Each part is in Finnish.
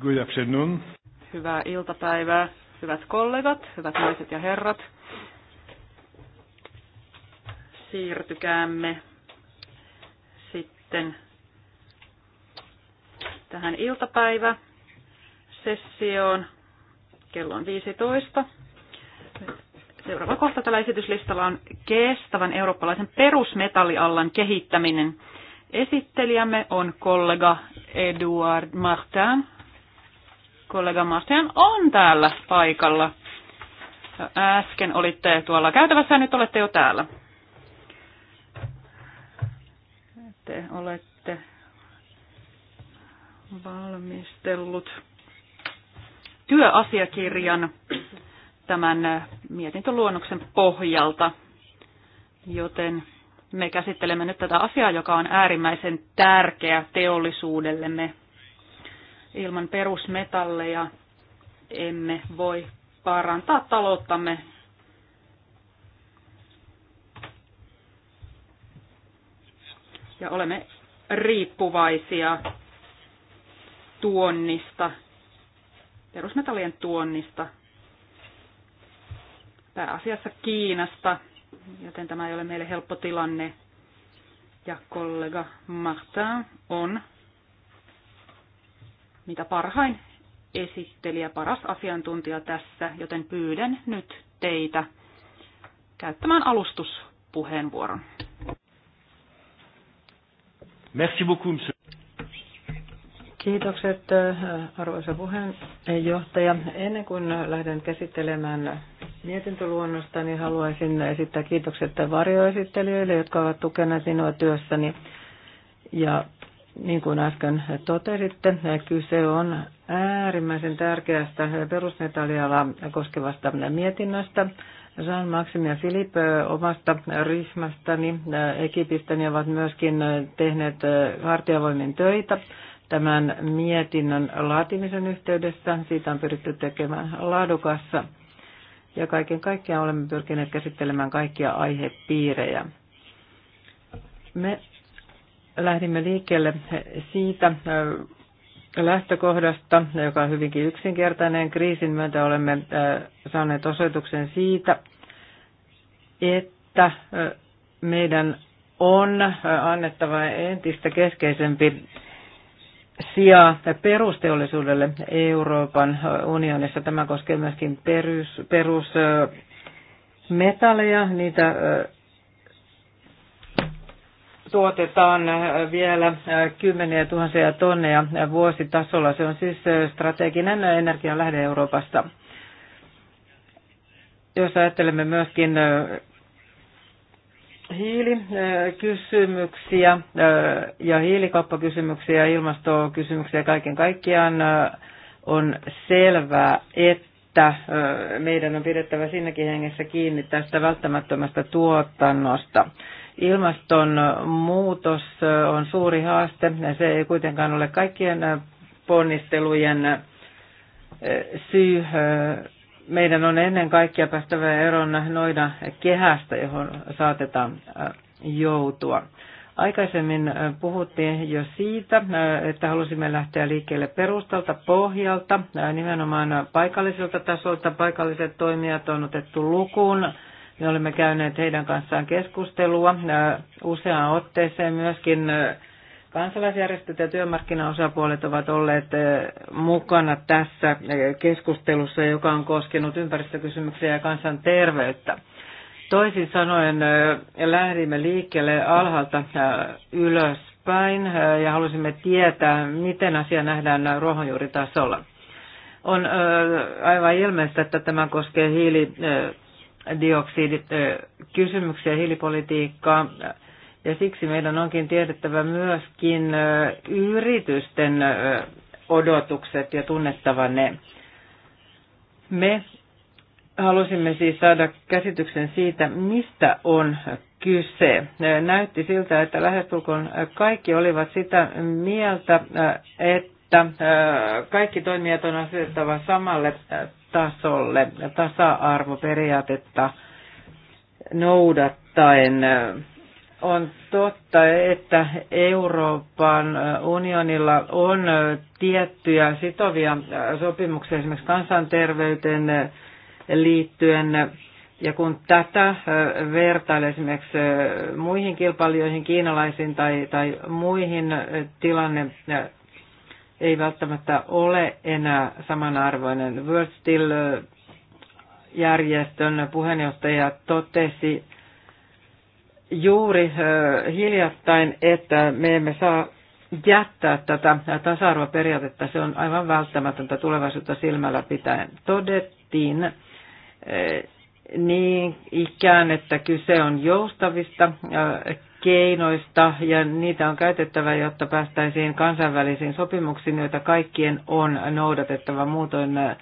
Good afternoon. Hyvää iltapäivää, hyvät kollegat, hyvät naiset ja herrat. Siirtykäämme sitten tähän iltapäiväsessioon. Kello on 15. Seuraava kohta tällä esityslistalla on kestävän eurooppalaisen perusmetalliallan kehittäminen. Esittelijämme on kollega Eduard Martin kollega Martian on täällä paikalla. Äsken olitte tuolla käytävässä ja nyt olette jo täällä. Te olette valmistellut työasiakirjan tämän mietintöluonnoksen pohjalta, joten me käsittelemme nyt tätä asiaa, joka on äärimmäisen tärkeä teollisuudellemme Ilman perusmetalleja emme voi parantaa talouttamme ja olemme riippuvaisia tuonnista, perusmetallien tuonnista, pääasiassa Kiinasta, joten tämä ei ole meille helppo tilanne. Ja kollega Martin on mitä parhain esittelijä, paras asiantuntija tässä, joten pyydän nyt teitä käyttämään alustuspuheenvuoron. Merci beaucoup, monsieur. Kiitokset, äh, arvoisa puheenjohtaja. Ennen kuin lähden käsittelemään mietintöluonnosta, niin haluaisin esittää kiitokset varjoesittelijöille, jotka ovat tukeneet minua työssäni. Ja niin kuin äsken totesitte, kyse on äärimmäisen tärkeästä perusmetallialaa koskevasta mietinnöstä. Jean Maxim ja Filip omasta ryhmästäni, ekipistäni ovat myöskin tehneet hartiavoimin töitä tämän mietinnön laatimisen yhteydessä. Siitä on pyritty tekemään laadukassa ja kaiken kaikkiaan olemme pyrkineet käsittelemään kaikkia aihepiirejä. Me lähdimme liikkeelle siitä äh, lähtökohdasta, joka on hyvinkin yksinkertainen. Kriisin myötä olemme äh, saaneet osoituksen siitä, että äh, meidän on annettava entistä keskeisempi sijaa perusteollisuudelle Euroopan unionissa. Tämä koskee myöskin perus, perusmetalleja, niitä tuotetaan vielä kymmeniä tuhansia tonneja vuositasolla. Se on siis strateginen energialähde Euroopasta. Jos ajattelemme myöskin hiilikysymyksiä ja hiilikauppakysymyksiä ja ilmastokysymyksiä kaiken kaikkiaan, on selvää, että meidän on pidettävä sinnekin hengessä kiinni tästä välttämättömästä tuotannosta. Ilmastonmuutos on suuri haaste. Se ei kuitenkaan ole kaikkien ponnistelujen eh, syy. Eh, meidän on ennen kaikkea päästävä eron noida kehästä, johon saatetaan eh, joutua. Aikaisemmin puhuttiin jo siitä, että halusimme lähteä liikkeelle perustalta, pohjalta, nimenomaan paikalliselta tasolta. Paikalliset toimijat on otettu lukuun me olemme käyneet heidän kanssaan keskustelua useaan otteeseen myöskin kansalaisjärjestöt ja työmarkkinaosapuolet ovat olleet mukana tässä keskustelussa, joka on koskenut ympäristökysymyksiä ja kansanterveyttä. Toisin sanoen lähdimme liikkeelle alhaalta ylöspäin ja halusimme tietää, miten asia nähdään ruohonjuuritasolla. On aivan ilmeistä, että tämä koskee hiili hiilidioksidit kysymyksiä, hiilipolitiikkaa. Ja siksi meidän onkin tiedettävä myöskin yritysten odotukset ja tunnettava ne. Me halusimme siis saada käsityksen siitä, mistä on kyse. Näytti siltä, että lähestulkoon kaikki olivat sitä mieltä, että kaikki toimijat on asetettava samalle tasolle tasa-arvoperiaatetta noudattaen. On totta, että Euroopan unionilla on tiettyjä sitovia sopimuksia esimerkiksi kansanterveyteen liittyen. Ja kun tätä vertailee esimerkiksi muihin kilpailijoihin, kiinalaisiin tai, tai muihin, tilanne ei välttämättä ole enää samanarvoinen. World steel järjestön puheenjohtaja totesi juuri hiljattain, että me emme saa jättää tätä tasa-arvoperiaatetta. Se on aivan välttämätöntä tulevaisuutta silmällä pitäen. Todettiin niin ikään, että kyse on joustavista keinoista ja niitä on käytettävä, jotta päästäisiin kansainvälisiin sopimuksiin, joita kaikkien on noudatettava. Muutoin äh,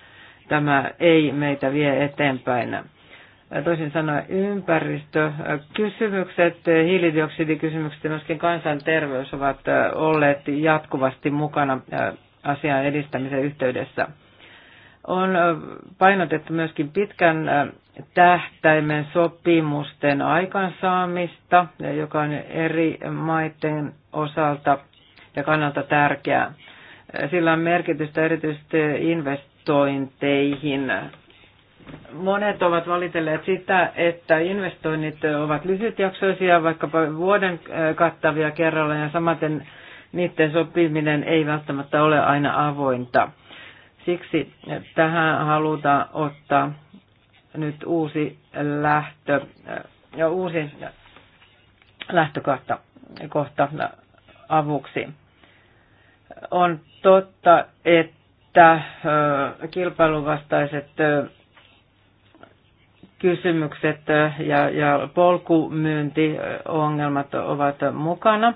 tämä ei meitä vie eteenpäin. Äh, toisin sanoen ympäristökysymykset, äh, hiilidioksidikysymykset ja myöskin kansanterveys ovat olleet jatkuvasti mukana asian edistämisen yhteydessä. On painotettu myöskin pitkän tähtäimen sopimusten aikansaamista, joka on eri maiden osalta ja kannalta tärkeää. Sillä on merkitystä erityisesti investointeihin. Monet ovat valitelleet sitä, että investoinnit ovat lyhytjaksoisia, vaikkapa vuoden kattavia kerralla, ja samaten niiden sopiminen ei välttämättä ole aina avointa. Siksi tähän halutaan ottaa nyt uusi lähtö ja uusi lähtökohta kohta avuksi. On totta, että kilpailuvastaiset kysymykset ja, ja polkumyyntiongelmat ovat mukana.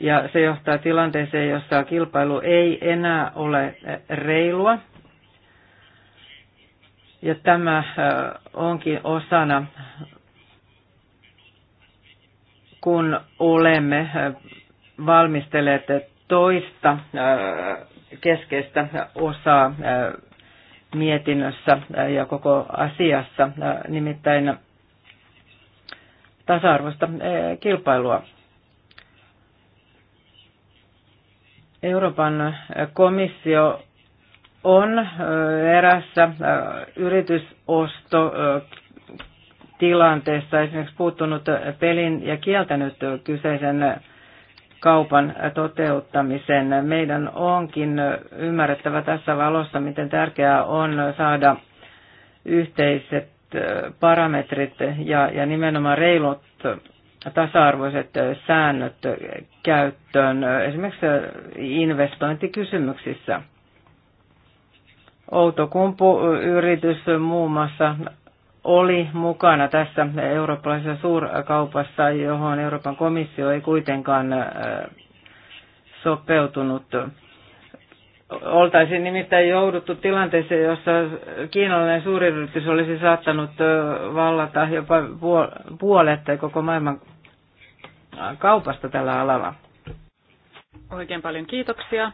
Ja se johtaa tilanteeseen, jossa kilpailu ei enää ole reilua ja tämä äh, onkin osana, kun olemme äh, valmistelleet toista äh, keskeistä osaa mietinnössä ja koko asiassa, nimittäin tasa-arvoista kilpailua. Euroopan komissio on erässä yritysosto tilanteessa esimerkiksi puuttunut pelin ja kieltänyt kyseisen kaupan toteuttamisen. Meidän onkin ymmärrettävä tässä valossa, miten tärkeää on saada yhteiset parametrit ja, ja nimenomaan reilut tasa-arvoiset säännöt käyttöön esimerkiksi investointikysymyksissä. Outokumpu-yritys muun muassa oli mukana tässä eurooppalaisessa suurkaupassa, johon Euroopan komissio ei kuitenkaan sopeutunut. Oltaisiin nimittäin jouduttu tilanteeseen, jossa kiinalainen suuryritys olisi saattanut vallata jopa puolet tai koko maailman kaupasta tällä alalla. Oikein paljon kiitoksia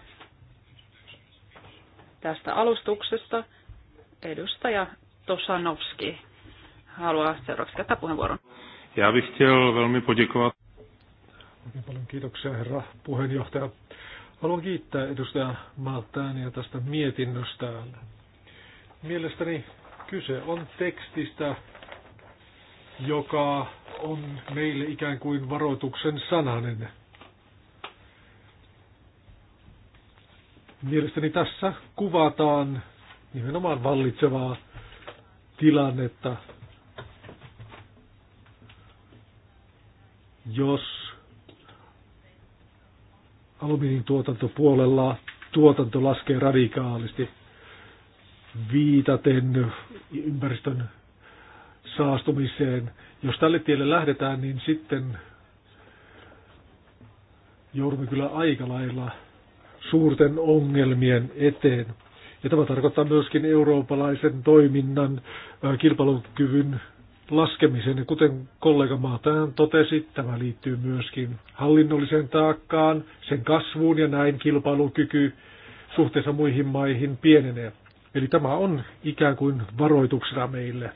tästä alustuksesta. Edustaja Tosanovski haluaa seuraavaksi käyttää puheenvuoron. Ja velmi poděkovat. Oikein paljon kiitoksia herra puheenjohtaja. Haluan kiittää edustaja Maltania tästä mietinnöstään. Mielestäni kyse on tekstistä, joka on meille ikään kuin varoituksen sananen. Mielestäni tässä kuvataan nimenomaan vallitsevaa tilannetta. Jos alumiinin tuotantopuolella tuotanto laskee radikaalisti viitaten ympäristön saastumiseen. Jos tälle tielle lähdetään, niin sitten joudumme kyllä aika lailla suurten ongelmien eteen. Ja tämä tarkoittaa myöskin eurooppalaisen toiminnan kilpailukyvyn laskemisen. kuten kollega Maataan totesi, tämä liittyy myöskin hallinnolliseen taakkaan, sen kasvuun ja näin kilpailukyky suhteessa muihin maihin pienenee. Eli tämä on ikään kuin varoituksena meille.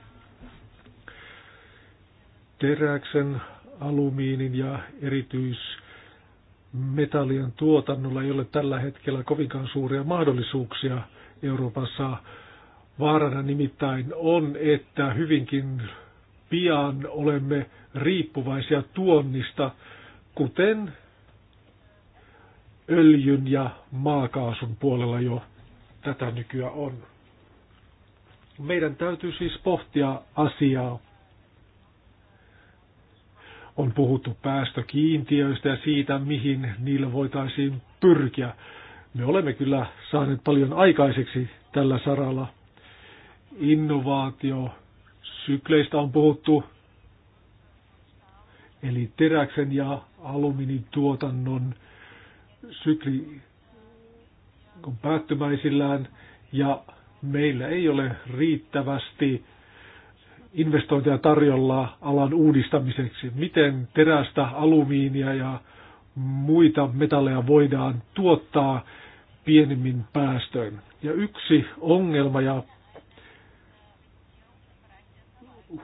Teräksen, alumiinin ja erityis metallien tuotannolla ei ole tällä hetkellä kovinkaan suuria mahdollisuuksia Euroopassa. Vaarana nimittäin on, että hyvinkin pian olemme riippuvaisia tuonnista, kuten öljyn ja maakaasun puolella jo tätä nykyä on. Meidän täytyy siis pohtia asiaa on puhuttu päästökiintiöistä ja siitä, mihin niillä voitaisiin pyrkiä. Me olemme kyllä saaneet paljon aikaiseksi tällä saralla. Innovaatio, sykleistä on puhuttu, eli teräksen ja alumiinituotannon sykli on päättymäisillään ja meillä ei ole riittävästi investointeja tarjolla alan uudistamiseksi. Miten terästä, alumiinia ja muita metalleja voidaan tuottaa pienemmin päästöin. Ja yksi ongelma ja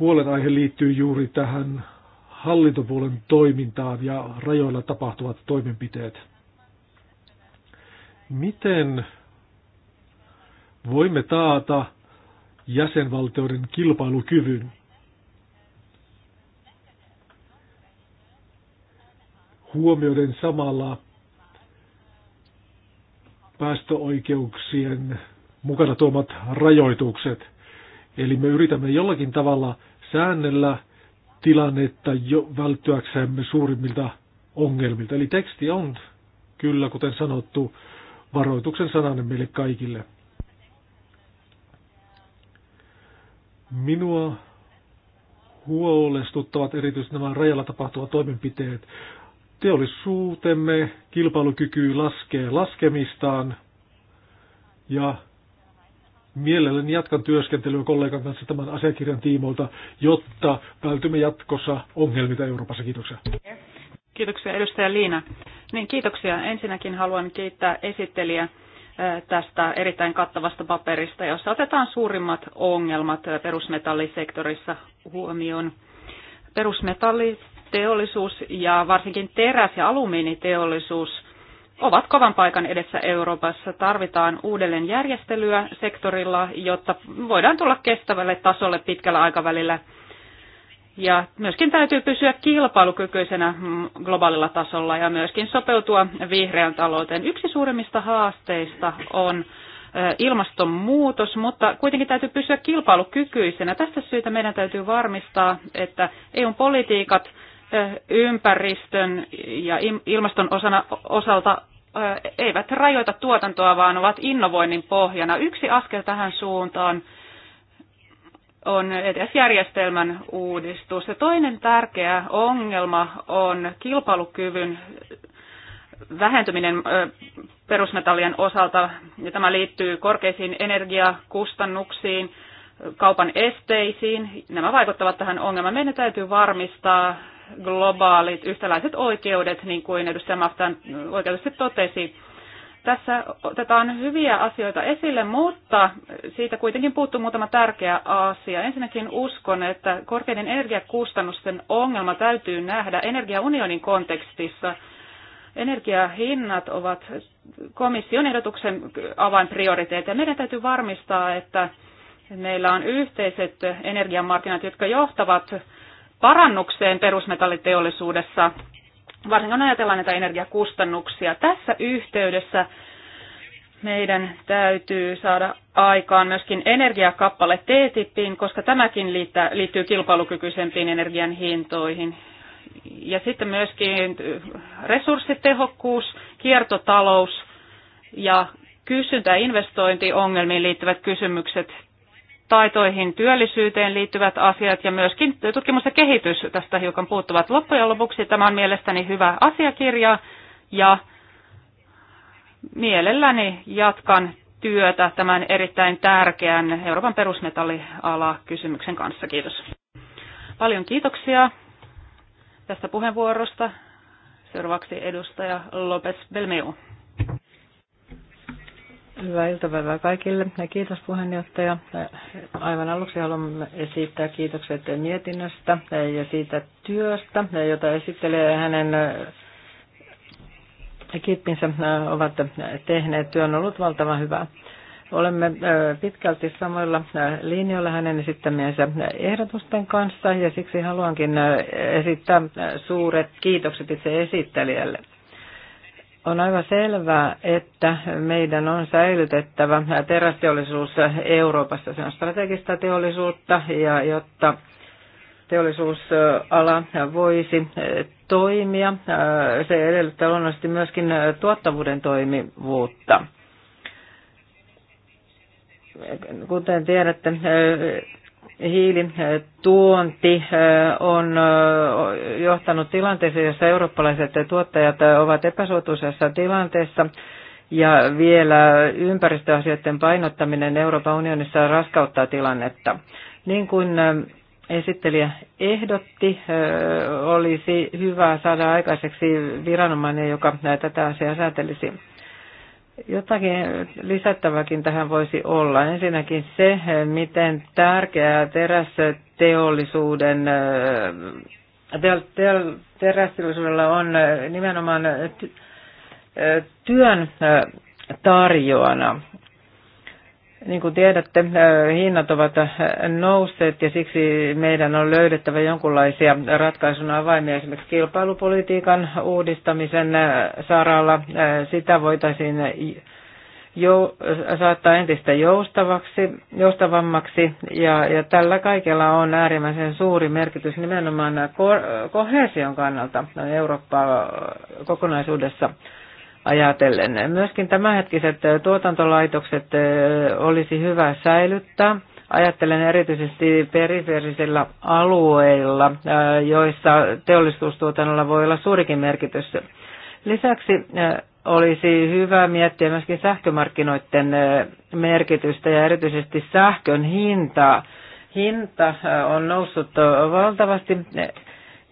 huolenaihe liittyy juuri tähän hallintopuolen toimintaan ja rajoilla tapahtuvat toimenpiteet. Miten voimme taata jäsenvaltioiden kilpailukyvyn. Huomioiden samalla päästöoikeuksien mukana tuomat rajoitukset. Eli me yritämme jollakin tavalla säännellä tilannetta jo välttyäksemme suurimmilta ongelmilta. Eli teksti on kyllä, kuten sanottu, varoituksen sananen meille kaikille. Minua huolestuttavat erityisesti nämä rajalla tapahtuvat toimenpiteet. Teollisuutemme kilpailukyky laskee laskemistaan ja mielelläni jatkan työskentelyä kollegan kanssa tämän asiakirjan tiimoilta, jotta vältymme jatkossa ongelmita Euroopassa. Kiitoksia. Kiitoksia edustaja Liina. Niin, kiitoksia. Ensinnäkin haluan kiittää esittelijä tästä erittäin kattavasta paperista, jossa otetaan suurimmat ongelmat perusmetallisektorissa huomioon. Perusmetalliteollisuus ja varsinkin teräs- ja alumiiniteollisuus ovat kovan paikan edessä Euroopassa. Tarvitaan uudelleen järjestelyä sektorilla, jotta voidaan tulla kestävälle tasolle pitkällä aikavälillä – ja myöskin täytyy pysyä kilpailukykyisenä mm, globaalilla tasolla ja myöskin sopeutua vihreän talouteen. Yksi suurimmista haasteista on ilmastonmuutos, mutta kuitenkin täytyy pysyä kilpailukykyisenä. Tästä syytä meidän täytyy varmistaa, että EUn politiikat ympäristön ja ilmaston osana, osalta eivät rajoita tuotantoa, vaan ovat innovoinnin pohjana. Yksi askel tähän suuntaan on ETS-järjestelmän uudistus. Ja toinen tärkeä ongelma on kilpailukyvyn vähentyminen perusmetallien osalta, ja tämä liittyy korkeisiin energiakustannuksiin, kaupan esteisiin. Nämä vaikuttavat tähän ongelmaan. Meidän täytyy varmistaa globaalit yhtäläiset oikeudet, niin kuin edustaja Maftan oikeutusti totesi. Tässä otetaan hyviä asioita esille, mutta siitä kuitenkin puuttuu muutama tärkeä asia. Ensinnäkin uskon, että korkeiden energiakustannusten ongelma täytyy nähdä energiaunionin kontekstissa. Energiahinnat ovat komission ehdotuksen avainprioriteetti. Meidän täytyy varmistaa, että meillä on yhteiset energiamarkkinat, jotka johtavat parannukseen perusmetalliteollisuudessa varsinkin ajatellaan näitä energiakustannuksia. Tässä yhteydessä meidän täytyy saada aikaan myöskin energiakappale TTIPiin, koska tämäkin liittyy kilpailukykyisempiin energian hintoihin. Ja sitten myöskin resurssitehokkuus, kiertotalous ja kysyntä- ja investointiongelmiin liittyvät kysymykset taitoihin, työllisyyteen liittyvät asiat ja myöskin tutkimus ja kehitys tästä hiukan puuttuvat. Loppujen lopuksi tämä on mielestäni hyvä asiakirja ja mielelläni jatkan työtä tämän erittäin tärkeän Euroopan perusmetalliala kysymyksen kanssa. Kiitos. Paljon kiitoksia tästä puheenvuorosta. Seuraavaksi edustaja Lopes Belmeu. Hyvää iltapäivää kaikille ja kiitos puheenjohtaja. Aivan aluksi haluan esittää kiitokset mietinnöstä ja siitä työstä, jota esittelee hänen äh, kippinsä äh, ovat tehneet. Työ on ollut valtavan hyvää. Olemme äh, pitkälti samoilla linjoilla hänen esittämiensä ehdotusten kanssa ja siksi haluankin esittää suuret kiitokset itse esittelijälle. On aivan selvää, että meidän on säilytettävä terästeollisuus Euroopassa. Se on strategista teollisuutta ja jotta teollisuusala voisi toimia, se edellyttää luonnollisesti myöskin tuottavuuden toimivuutta. Kuten tiedätte, hiilituonti eh, eh, on eh, johtanut tilanteeseen, jossa eurooppalaiset tuottajat ovat epäsuotuisessa tilanteessa. Ja vielä ympäristöasioiden painottaminen Euroopan unionissa raskauttaa tilannetta. Niin kuin esittelijä ehdotti, olisi hyvä saada aikaiseksi viranomainen, joka tätä asiaa säätelisi. Jotakin lisättäväkin tähän voisi olla. Ensinnäkin se, miten tärkeää terästeollisuuden äh, terästeollisuudella on nimenomaan äh, työn äh, tarjoana. Niin kuin tiedätte, äh, hinnat ovat nousseet ja siksi meidän on löydettävä jonkinlaisia ratkaisun avaimia esimerkiksi kilpailupolitiikan uudistamisen äh, saralla. Äh, sitä voitaisiin jou, saattaa entistä joustavaksi, joustavammaksi ja, ja tällä kaikella on äärimmäisen suuri merkitys nimenomaan ko, kohesion kannalta no Eurooppaa kokonaisuudessa ajatellen. Myöskin tämänhetkiset tuotantolaitokset olisi hyvä säilyttää. Ajattelen erityisesti periferisillä alueilla, joissa teollisuustuotannolla voi olla suurikin merkitys. Lisäksi olisi hyvä miettiä myöskin sähkömarkkinoiden merkitystä ja erityisesti sähkön hintaa. Hinta on noussut valtavasti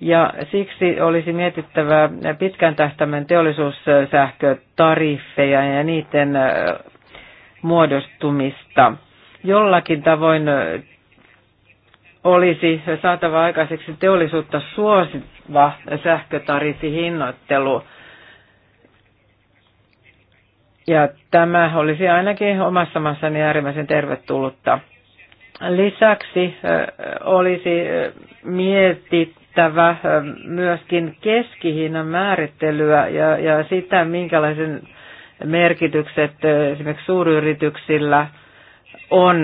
ja siksi olisi mietittävä pitkän tähtäimen teollisuussähkötariffeja ja niiden muodostumista. Jollakin tavoin olisi saatava aikaiseksi teollisuutta suosiva sähkötariffihinnoittelu. Ja tämä olisi ainakin omassa maassani äärimmäisen tervetullutta. Lisäksi olisi mietit, mietittävä myöskin keskihinnan määrittelyä ja, ja sitä, minkälaisen merkitykset esimerkiksi suuryrityksillä on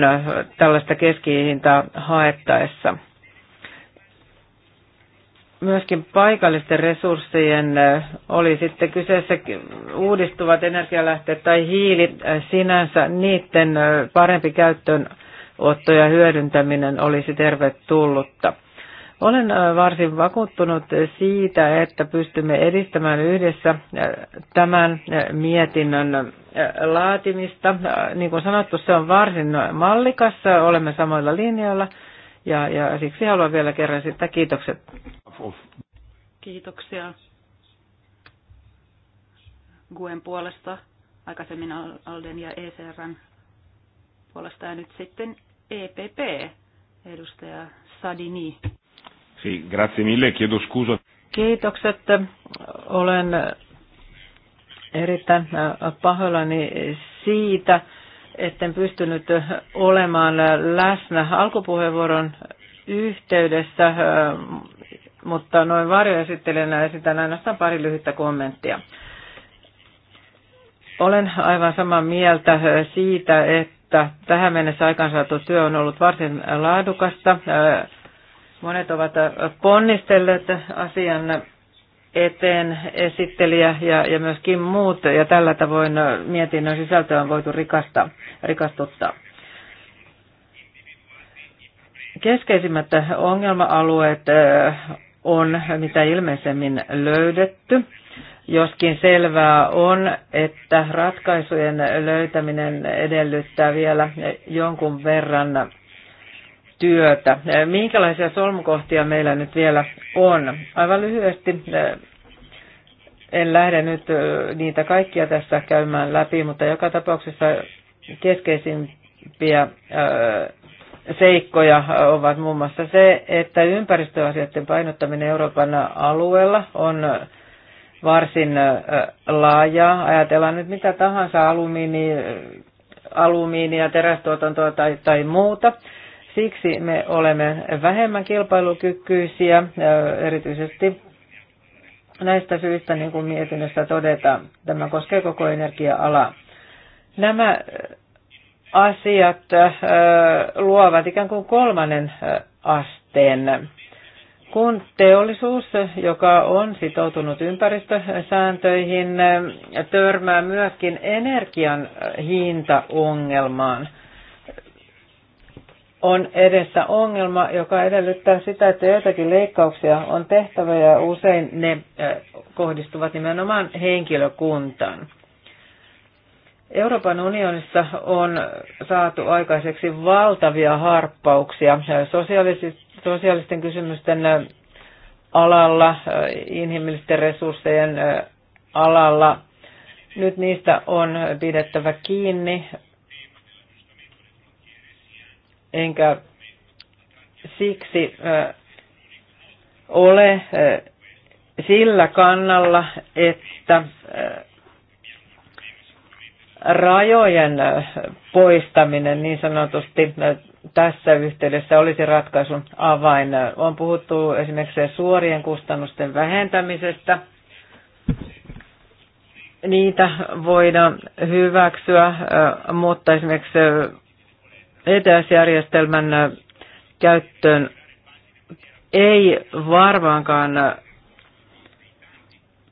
tällaista keskihintaa haettaessa. Myöskin paikallisten resurssien, oli sitten kyseessä uudistuvat energialähteet tai hiili sinänsä, niiden parempi käyttöönotto ja hyödyntäminen olisi tervetullutta. Olen varsin vakuuttunut siitä, että pystymme edistämään yhdessä tämän mietinnön laatimista. Niin kuin sanottu, se on varsin mallikas, olemme samoilla linjoilla ja, ja siksi haluan vielä kerran sitä kiitokset. Kiitoksia. Guen puolesta, aikaisemmin Alden ja ECRn puolesta ja nyt sitten EPP, edustaja Sadini. Sì, grazie mille, chiedo scusa. Kiitokset. Olen erittäin äh, pahoillani siitä, etten pystynyt olemaan läsnä alkupuheenvuoron yhteydessä, äh, mutta noin varjoesittelijänä esitän ainoastaan pari lyhyttä kommenttia. Olen aivan samaa mieltä äh, siitä, että tähän mennessä aikaansaatu työ on ollut varsin laadukasta Monet ovat äh, ponnistelleet asian eteen esittelijä ja, ja myöskin muut, ja tällä tavoin äh, mietinnön sisältöä on voitu rikasta, rikastuttaa. Keskeisimmät ongelma-alueet äh, on mitä ilmeisemmin löydetty, joskin selvää on, että ratkaisujen löytäminen edellyttää vielä jonkun verran työtä. Minkälaisia solmukohtia meillä nyt vielä on? Aivan lyhyesti, en lähde nyt niitä kaikkia tässä käymään läpi, mutta joka tapauksessa keskeisimpiä seikkoja ovat muun muassa se, että ympäristöasioiden painottaminen Euroopan alueella on varsin laajaa. Ajatellaan nyt mitä tahansa alumiini, alumiinia, terästuotantoa tai, tai muuta. Siksi me olemme vähemmän kilpailukykyisiä, äh, erityisesti näistä syistä, niin kuin mietinnössä todetaan. Tämä koskee koko energia-alaa. Nämä äh, asiat äh, luovat ikään kuin kolmannen asteen. Kun teollisuus, joka on sitoutunut ympäristösääntöihin, törmää myöskin energian hintaongelmaan – on edessä ongelma, joka edellyttää sitä, että joitakin leikkauksia on tehtävä ja usein ne kohdistuvat nimenomaan henkilökuntaan. Euroopan unionissa on saatu aikaiseksi valtavia harppauksia sosiaalisten kysymysten alalla, inhimillisten resurssien alalla. Nyt niistä on pidettävä kiinni, enkä siksi ole sillä kannalla, että rajojen poistaminen niin sanotusti tässä yhteydessä olisi ratkaisun avain. On puhuttu esimerkiksi suorien kustannusten vähentämisestä. Niitä voidaan hyväksyä, mutta esimerkiksi ETS-järjestelmän äh, käyttöön ei varmaankaan äh,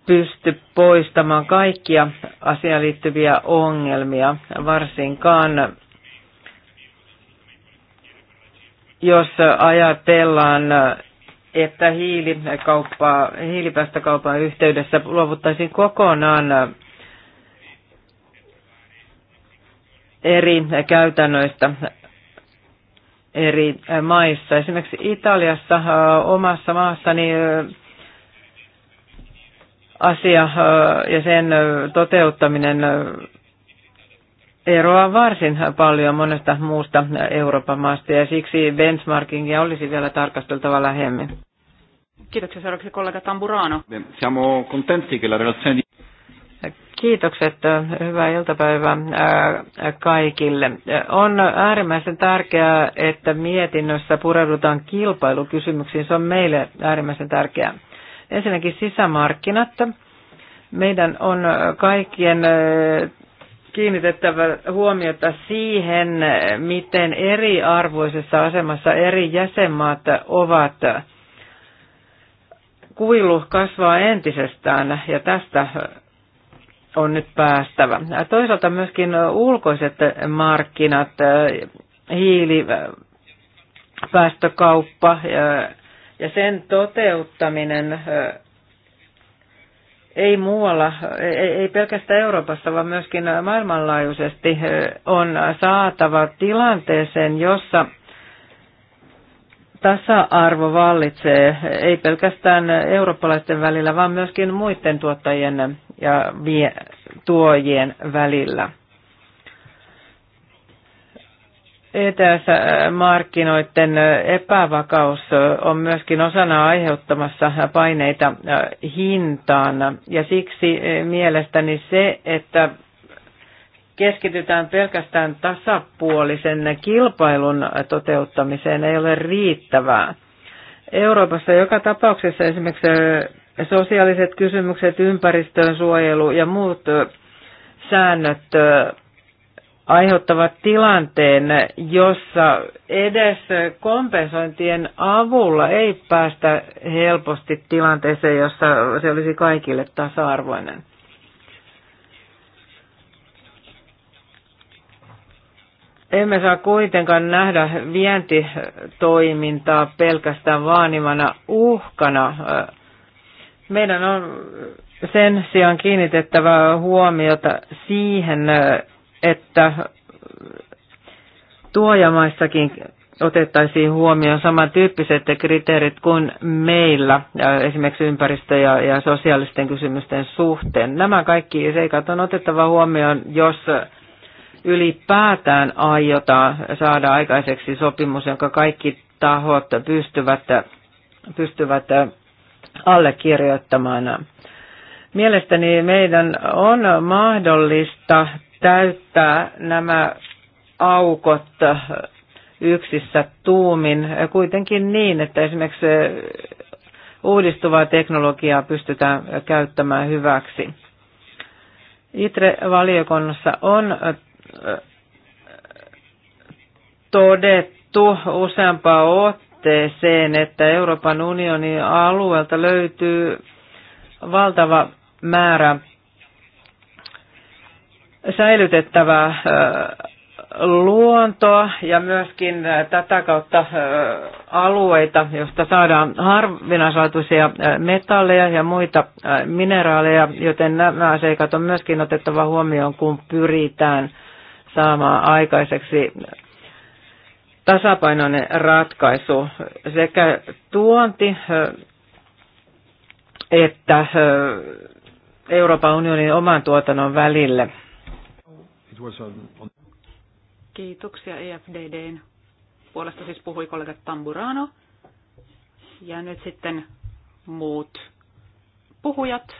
pysty poistamaan kaikkia asiaan liittyviä ongelmia, varsinkaan jos ajatellaan, äh, että hiilikauppa, hiilipäästökaupan yhteydessä luovuttaisiin kokonaan eri käytännöistä eri maissa. Esimerkiksi Italiassa omassa maassani asia ja sen toteuttaminen eroaa varsin paljon monesta muusta Euroopan maasta ja siksi benchmarkingia olisi vielä tarkasteltava lähemmin. Kiitoksia seuraavaksi kollega Tamburano. Siamo contenti che la relazione di... Kiitokset, hyvää iltapäivää kaikille. On äärimmäisen tärkeää, että mietinnössä pureudutaan kilpailukysymyksiin. Se on meille äärimmäisen tärkeää. Ensinnäkin sisämarkkinat. Meidän on kaikkien kiinnitettävä huomiota siihen, miten eriarvoisessa asemassa eri jäsenmaat ovat kuilu kasvaa entisestään ja tästä on nyt päästävä. Toisaalta myöskin ulkoiset markkinat, hiilipäästökauppa ja sen toteuttaminen ei muualla, ei pelkästään Euroopassa, vaan myöskin maailmanlaajuisesti on saatava tilanteeseen, jossa tasa-arvo vallitsee, ei pelkästään eurooppalaisten välillä, vaan myöskin muiden tuottajien ja vie, tuojien välillä. ETS-markkinoiden epävakaus on myöskin osana aiheuttamassa paineita hintaan ja siksi mielestäni se, että keskitytään pelkästään tasapuolisen kilpailun toteuttamiseen ei ole riittävää. Euroopassa joka tapauksessa esimerkiksi sosiaaliset kysymykset, ympäristön suojelu ja muut säännöt aiheuttavat tilanteen, jossa edes kompensointien avulla ei päästä helposti tilanteeseen, jossa se olisi kaikille tasa-arvoinen. Emme saa kuitenkaan nähdä vientitoimintaa pelkästään vaanimana uhkana meidän on sen sijaan kiinnitettävä huomiota siihen, että tuojamaissakin otettaisiin huomioon samantyyppiset kriteerit kuin meillä, esimerkiksi ympäristö- ja, ja sosiaalisten kysymysten suhteen. Nämä kaikki seikat on otettava huomioon, jos ylipäätään aiotaan saada aikaiseksi sopimus, jonka kaikki tahot pystyvät, pystyvät allekirjoittamana. Mielestäni meidän on mahdollista täyttää nämä aukot yksissä tuumin kuitenkin niin, että esimerkiksi uudistuvaa teknologiaa pystytään käyttämään hyväksi. ITRE-valiokunnassa on äh, äh, todettu useampaa otta, tilanteeseen, että Euroopan unionin alueelta löytyy valtava määrä säilytettävää luontoa ja myöskin tätä kautta alueita, josta saadaan harvinaislaatuisia metalleja ja muita mineraaleja, joten nämä seikat on myöskin otettava huomioon, kun pyritään saamaan aikaiseksi tasapainoinen ratkaisu sekä tuonti että Euroopan unionin oman tuotannon välille. Kiitoksia EFDDn puolesta siis puhui kollega Tamburano. Ja nyt sitten muut puhujat.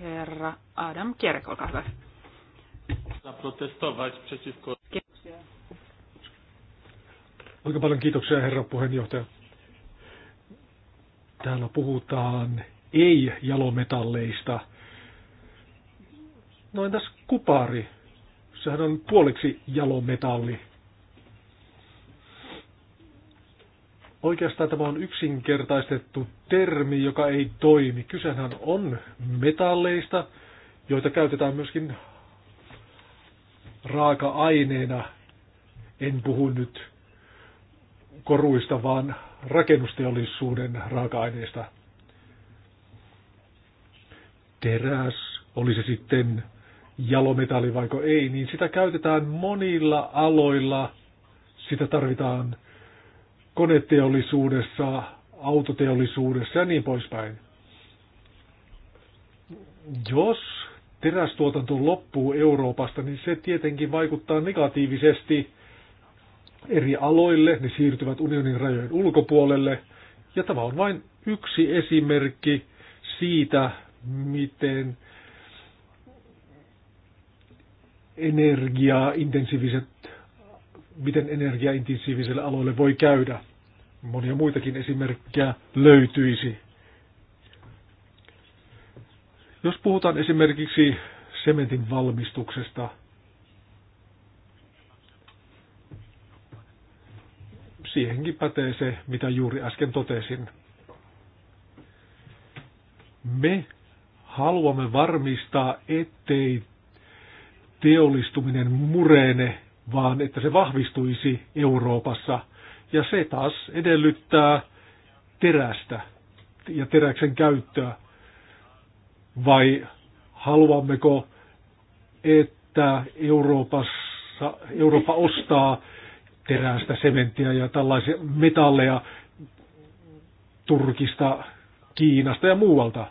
Herra Adam Kierek, olkaa hyvä. Kiitoksia. Oikein paljon kiitoksia, herra puheenjohtaja. Täällä puhutaan ei-jalometalleista. No entäs kupari? Sehän on puoliksi jalometalli. Oikeastaan tämä on yksinkertaistettu termi, joka ei toimi. Kysehän on metalleista, joita käytetään myöskin raaka-aineena, en puhu nyt koruista, vaan rakennusteollisuuden raaka-aineista. Teräs, oli se sitten jalometalli vaiko ei, niin sitä käytetään monilla aloilla. Sitä tarvitaan koneteollisuudessa, autoteollisuudessa ja niin poispäin. Jos terästuotanto loppuu Euroopasta, niin se tietenkin vaikuttaa negatiivisesti eri aloille, ne siirtyvät unionin rajojen ulkopuolelle. Ja tämä on vain yksi esimerkki siitä, miten energiaintensiiviset, miten energiaintensiiviselle aloille voi käydä. Monia muitakin esimerkkejä löytyisi. Jos puhutaan esimerkiksi sementin valmistuksesta, siihenkin pätee se, mitä juuri äsken totesin. Me haluamme varmistaa, ettei teollistuminen murene, vaan että se vahvistuisi Euroopassa. Ja se taas edellyttää terästä ja teräksen käyttöä. Vai haluammeko, että Euroopassa, Eurooppa ostaa terästä, sementtiä ja tällaisia metalleja Turkista, Kiinasta ja muualta?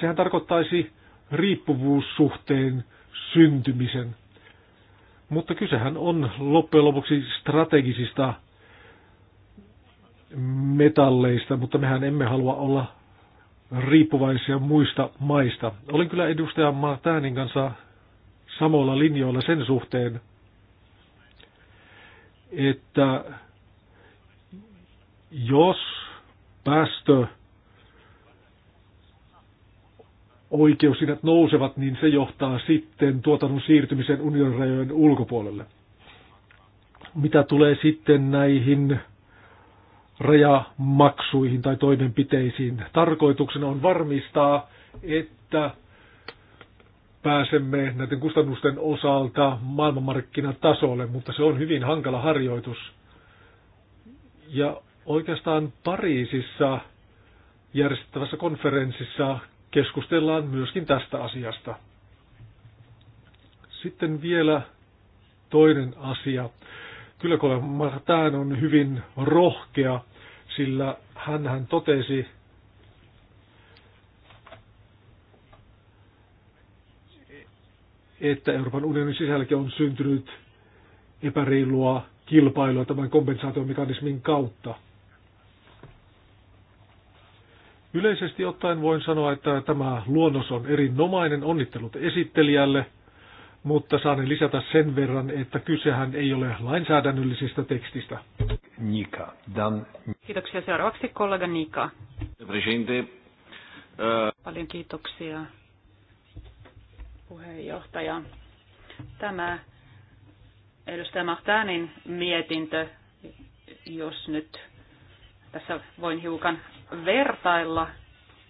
Sehän tarkoittaisi riippuvuussuhteen syntymisen. Mutta kysehän on loppujen lopuksi strategisista metalleista, mutta mehän emme halua olla riippuvaisia muista maista. Olin kyllä edustaja Martäänin kanssa samoilla linjoilla sen suhteen, että jos päästö oikeusinat nousevat, niin se johtaa sitten tuotannon siirtymisen unionin rajojen ulkopuolelle. Mitä tulee sitten näihin rajamaksuihin tai toimenpiteisiin. Tarkoituksena on varmistaa, että pääsemme näiden kustannusten osalta maailmanmarkkinatasolle, mutta se on hyvin hankala harjoitus. Ja oikeastaan Pariisissa järjestettävässä konferenssissa keskustellaan myöskin tästä asiasta. Sitten vielä toinen asia. Kyllä kollega Martin on hyvin rohkea, sillä hän totesi, että Euroopan unionin sisälläkin on syntynyt epäreilua kilpailua tämän kompensaatiomekanismin kautta. Yleisesti ottaen voin sanoa, että tämä luonnos on erinomainen. Onnittelut esittelijälle mutta saan lisätä sen verran, että kysehän ei ole lainsäädännöllisestä tekstistä. Nika, dan. Kiitoksia seuraavaksi kollega Nika. Presidente. Eh, Paljon kiitoksia puheenjohtaja. Tämä edustaja Mahtaanin mietintö, jos nyt tässä voin hiukan vertailla,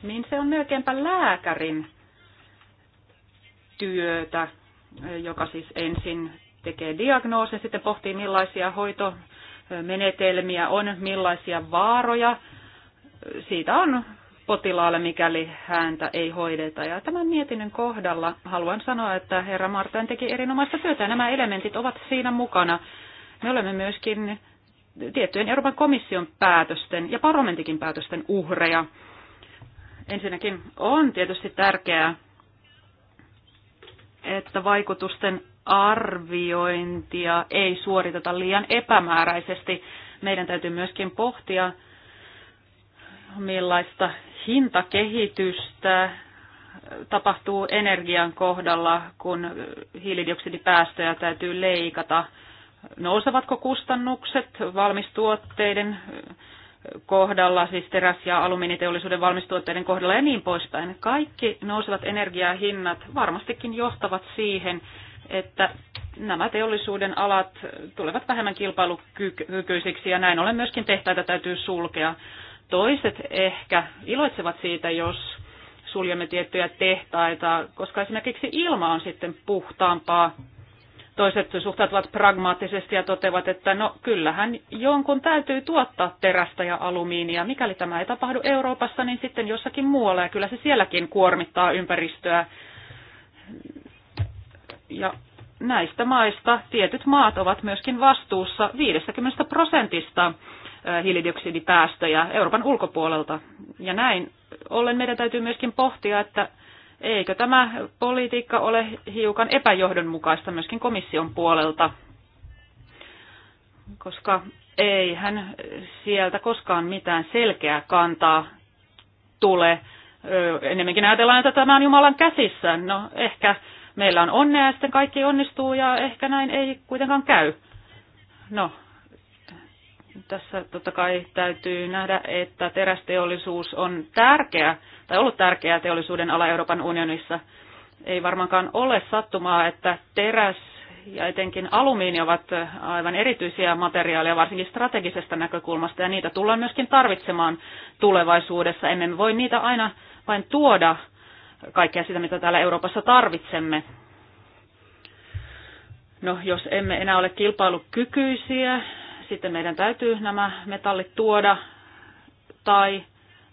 niin se on melkeinpä lääkärin työtä joka siis ensin tekee diagnoosin, sitten pohtii millaisia hoitomenetelmiä on, millaisia vaaroja siitä on potilaalle, mikäli häntä ei hoideta. Ja tämän mietinnön kohdalla haluan sanoa, että herra Martin teki erinomaista työtä nämä elementit ovat siinä mukana. Me olemme myöskin tiettyjen Euroopan komission päätösten ja parlamentikin päätösten uhreja. Ensinnäkin on tietysti tärkeää, että vaikutusten arviointia ei suoriteta liian epämääräisesti. Meidän täytyy myöskin pohtia, millaista hintakehitystä tapahtuu energian kohdalla, kun hiilidioksidipäästöjä täytyy leikata. Nousevatko kustannukset valmistuotteiden kohdalla, siis teräs- ja alumiiniteollisuuden valmistuotteiden kohdalla ja niin poispäin. Kaikki nousevat energiahinnat varmastikin johtavat siihen, että nämä teollisuuden alat tulevat vähemmän kilpailukykyisiksi ja näin ollen myöskin tehtäitä täytyy sulkea. Toiset ehkä iloitsevat siitä, jos suljemme tiettyjä tehtaita, koska esimerkiksi ilma on sitten puhtaampaa Toiset suhtautuvat pragmaattisesti ja toteavat, että no kyllähän jonkun täytyy tuottaa terästä ja alumiinia. Mikäli tämä ei tapahdu Euroopassa, niin sitten jossakin muualla ja kyllä se sielläkin kuormittaa ympäristöä. Ja näistä maista tietyt maat ovat myöskin vastuussa 50 prosentista hiilidioksidipäästöjä Euroopan ulkopuolelta. Ja näin ollen meidän täytyy myöskin pohtia, että Eikö tämä politiikka ole hiukan epäjohdonmukaista myöskin komission puolelta? Koska ei hän sieltä koskaan mitään selkeää kantaa tule. Enemmänkin ajatellaan, että tämä on Jumalan käsissä. No ehkä meillä on onnea ja sitten kaikki onnistuu ja ehkä näin ei kuitenkaan käy. No, tässä totta kai täytyy nähdä, että terästeollisuus on tärkeä tai ollut tärkeä teollisuuden ala Euroopan unionissa. Ei varmaankaan ole sattumaa, että teräs ja etenkin alumiini ovat aivan erityisiä materiaaleja varsinkin strategisesta näkökulmasta ja niitä tullaan myöskin tarvitsemaan tulevaisuudessa. Emme voi niitä aina vain tuoda kaikkea sitä, mitä täällä Euroopassa tarvitsemme. No, jos emme enää ole kilpailukykyisiä, sitten meidän täytyy nämä metallit tuoda tai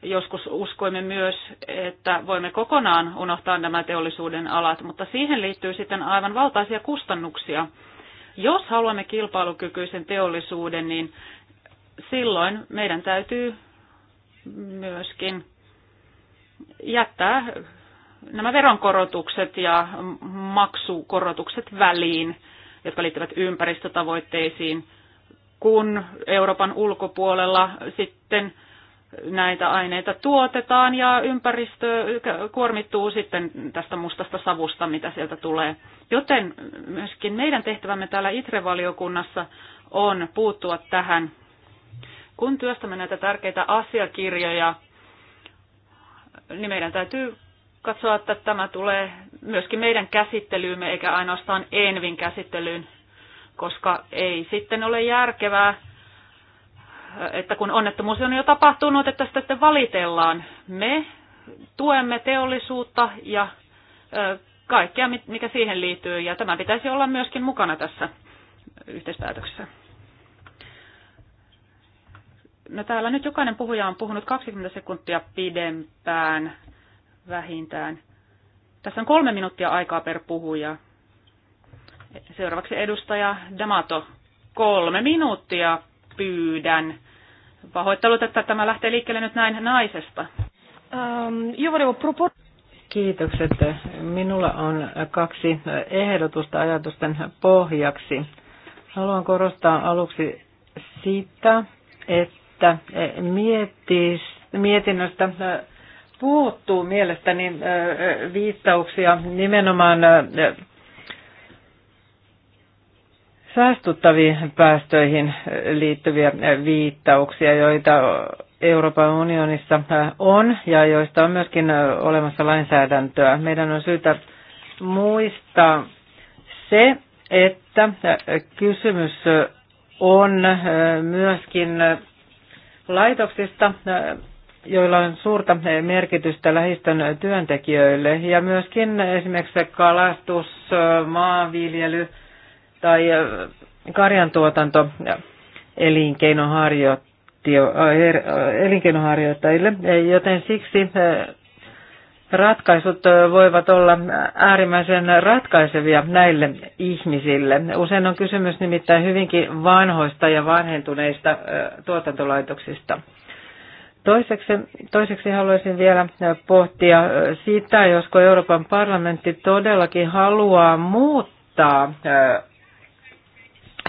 Joskus uskoimme myös, että voimme kokonaan unohtaa nämä teollisuuden alat, mutta siihen liittyy sitten aivan valtaisia kustannuksia. Jos haluamme kilpailukykyisen teollisuuden, niin silloin meidän täytyy myöskin jättää nämä veronkorotukset ja maksukorotukset väliin, jotka liittyvät ympäristötavoitteisiin, kun Euroopan ulkopuolella sitten näitä aineita tuotetaan ja ympäristö kuormittuu sitten tästä mustasta savusta, mitä sieltä tulee. Joten myöskin meidän tehtävämme täällä ITRE-valiokunnassa on puuttua tähän. Kun työstämme näitä tärkeitä asiakirjoja, niin meidän täytyy katsoa, että tämä tulee myöskin meidän käsittelyymme eikä ainoastaan Envin käsittelyyn, koska ei sitten ole järkevää että kun onnettomuus on jo tapahtunut, että sitä sitten valitellaan. Me tuemme teollisuutta ja kaikkea, mikä siihen liittyy, ja tämä pitäisi olla myöskin mukana tässä yhteispäätöksessä. No täällä nyt jokainen puhuja on puhunut 20 sekuntia pidempään vähintään. Tässä on kolme minuuttia aikaa per puhuja. Seuraavaksi edustaja Damato. Kolme minuuttia pyydän. Pahoittelut, että tämä lähtee liikkeelle nyt näin naisesta. Ähm, Kiitokset. Minulla on kaksi ehdotusta ajatusten pohjaksi. Haluan korostaa aluksi sitä, että mietis, mietinnöstä puuttuu mielestäni äh, äh, viittauksia nimenomaan äh, saastuttaviin päästöihin liittyviä eh, viittauksia, joita Euroopan unionissa eh, on ja joista on myöskin eh, olemassa lainsäädäntöä. Meidän on syytä muistaa se, että kysymys on myöskin laitoksista, joilla on suurta merkitystä lähistön työntekijöille ja myöskin esimerkiksi kalastus, maanviljely, tai karjantuotanto elinkeinoharjoittajille, joten siksi ratkaisut voivat olla äärimmäisen ratkaisevia näille ihmisille. Usein on kysymys nimittäin hyvinkin vanhoista ja vanhentuneista tuotantolaitoksista. Toiseksi, toiseksi haluaisin vielä pohtia sitä, josko Euroopan parlamentti todellakin haluaa muuttaa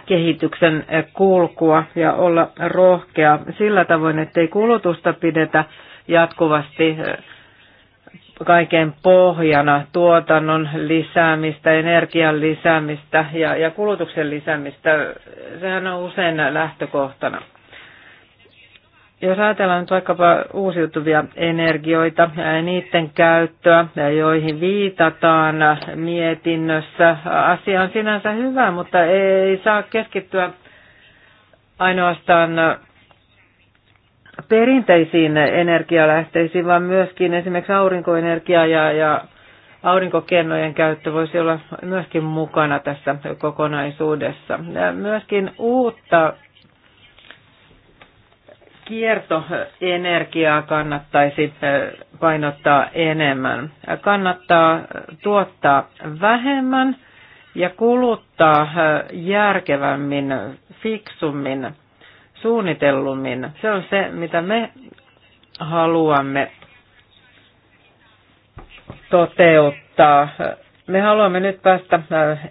kehityksen kulkua ja olla rohkea sillä tavoin, ettei kulutusta pidetä jatkuvasti eh, kaiken pohjana tuotannon lisäämistä, energian lisäämistä ja, ja kulutuksen lisäämistä. Sehän on usein lähtökohtana. Jos ajatellaan nyt vaikkapa uusiutuvia energioita, ja niiden käyttöä, joihin viitataan mietinnössä, asia on sinänsä hyvä, mutta ei saa keskittyä ainoastaan perinteisiin energialähteisiin, vaan myöskin esimerkiksi aurinkoenergia ja, ja aurinkokennojen käyttö voisi olla myöskin mukana tässä kokonaisuudessa. Myöskin uutta kiertoenergiaa kannattaisi painottaa enemmän. Kannattaa tuottaa vähemmän ja kuluttaa järkevämmin, fiksummin, suunnitellummin. Se on se, mitä me haluamme toteuttaa. Me haluamme nyt päästä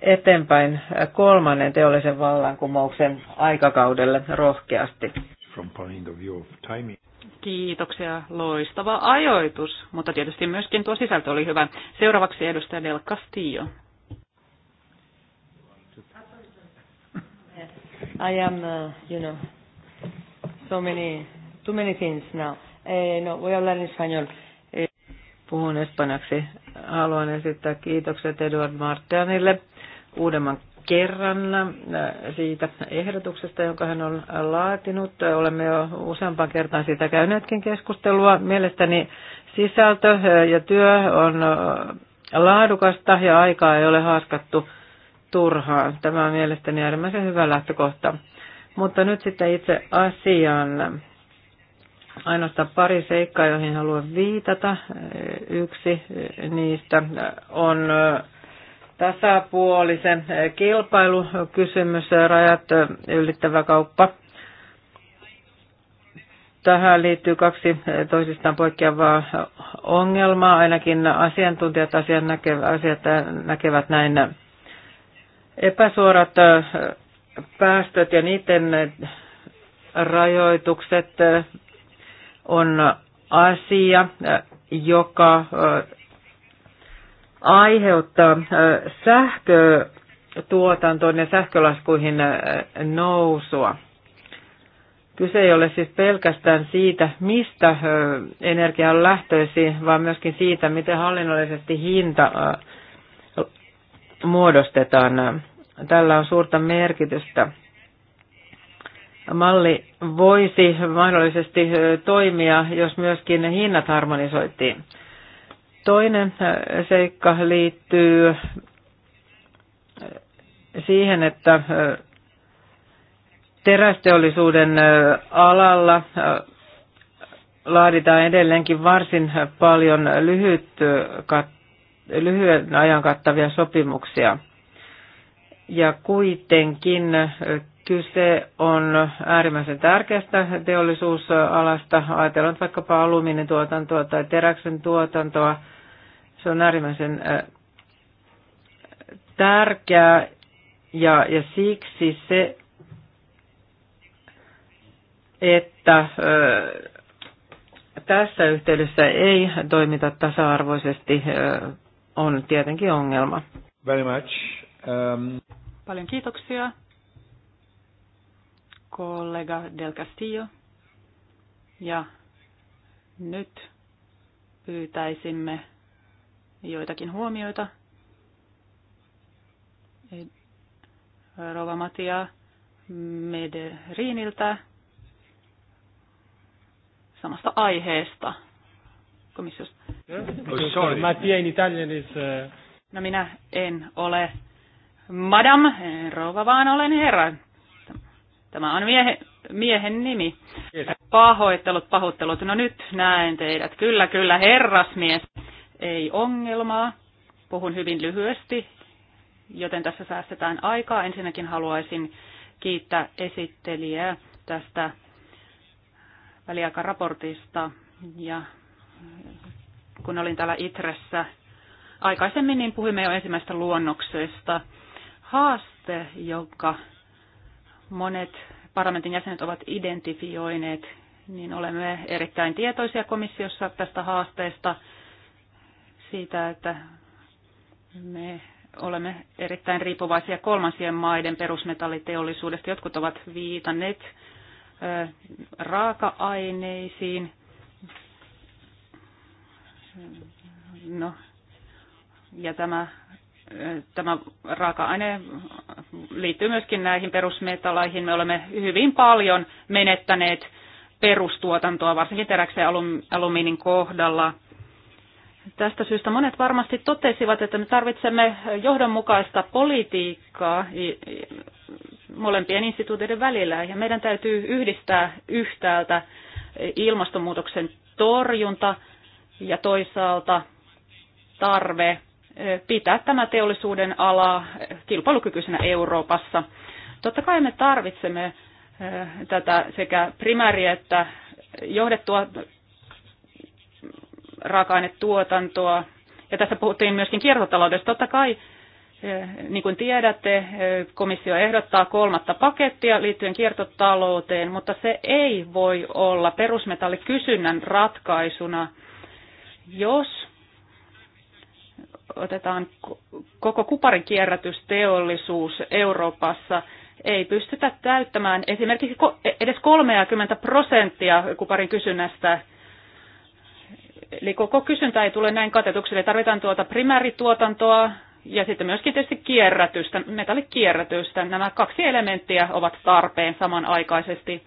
eteenpäin kolmannen teollisen vallankumouksen aikakaudelle rohkeasti from point of view of timing. Kiitoksia, loistava ajoitus, mutta tietysti myöskin tuo sisältö oli hyvä. Seuraavaksi edustaja Del Castillo. I am, uh, you know, so many, too many things now. Eh, no, voy a hablar en español. Eh. Puhun espanjaksi. Haluan esittää kiitokset Eduard Martianille uudemman kerran äh, siitä ehdotuksesta, jonka hän on laatinut. Olemme jo useampaan kertaan siitä käyneetkin keskustelua. Mielestäni sisältö äh, ja työ on äh, laadukasta ja aikaa ei ole haaskattu turhaan. Tämä on mielestäni äärimmäisen hyvä lähtökohta. Mutta nyt sitten itse asiaan. Ainoastaan pari seikkaa, joihin haluan viitata. Yksi niistä on tasapuolisen kilpailukysymys, rajat ylittävä kauppa. Tähän liittyy kaksi toisistaan poikkeavaa ongelmaa, ainakin asiantuntijat asiat näkevät, asiat näkevät näin. Epäsuorat päästöt ja niiden rajoitukset on asia, joka aiheuttaa sähkötuotantoon ja sähkölaskuihin nousua. Kyse ei ole siis pelkästään siitä, mistä energia on lähtöisi, vaan myöskin siitä, miten hallinnollisesti hinta muodostetaan. Tällä on suurta merkitystä. Malli voisi mahdollisesti toimia, jos myöskin hinnat harmonisoitiin. Toinen äh, seikka liittyy äh, siihen, että äh, terästeollisuuden alalla laaditaan edelleenkin varsin paljon lyhyt, kat, lyhyen ajan kattavia sopimuksia. Ja kuitenkin Kyse on äärimmäisen tärkeästä teollisuusalasta. Ajatellaan vaikkapa alumiinituotantoa tai teräksen tuotantoa. Se on äärimmäisen tärkeää ja, ja siksi se, että tässä yhteydessä ei toimita tasa-arvoisesti, on tietenkin ongelma. Very much. Um... Paljon kiitoksia kollega Del Castillo. Ja nyt pyytäisimme joitakin huomioita. Rova Matia Mederiiniltä samasta aiheesta komissiosta. Oh, sorry. Mattia in Italian is... Uh... No minä en ole madam, en rouva, vaan olen herra Tämä on miehe, miehen nimi. Pahoittelut, pahoittelut. No nyt näen teidät. Kyllä, kyllä, herrasmies. Ei ongelmaa. Puhun hyvin lyhyesti, joten tässä säästetään aikaa. Ensinnäkin haluaisin kiittää esittelijää tästä väliaikaraportista. Ja kun olin täällä Itressä aikaisemmin, niin puhuimme jo ensimmäistä luonnoksesta. Haaste, joka monet parlamentin jäsenet ovat identifioineet, niin olemme erittäin tietoisia komissiossa tästä haasteesta siitä, että me olemme erittäin riippuvaisia kolmansien maiden perusmetalliteollisuudesta. Jotkut ovat viitanneet raaka-aineisiin. No, ja tämä tämä raaka-aine liittyy myöskin näihin perusmetalleihin. Me olemme hyvin paljon menettäneet perustuotantoa, varsinkin teräksen alumiinin kohdalla. Tästä syystä monet varmasti totesivat, että me tarvitsemme johdonmukaista politiikkaa molempien instituutioiden välillä, ja meidän täytyy yhdistää yhtäältä ilmastonmuutoksen torjunta ja toisaalta tarve pitää tämä teollisuuden ala kilpailukykyisenä Euroopassa. Totta kai me tarvitsemme eh, tätä sekä primääriä että johdettua raaka-ainetuotantoa. Ja tässä puhuttiin myöskin kiertotaloudesta. Totta kai, eh, niin kuin tiedätte, eh, komissio ehdottaa kolmatta pakettia liittyen kiertotalouteen, mutta se ei voi olla perusmetallikysynnän ratkaisuna, jos otetaan koko kuparikierrätysteollisuus Euroopassa, ei pystytä täyttämään esimerkiksi edes 30 prosenttia kuparin kysynnästä. Eli koko kysyntä ei tule näin katetuksi. Eli tarvitaan tuota primäärituotantoa ja sitten myöskin tietysti kierrätystä, metallikierrätystä. Nämä kaksi elementtiä ovat tarpeen samanaikaisesti.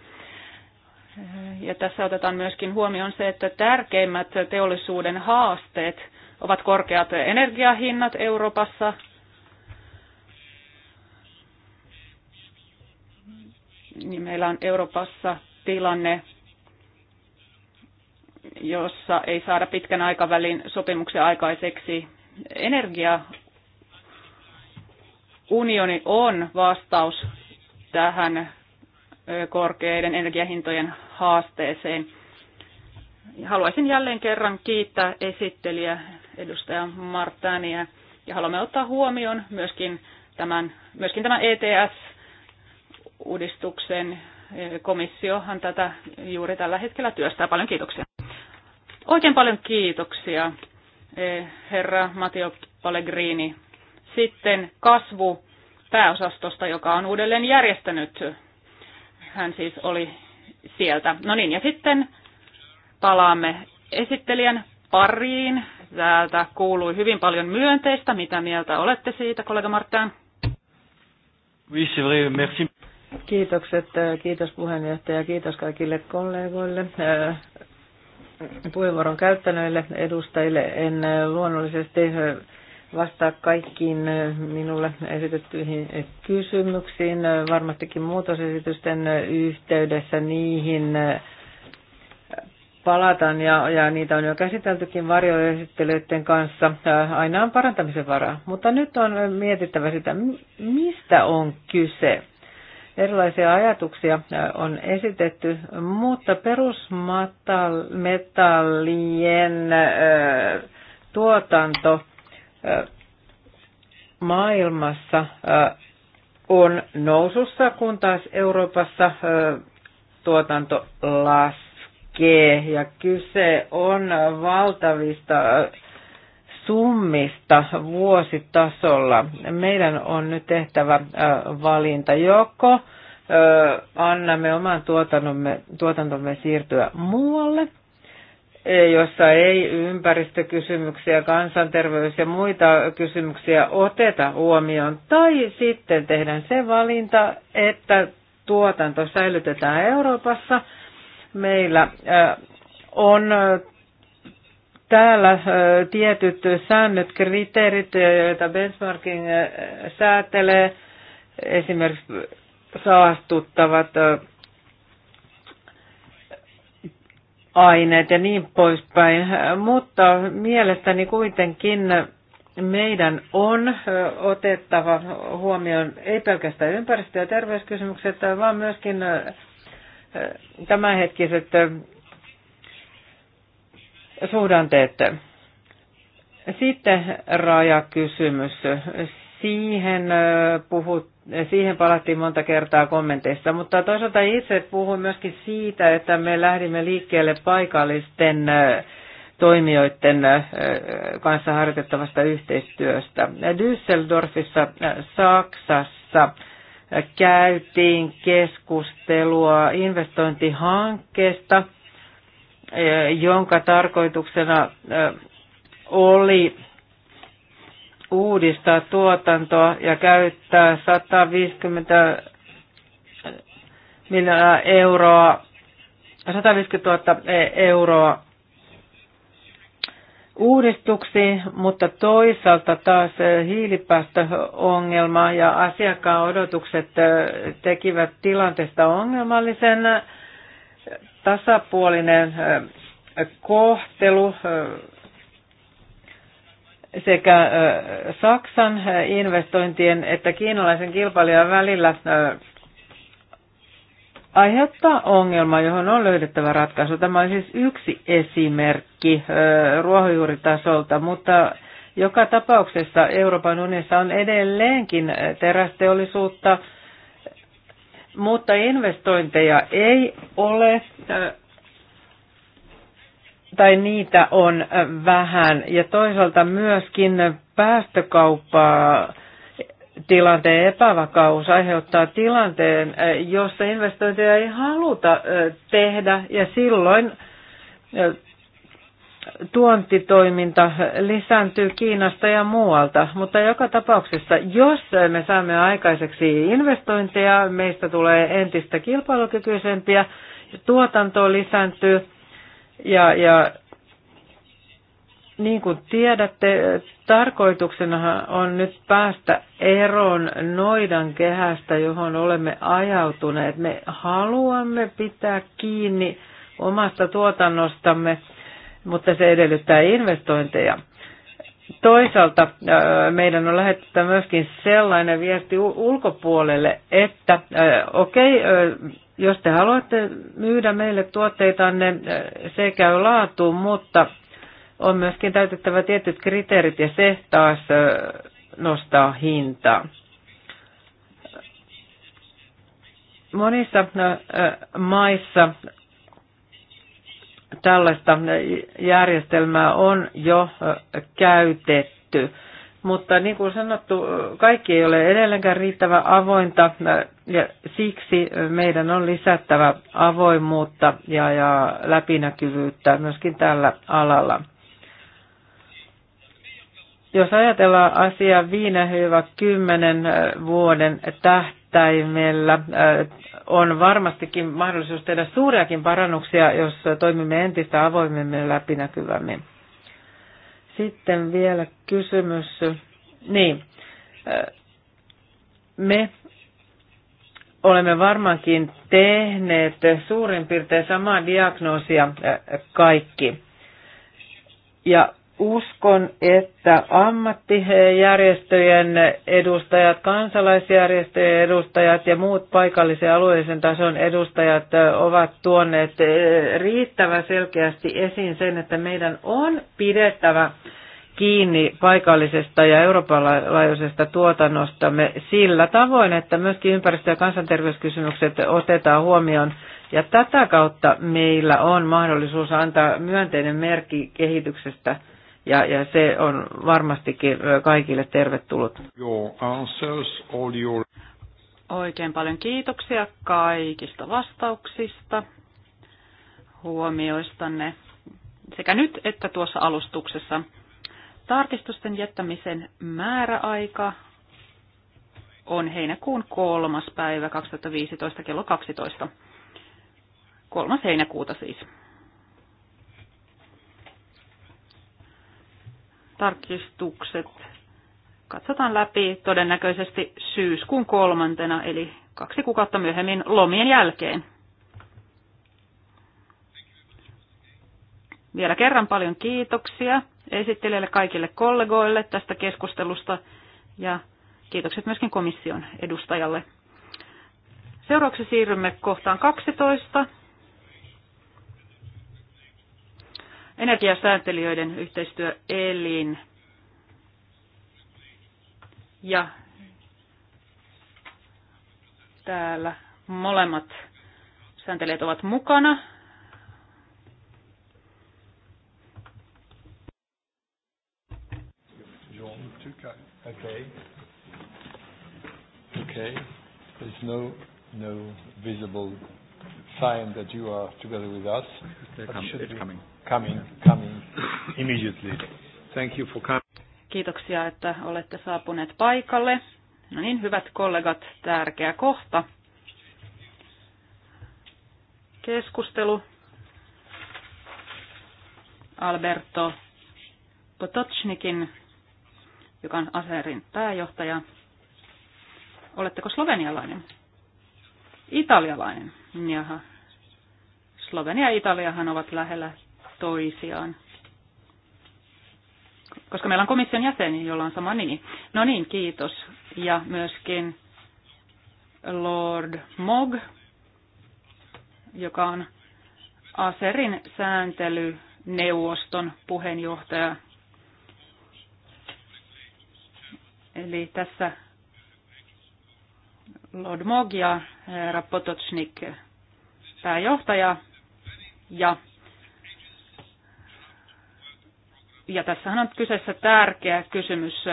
Ja tässä otetaan myöskin huomioon se, että tärkeimmät teollisuuden haasteet – ovat korkeat energiahinnat Euroopassa. Niin meillä on Euroopassa tilanne, jossa ei saada pitkän aikavälin sopimuksia aikaiseksi. Energiaunioni on vastaus tähän korkeiden energiahintojen haasteeseen. Haluaisin jälleen kerran kiittää esittelijä edustaja Martania. Ja haluamme ottaa huomioon myöskin tämän, myöskin tämän ETS-uudistuksen. Komissiohan tätä juuri tällä hetkellä työstää. Paljon kiitoksia. Oikein paljon kiitoksia, e, herra Matteo Pellegrini. Sitten kasvu pääosastosta, joka on uudelleen järjestänyt. Hän siis oli sieltä. No niin, ja sitten palaamme esittelijän pariin Täältä kuului hyvin paljon myönteistä. Mitä mieltä olette siitä, kollega Martin? Kiitokset, äh, kiitos puheenjohtaja, kiitos kaikille kollegoille, äh, puheenvuoron käyttäneille edustajille. En äh, luonnollisesti vastaa kaikkiin minulle esitettyihin kysymyksiin, varmastikin muutosesitysten yhteydessä niihin palataan ja, ja niitä on jo käsiteltykin varjoesittelyiden kanssa. Äh, aina on parantamisen varaa, mutta nyt on mietittävä sitä, mistä on kyse. Erilaisia ajatuksia äh, on esitetty, mutta perusmetallien äh, tuotanto maailmassa on nousussa, kun taas Euroopassa tuotanto laskee kaikkea ja kyse on valtavista äh, summista vuositasolla. Meidän on nyt tehtävä äh, valinta joko äh, annamme oman tuotantomme, tuotantomme siirtyä muualle, e, jossa ei ympäristökysymyksiä, kansanterveys ja muita kysymyksiä oteta huomioon, tai sitten tehdään se valinta, että tuotanto säilytetään Euroopassa – Meillä on täällä tietyt säännöt, kriteerit, joita benchmarking säätelee, esimerkiksi saastuttavat aineet ja niin poispäin. Mutta mielestäni kuitenkin meidän on otettava huomioon ei pelkästään ympäristö- ja terveyskysymykset, vaan myöskin tämänhetkiset suhdanteet. Sitten rajakysymys. Siihen, puhut, siihen palattiin monta kertaa kommenteissa, mutta toisaalta itse puhuin myöskin siitä, että me lähdimme liikkeelle paikallisten toimijoiden kanssa harjoitettavasta yhteistyöstä. Düsseldorfissa Saksassa käytiin keskustelua investointihankkeesta, eh, jonka tarkoituksena eh, oli uudistaa tuotantoa ja käyttää 150 miljoonaa euroa, 150 000 euroa uudistuksiin, mutta toisaalta taas eh, hiilipäästöongelma ja asiakkaan odotukset eh, tekivät tilanteesta ongelmallisen eh, tasapuolinen kohtelu sekä Saksan investointien että kiinalaisen kilpailijan välillä aiheuttaa ongelma, johon on löydettävä ratkaisu. Tämä on siis yksi esimerkki ruohonjuuritasolta, mutta joka tapauksessa Euroopan unionissa on edelleenkin terästeollisuutta, mutta investointeja ei ole tai niitä on vähän. Ja toisaalta myöskin päästökauppaa tilanteen epävakaus aiheuttaa tilanteen, eh, jossa investointeja ei haluta eh, tehdä ja silloin eh, tuontitoiminta lisääntyy Kiinasta ja muualta, mutta joka tapauksessa, jos me saamme aikaiseksi investointeja, meistä tulee entistä kilpailukykyisempiä, tuotanto lisääntyy ja, ja niin kuin tiedätte, tarkoituksena on nyt päästä eroon noidan kehästä, johon olemme ajautuneet. Me haluamme pitää kiinni omasta tuotannostamme, mutta se edellyttää investointeja. Toisaalta meidän on lähetettä myöskin sellainen viesti ulkopuolelle, että okei, okay, jos te haluatte myydä meille tuotteitanne, se käy laatuun, mutta on myöskin täytettävä tietyt kriteerit ja se taas nostaa hintaa. Monissa maissa tällaista järjestelmää on jo käytetty. Mutta niin kuin sanottu, kaikki ei ole edelleenkään riittävä avointa ja siksi meidän on lisättävä avoimuutta ja, ja läpinäkyvyyttä myöskin tällä alalla. Jos ajatellaan asiaa hyvä kymmenen vuoden tähtäimellä, on varmastikin mahdollisuus tehdä suuriakin parannuksia, jos toimimme entistä avoimemmin ja läpinäkyvämmin. Sitten vielä kysymys. Niin, me olemme varmaankin tehneet suurin piirtein samaa diagnoosia kaikki. Ja uskon, että ammattijärjestöjen edustajat, kansalaisjärjestöjen edustajat ja muut paikallisen alueellisen tason edustajat ovat tuoneet riittävän selkeästi esiin sen, että meidän on pidettävä kiinni paikallisesta ja Euroopan laajuisesta tuotannostamme sillä tavoin, että myöskin ympäristö- ja kansanterveyskysymykset otetaan huomioon ja tätä kautta meillä on mahdollisuus antaa myönteinen merkki kehityksestä ja, ja se on varmastikin kaikille tervetullut. Your answers, all your... Oikein paljon kiitoksia kaikista vastauksista, huomioistanne sekä nyt että tuossa alustuksessa. Tarkistusten jättämisen määräaika on heinäkuun kolmas päivä 2015 kello 12. Kolmas heinäkuuta siis. tarkistukset katsotaan läpi todennäköisesti syyskuun kolmantena, eli kaksi kuukautta myöhemmin lomien jälkeen. Vielä kerran paljon kiitoksia esittelijälle kaikille kollegoille tästä keskustelusta ja kiitokset myöskin komission edustajalle. Seuraavaksi siirrymme kohtaan 12. energiasääntelijöiden yhteistyöelin. Ja täällä molemmat sääntelijät ovat mukana. Okay. Okay. There's no no visible sign that you are together with us. They're com- it's coming coming, coming immediately. Thank you for coming. Kiitoksia, että olette saapuneet paikalle. No niin, hyvät kollegat, tärkeä kohta. Keskustelu. Alberto Potocnikin, joka on Aserin pääjohtaja. Oletteko slovenialainen? Italialainen. Jaha. Slovenia ja Italiahan ovat lähellä toisiaan. Koska meillä on komission jäseni, jolla on sama nimi. No niin, kiitos. Ja myöskin Lord Mog, joka on Aserin sääntelyneuvoston puheenjohtaja. Eli tässä Lord Mog ja herra Potocnik pääjohtaja ja Ja tässähän on kyseessä tärkeä kysymys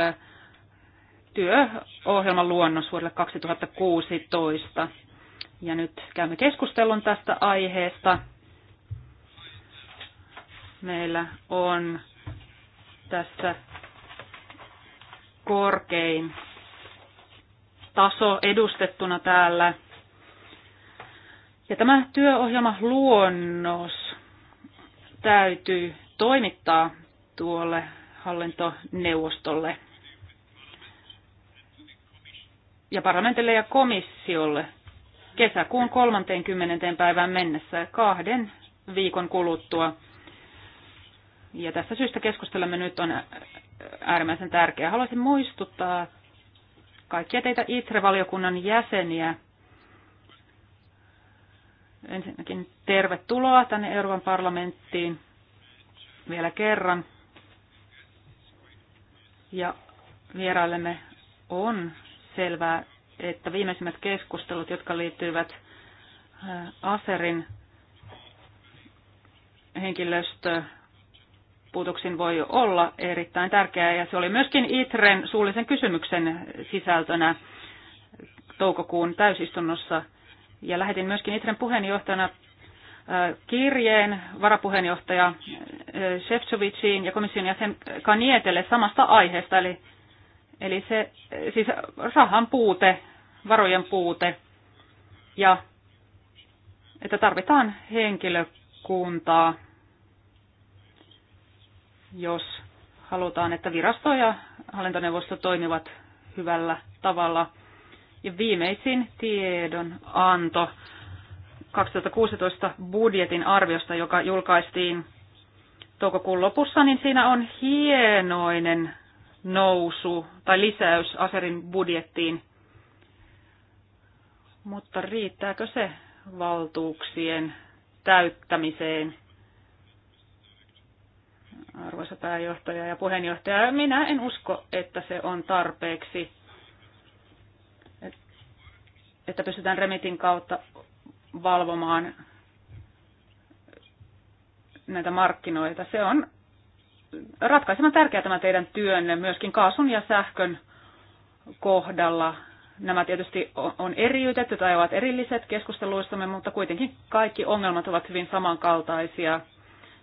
työohjelman luonnos vuodelle 2016. Ja nyt käymme keskustelun tästä aiheesta. Meillä on tässä korkein taso edustettuna täällä. Ja tämä työohjelma luonnos täytyy toimittaa tuolle hallintoneuvostolle ja parlamentille ja komissiolle kesäkuun 30. päivään mennessä kahden viikon kuluttua. Ja tästä syystä keskustelemme nyt on äärimmäisen tärkeää. Haluaisin muistuttaa kaikkia teitä ITRE-valiokunnan jäseniä. Ensinnäkin tervetuloa tänne Euroopan parlamenttiin vielä kerran ja vieraillemme on selvää, että viimeisimmät keskustelut, jotka liittyvät äh, Aserin henkilöstö puutoksin voi olla erittäin tärkeää ja se oli myöskin ITREn suullisen kysymyksen sisältönä toukokuun täysistunnossa. Ja lähetin myöskin ITREn puheenjohtajana kirjeen varapuheenjohtaja Shevchovicin ja komission jäsen Kanietelle samasta aiheesta, eli, eli se, siis rahan puute, varojen puute, ja että tarvitaan henkilökuntaa, jos halutaan, että virasto ja hallintoneuvosto toimivat hyvällä tavalla. Ja viimeisin tiedonanto 2016 budjetin arviosta, joka julkaistiin toukokuun lopussa, niin siinä on hienoinen nousu tai lisäys Aserin budjettiin. Mutta riittääkö se valtuuksien täyttämiseen? Arvoisa pääjohtaja ja puheenjohtaja, minä en usko, että se on tarpeeksi, että pystytään remitin kautta valvomaan näitä markkinoita. Se on ratkaisevan tärkeää tämä teidän työnne myöskin kaasun ja sähkön kohdalla. Nämä tietysti on eriytetty tai ovat erilliset keskusteluissamme, mutta kuitenkin kaikki ongelmat ovat hyvin samankaltaisia.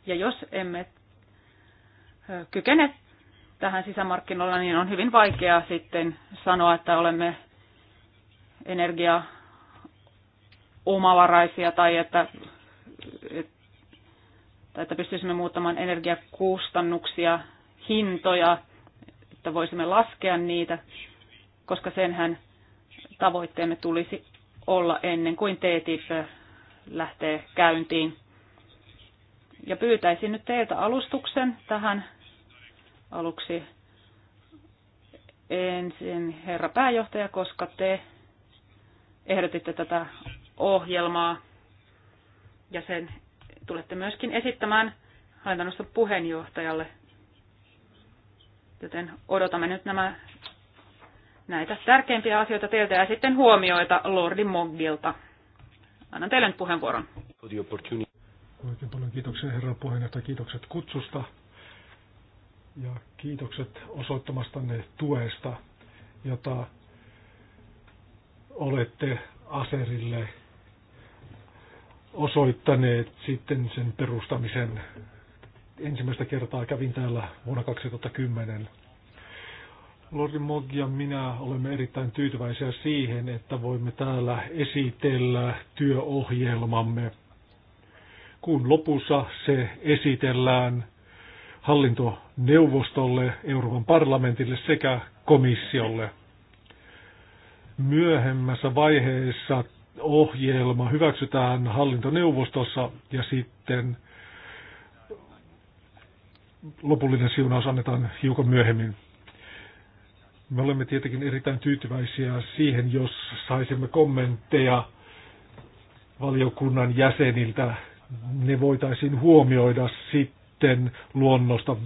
Ja jos emme kykene tähän sisämarkkinoilla, niin on hyvin vaikea sitten sanoa, että olemme energia omavaraisia tai että, että, että pystyisimme muuttamaan energiakustannuksia, hintoja, että voisimme laskea niitä, koska senhän tavoitteemme tulisi olla ennen kuin TTIP lähtee käyntiin. Ja pyytäisin nyt teiltä alustuksen tähän aluksi ensin herra pääjohtaja, koska te ehdotitte tätä ohjelmaa ja sen tulette myöskin esittämään hallintoneuvoston puheenjohtajalle. Joten odotamme nyt nämä, näitä tärkeimpiä asioita teiltä ja sitten huomioita Lordi Moggilta. Annan teille nyt puheenvuoron. Oikein paljon kiitoksia herra puheenjohtaja, kiitokset kutsusta ja kiitokset osoittamastanne tuesta, jota olette Aserille osoittaneet sitten sen perustamisen. Ensimmäistä kertaa kävin täällä vuonna 2010. Lordi Mog ja minä olemme erittäin tyytyväisiä siihen, että voimme täällä esitellä työohjelmamme. Kuun lopussa se esitellään hallintoneuvostolle, Euroopan parlamentille sekä komissiolle. Myöhemmässä vaiheessa ohjelma hyväksytään hallintoneuvostossa ja sitten lopullinen siunaus annetaan hiukan myöhemmin. Me olemme tietenkin erittäin tyytyväisiä siihen, jos saisimme kommentteja valiokunnan jäseniltä. Ne voitaisiin huomioida sitten luonnosta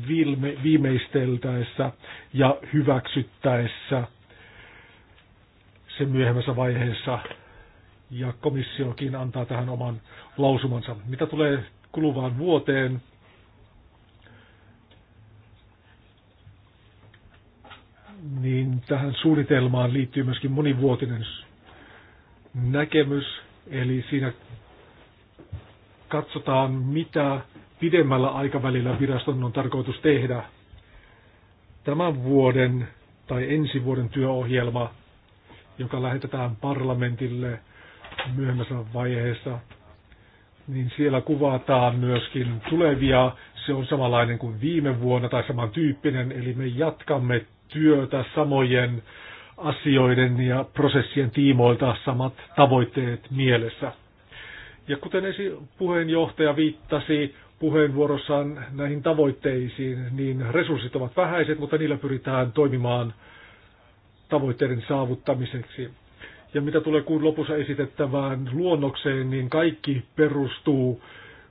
viimeisteltäessä ja hyväksyttäessä se myöhemmässä vaiheessa ja komissiokin antaa tähän oman lausumansa. Mitä tulee kuluvaan vuoteen, niin tähän suunnitelmaan liittyy myöskin monivuotinen näkemys, eli siinä katsotaan, mitä pidemmällä aikavälillä viraston on tarkoitus tehdä. Tämän vuoden tai ensi vuoden työohjelma, joka lähetetään parlamentille – myöhemmässä vaiheessa, niin siellä kuvataan myöskin tulevia. Se on samanlainen kuin viime vuonna tai samantyyppinen, eli me jatkamme työtä samojen asioiden ja prosessien tiimoilta samat tavoitteet mielessä. Ja kuten esi- puheenjohtaja viittasi puheenvuorossaan näihin tavoitteisiin, niin resurssit ovat vähäiset, mutta niillä pyritään toimimaan tavoitteiden saavuttamiseksi. Ja mitä tulee kuun lopussa esitettävään luonnokseen, niin kaikki perustuu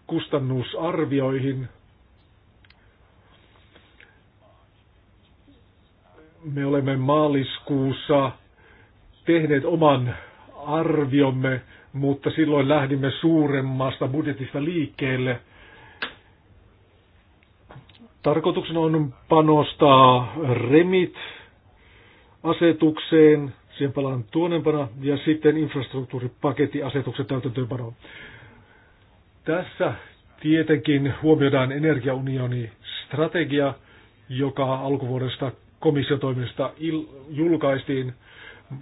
kustannusarvioihin. Me olemme maaliskuussa tehneet oman arviomme, mutta silloin lähdimme suuremmasta budjetista liikkeelle. Tarkoituksena on panostaa remit asetukseen Siihen palaan tuonempana ja sitten infrastruktuuripakettiasetuksen täytäntöönpano. Tässä tietenkin huomioidaan energiaunioni strategia, joka alkuvuodesta komission toimesta julkaistiin.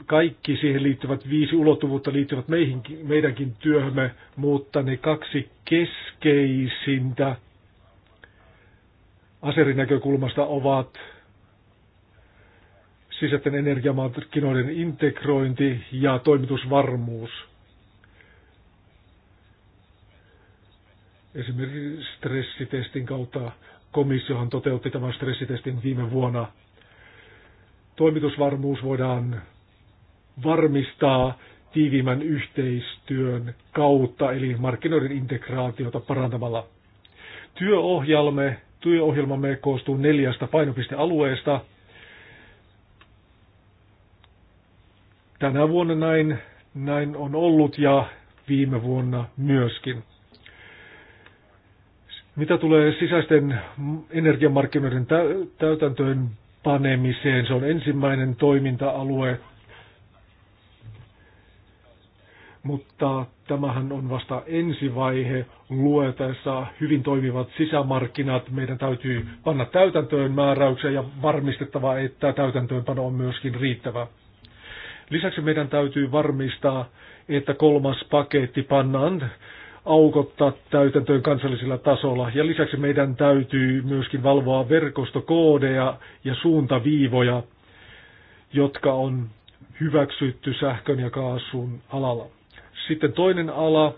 Kaikki siihen liittyvät viisi ulottuvuutta liittyvät meihin, meidänkin työhömme, mutta ne kaksi keskeisintä aserinäkökulmasta ovat sisäisten energiamarkkinoiden integrointi ja toimitusvarmuus. Esimerkiksi stressitestin kautta komissiohan toteutti tämän stressitestin viime vuonna. Toimitusvarmuus voidaan varmistaa tiiviimmän yhteistyön kautta, eli markkinoiden integraatiota parantamalla. Työohjelme, työohjelmamme koostuu neljästä painopistealueesta – Tänä vuonna näin, näin on ollut ja viime vuonna myöskin. Mitä tulee sisäisten energiamarkkinoiden täytäntöön panemiseen, se on ensimmäinen toiminta-alue, mutta tämähän on vasta ensivaihe luetessa hyvin toimivat sisämarkkinat. Meidän täytyy panna täytäntöön määräyksiä ja varmistettava, että täytäntöönpano on myöskin riittävä. Lisäksi meidän täytyy varmistaa, että kolmas paketti pannaan aukottaa täytäntöön kansallisella tasolla. Ja lisäksi meidän täytyy myöskin valvoa verkostokoodeja ja suuntaviivoja, jotka on hyväksytty sähkön ja kaasun alalla. Sitten toinen ala,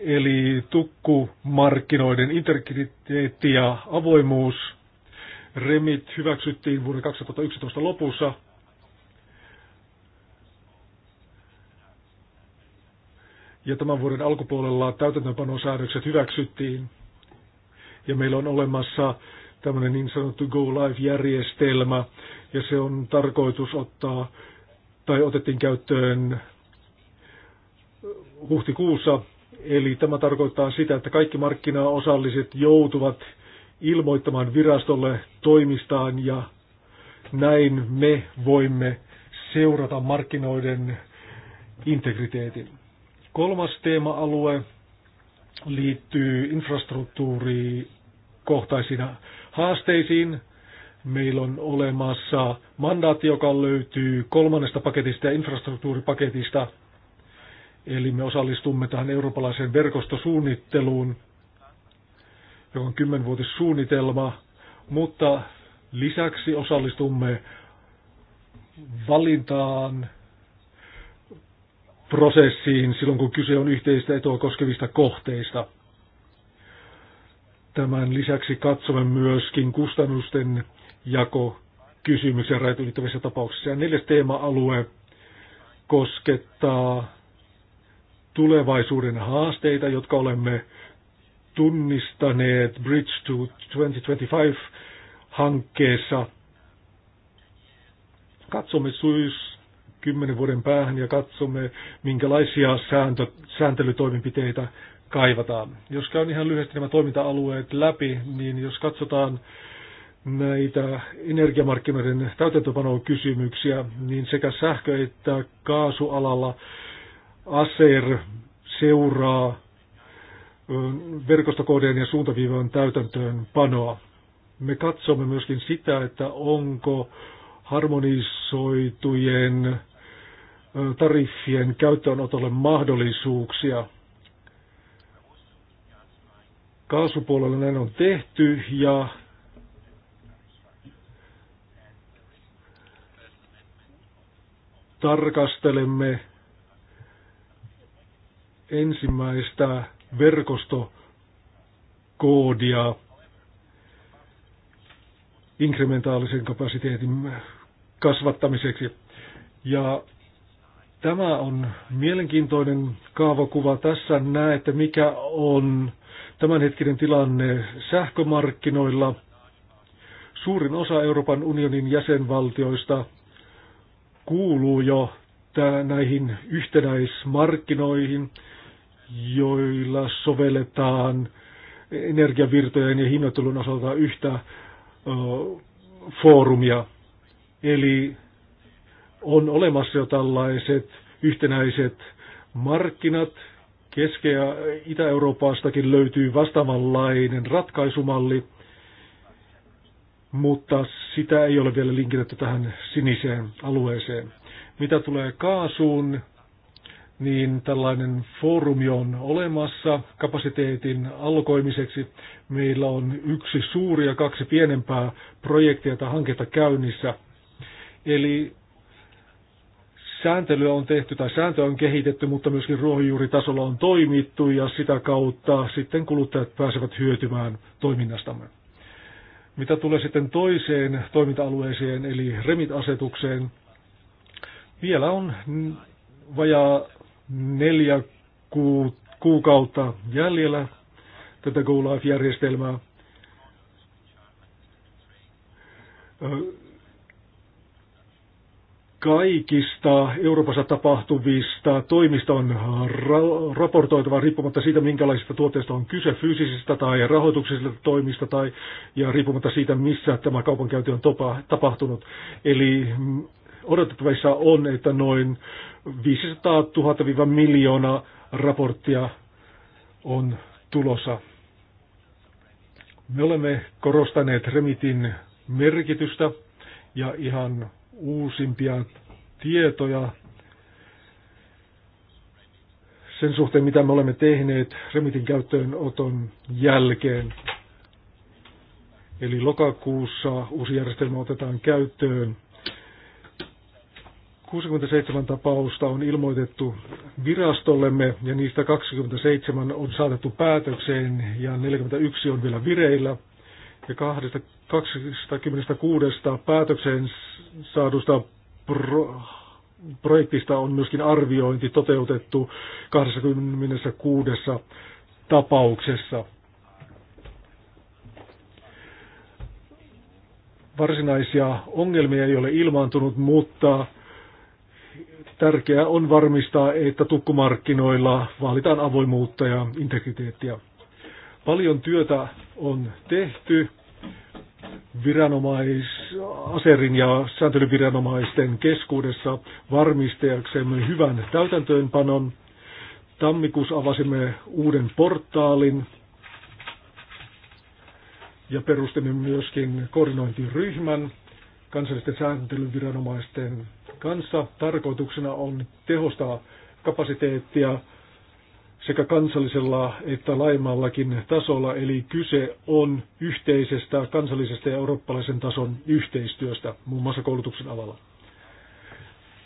eli tukkumarkkinoiden integriteetti ja avoimuus. Remit hyväksyttiin vuoden 2011 lopussa Ja tämän vuoden alkupuolella täytäntöönpanosäädökset hyväksyttiin. Ja meillä on olemassa tämmöinen niin sanottu Go Live-järjestelmä, ja se on tarkoitus ottaa, tai otettiin käyttöön huhtikuussa. Eli tämä tarkoittaa sitä, että kaikki markkinaosalliset joutuvat ilmoittamaan virastolle toimistaan ja näin me voimme seurata markkinoiden integriteetin. Kolmas teema-alue liittyy infrastruktuurikohtaisiin haasteisiin. Meillä on olemassa mandaatti, joka löytyy kolmannesta paketista ja infrastruktuuripaketista. Eli me osallistumme tähän eurooppalaiseen verkostosuunnitteluun, joka on kymmenvuotissuunnitelma, mutta lisäksi osallistumme valintaan prosessiin silloin, kun kyse on yhteistä etua koskevista kohteista. Tämän lisäksi katsomme myöskin kustannusten jako kysymyksen rajat ylittävissä tapauksissa. Ja neljäs teema-alue koskettaa tulevaisuuden haasteita, jotka olemme tunnistaneet Bridge to 2025 hankkeessa. Katsomme syys kymmenen vuoden päähän ja katsomme, minkälaisia sääntö, sääntelytoimenpiteitä kaivataan. Jos käyn ihan lyhyesti nämä toiminta-alueet läpi, niin jos katsotaan näitä energiamarkkinoiden täytäntöpanokysymyksiä, niin sekä sähkö- että kaasualalla ASER seuraa verkostokoodeen ja suuntaviivan täytäntöön panoa. Me katsomme myöskin sitä, että onko harmonisoitujen tariffien käyttöönotolle mahdollisuuksia. Kaasupuolella näin on tehty ja tarkastelemme ensimmäistä verkostokoodia inkrementaalisen kapasiteetin kasvattamiseksi. Ja Tämä on mielenkiintoinen kaavakuva. Tässä näette, mikä on tämänhetkinen tilanne sähkömarkkinoilla. Suurin osa Euroopan unionin jäsenvaltioista kuuluu jo näihin yhtenäismarkkinoihin, joilla sovelletaan energiavirtojen ja hinnoittelun osalta yhtä foorumia. Eli on olemassa jo tällaiset yhtenäiset markkinat. Keski- ja Itä-Euroopastakin löytyy vastaavanlainen ratkaisumalli, mutta sitä ei ole vielä linkitetty tähän siniseen alueeseen. Mitä tulee kaasuun, niin tällainen foorumi on olemassa kapasiteetin alkoimiseksi. Meillä on yksi suuri ja kaksi pienempää projektia tai hanketta käynnissä. Eli sääntelyä on tehty tai sääntöä on kehitetty, mutta myöskin ruohonjuuritasolla on toimittu ja sitä kautta sitten kuluttajat pääsevät hyötymään toiminnastamme. Mitä tulee sitten toiseen toiminta-alueeseen eli REMIT-asetukseen, vielä on vajaa neljä kuukautta jäljellä tätä GoLife-järjestelmää kaikista Euroopassa tapahtuvista toimista on ra- raportoitava riippumatta siitä, minkälaisista tuotteista on kyse, fyysisistä tai rahoituksista toimista tai ja riippumatta siitä, missä tämä kaupankäynti on topa- tapahtunut. Eli mm, odotettavissa on, että noin 500 000 miljoona raporttia on tulossa. Me olemme korostaneet Remitin merkitystä ja ihan uusimpia tietoja sen suhteen, mitä me olemme tehneet Remitin käyttöönoton jälkeen. Eli lokakuussa uusi järjestelmä otetaan käyttöön. 67 tapausta on ilmoitettu virastollemme ja niistä 27 on saatettu päätökseen ja 41 on vielä vireillä ja 226 päätökseen saadusta pro, projektista on myöskin arviointi toteutettu 26 tapauksessa. Varsinaisia ongelmia ei ole ilmaantunut, mutta tärkeää on varmistaa, että tukkumarkkinoilla vaalitaan avoimuutta ja integriteettiä. Paljon työtä on tehty viranomais, aserin ja sääntelyviranomaisten keskuudessa varmistajaksemme hyvän täytäntöönpanon. Tammikuussa avasimme uuden portaalin ja perustimme myöskin koordinointiryhmän kansallisten sääntelyviranomaisten kanssa. Tarkoituksena on tehostaa kapasiteettia sekä kansallisella että laimallakin tasolla, eli kyse on yhteisestä kansallisesta ja eurooppalaisen tason yhteistyöstä, muun muassa koulutuksen alalla.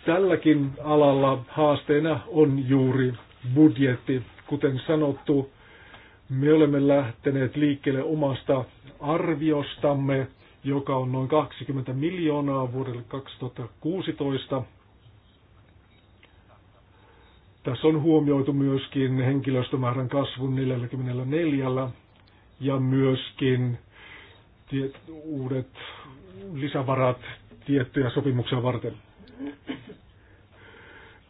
Tälläkin alalla haasteena on juuri budjetti. Kuten sanottu, me olemme lähteneet liikkeelle omasta arviostamme, joka on noin 20 miljoonaa vuodelle 2016 tässä on huomioitu myöskin henkilöstömäärän kasvun 44 ja myöskin tiet, uudet lisävarat tiettyjä sopimuksia varten.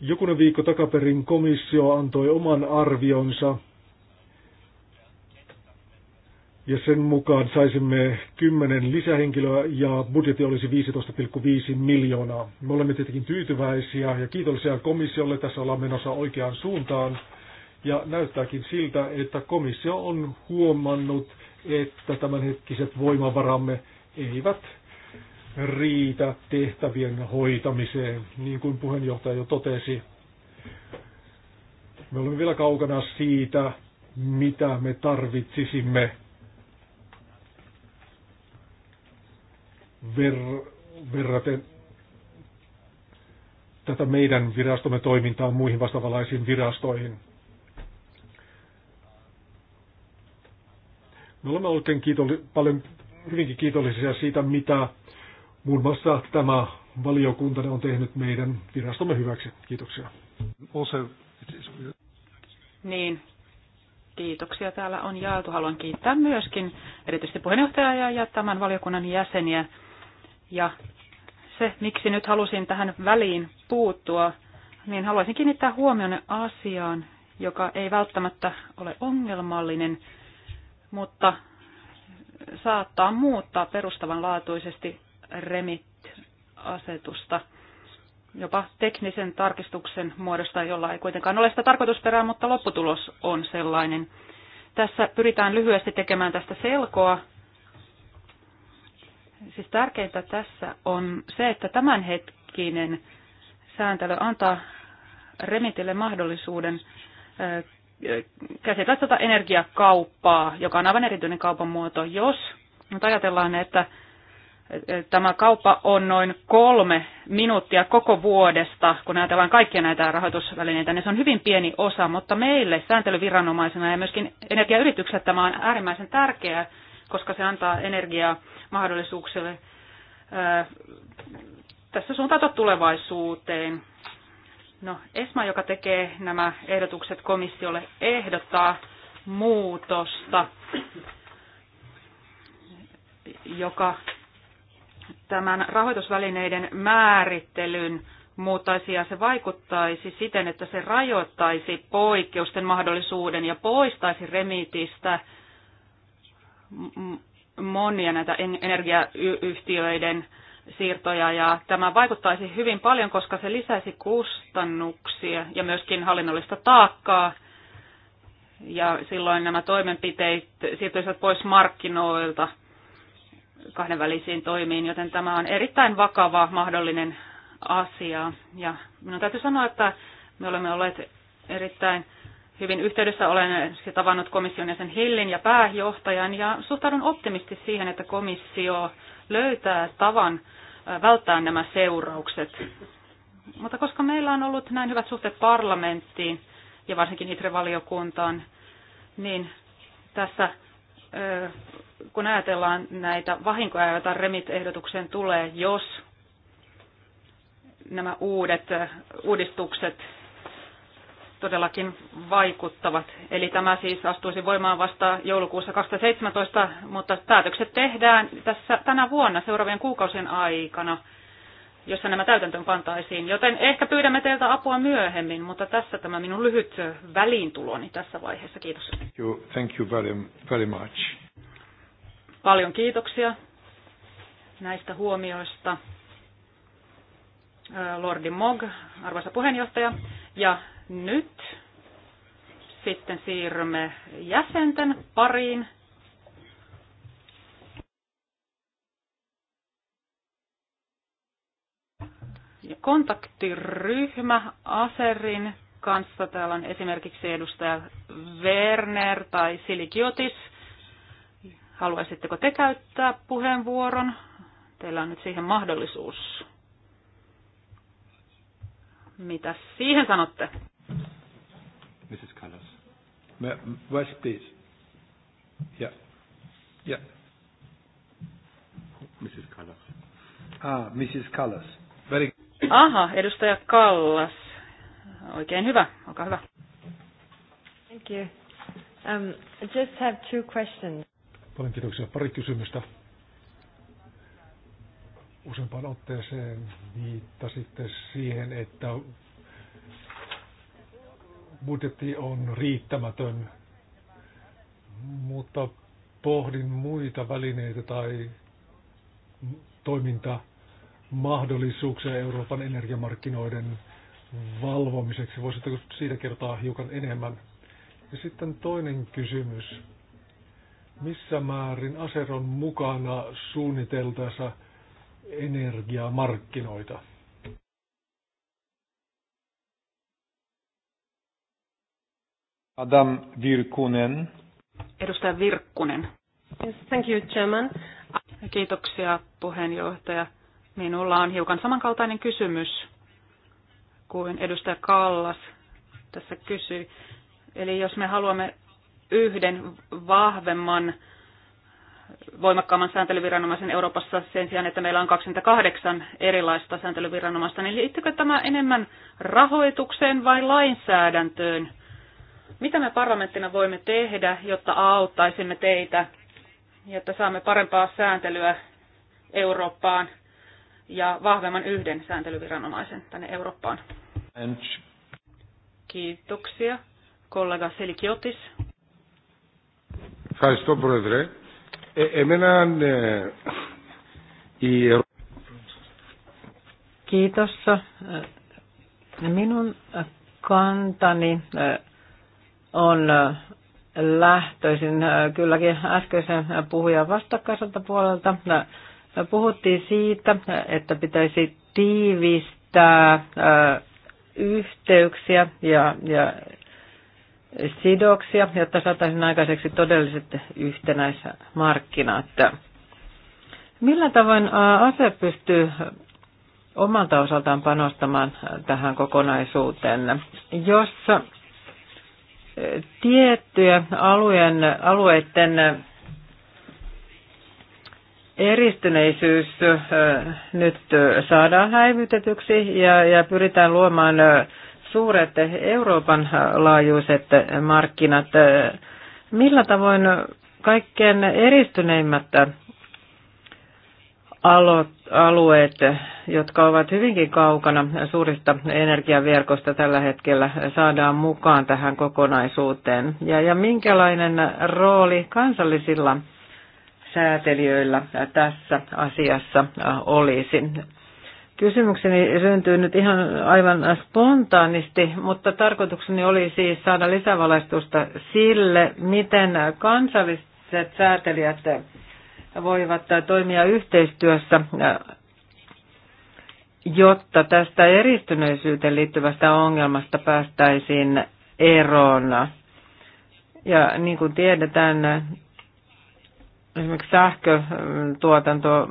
Jokunen viikko takaperin komissio antoi oman arvionsa ja sen mukaan saisimme 10 lisähenkilöä ja budjetti olisi 15,5 miljoonaa. Me olemme tietenkin tyytyväisiä ja kiitollisia komissiolle. Tässä ollaan menossa oikeaan suuntaan. Ja näyttääkin siltä, että komissio on huomannut, että tämänhetkiset voimavaramme eivät riitä tehtävien hoitamiseen, niin kuin puheenjohtaja jo totesi. Me olemme vielä kaukana siitä, mitä me tarvitsisimme ver- verraten tätä meidän virastomme toimintaa muihin vastaavalaisiin virastoihin. Me olemme oikein kiitolli- paljon hyvinkin kiitollisia siitä, mitä muun muassa tämä valiokunta on tehnyt meidän virastomme hyväksi. Kiitoksia. Also, niin, kiitoksia täällä on jaeltu. Haluan kiittää myöskin erityisesti puheenjohtajaa ja tämän valiokunnan jäseniä ja se, miksi nyt halusin tähän väliin puuttua, niin haluaisin kiinnittää huomionne asiaan, joka ei välttämättä ole ongelmallinen, mutta saattaa muuttaa perustavanlaatuisesti REMIT-asetusta jopa teknisen tarkistuksen muodosta, jolla ei kuitenkaan ole sitä tarkoitusperää, mutta lopputulos on sellainen. Tässä pyritään lyhyesti tekemään tästä selkoa Siis tärkeintä tässä on se, että tämänhetkinen sääntely antaa Remitille mahdollisuuden käsitellä tätä energiakauppaa, joka on aivan erityinen kaupan muoto, jos nyt ajatellaan, että tämä kauppa on noin kolme minuuttia koko vuodesta, kun ajatellaan kaikkia näitä rahoitusvälineitä, niin se on hyvin pieni osa, mutta meille sääntelyviranomaisena ja myöskin energiayrityksellä tämä on äärimmäisen tärkeää, koska se antaa energiaa mahdollisuuksille tässä suuntautua tulevaisuuteen. No, ESMA, joka tekee nämä ehdotukset komissiolle, ehdottaa muutosta, joka tämän rahoitusvälineiden määrittelyn muuttaisi ja se vaikuttaisi siten, että se rajoittaisi poikkeusten mahdollisuuden ja poistaisi remitistä monia näitä energiayhtiöiden siirtoja ja tämä vaikuttaisi hyvin paljon, koska se lisäisi kustannuksia ja myöskin hallinnollista taakkaa ja silloin nämä toimenpiteet siirtyisivät pois markkinoilta kahdenvälisiin toimiin, joten tämä on erittäin vakava mahdollinen asia. Ja minun täytyy sanoa, että me olemme olleet erittäin hyvin yhteydessä. Olen siis tavannut komission sen Hillin ja pääjohtajan ja suhtaudun optimisti siihen, että komissio löytää tavan välttää nämä seuraukset. Mutta koska meillä on ollut näin hyvät suhteet parlamenttiin ja varsinkin Hitrevaliokuntaan, niin tässä kun ajatellaan näitä vahinkoja, joita remit-ehdotukseen tulee, jos nämä uudet uudistukset todellakin vaikuttavat. Eli tämä siis astuisi voimaan vasta joulukuussa 2017, mutta päätökset tehdään tässä tänä vuonna seuraavien kuukausien aikana, jossa nämä täytäntöön pantaisiin. Joten ehkä pyydämme teiltä apua myöhemmin, mutta tässä tämä minun lyhyt väliintuloni tässä vaiheessa. Kiitos. Thank you, thank you very, very much. Paljon kiitoksia näistä huomioista. Lordi Mog, arvoisa puheenjohtaja, ja nyt sitten siirrymme jäsenten pariin. Ja kontaktiryhmä Aserin kanssa. Täällä on esimerkiksi edustaja Werner tai Silikiotis. Haluaisitteko te käyttää puheenvuoron? Teillä on nyt siihen mahdollisuus. Mitä siihen sanotte? Mrs. Callas. West, please. Yeah. Yeah. Mrs. Callas. Ah, Mrs. Callas. Very Aha, edustaja Kallas. Oikein hyvä, olkaa hyvä. Thank you. Um, I just have two questions. Paljon kiitoksia. Pari kysymystä. Useampaan otteeseen viittasitte siihen, että budjetti on riittämätön, mutta pohdin muita välineitä tai toimintamahdollisuuksia Euroopan energiamarkkinoiden valvomiseksi. Voisitteko siitä kertoa hiukan enemmän? Ja sitten toinen kysymys. Missä määrin Aseron mukana suunniteltaessa energiamarkkinoita? Adam Virkunen. Edustaja Virkkunen. Yes, thank you, Chairman. Kiitoksia, puheenjohtaja. Minulla on hiukan samankaltainen kysymys kuin edustaja Kallas tässä kysyi. Eli jos me haluamme yhden vahvemman, voimakkaamman sääntelyviranomaisen Euroopassa sen sijaan, että meillä on 28 erilaista sääntelyviranomaista, niin liittyykö tämä enemmän rahoitukseen vai lainsäädäntöön? Mitä me parlamenttina voimme tehdä, jotta auttaisimme teitä, jotta saamme parempaa sääntelyä Eurooppaan ja vahvemman yhden sääntelyviranomaisen tänne Eurooppaan? Kiitoksia. Kollega Selikiotis. Ευχαριστώ, Πρόεδρε. Ε, εμένα ε, η Kiitos. Minun kantani on lähtöisin kylläkin äskeisen puhujan vastakkaiselta puolelta. Puhuttiin siitä, että pitäisi tiivistää yhteyksiä ja, ja sidoksia, jotta saataisiin aikaiseksi todelliset yhtenäismarkkinat. Millä tavoin ASE pystyy omalta osaltaan panostamaan tähän kokonaisuuteen? Jos tiettyjä alueen, alueiden eristyneisyys nyt saadaan häivytetyksi ja, ja pyritään luomaan suuret Euroopan laajuiset markkinat. Millä tavoin kaikkein eristyneimmät alueet, jotka ovat hyvinkin kaukana suurista energiaverkosta tällä hetkellä, saadaan mukaan tähän kokonaisuuteen? Ja, ja minkälainen rooli kansallisilla säätelijöillä tässä asiassa äh, olisi? Kysymykseni syntyy nyt ihan aivan spontaanisti, mutta tarkoitukseni oli siis saada lisävalaistusta sille, miten kansalliset säätelijät voivat toimia yhteistyössä, jotta tästä eristyneisyyteen liittyvästä ongelmasta päästäisiin eroon. Ja niin kuin tiedetään, esimerkiksi sähkötuotanto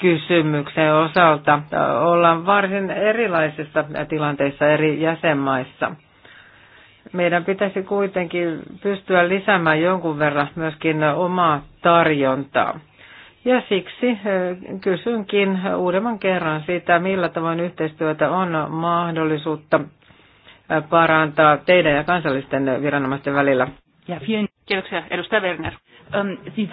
kysymyksen osalta ollaan varsin erilaisissa tilanteissa eri jäsenmaissa – meidän pitäisi kuitenkin pystyä lisäämään jonkun verran myöskin omaa tarjontaa. Ja siksi eh, kysynkin uudemman kerran sitä, millä tavoin yhteistyötä on mahdollisuutta eh, parantaa teidän ja kansallisten viranomaisten välillä. Ja kiitoksia, edustaja Werner. Siis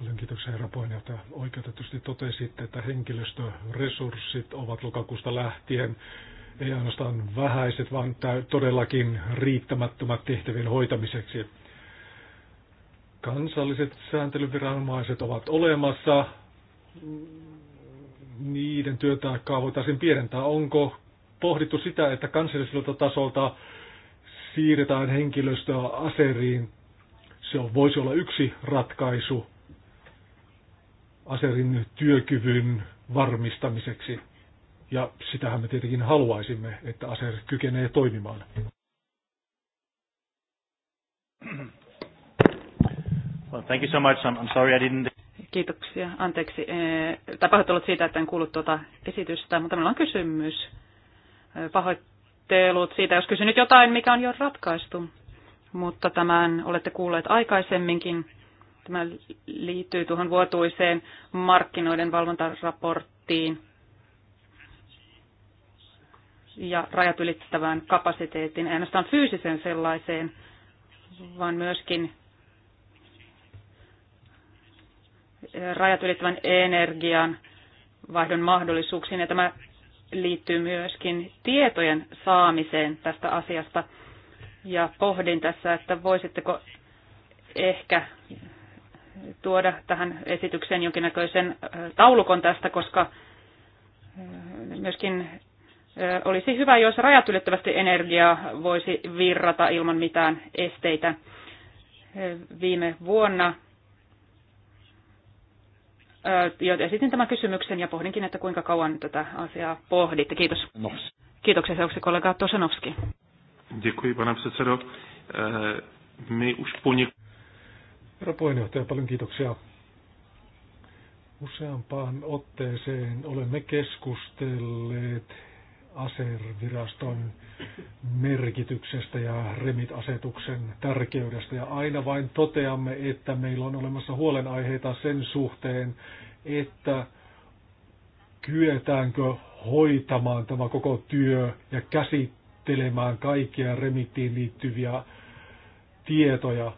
Paljon kiitoksia, herra puheenjohtaja. Oikeutetusti totesitte, että henkilöstöresurssit ovat lokakuusta lähtien ei ainoastaan vähäiset, vaan todellakin riittämättömät tehtävien hoitamiseksi. Kansalliset sääntelyviranomaiset ovat olemassa. Niiden työtaakkaa voitaisiin pienentää. Onko pohdittu sitä, että kansalliselta tasolta siirretään henkilöstöä aseriin? Se voisi olla yksi ratkaisu aserin työkyvyn varmistamiseksi. Ja sitähän me tietenkin haluaisimme, että ASER kykenee toimimaan. Well, thank you so much. I'm, I'm sorry I didn't... Kiitoksia. Anteeksi. Eh, tai pahoittelut siitä, että en kuullut tuota esitystä, mutta meillä on kysymys. Eh, pahoittelut siitä, jos kysyn nyt jotain, mikä on jo ratkaistu. Mutta tämän olette kuulleet aikaisemminkin. Tämä liittyy tuohon vuotuiseen markkinoiden valvontaraporttiin ja rajat ylittävään kapasiteettiin, ainoastaan fyysisen sellaiseen, vaan myöskin rajat ylittävän energian vaihdon mahdollisuuksiin. Ja tämä liittyy myöskin tietojen saamiseen tästä asiasta. Ja pohdin tässä, että voisitteko ehkä tuoda tähän esitykseen jonkinnäköisen taulukon tästä, koska myöskin olisi hyvä, jos rajat ylittävästi energiaa voisi virrata ilman mitään esteitä. Viime vuonna esitin tämän kysymyksen ja pohdinkin, että kuinka kauan tätä asiaa pohditte. Kiitos. Kiitoksia seuraavaksi kollega Tosanovski. Děkuji, pane předsedo. My už po Herra puheenjohtaja, paljon kiitoksia. Useampaan otteeseen olemme keskustelleet aseviraston merkityksestä ja remit-asetuksen tärkeydestä. Ja aina vain toteamme, että meillä on olemassa huolenaiheita sen suhteen, että kyetäänkö hoitamaan tämä koko työ ja käsittelemään kaikkia remittiin liittyviä tietoja.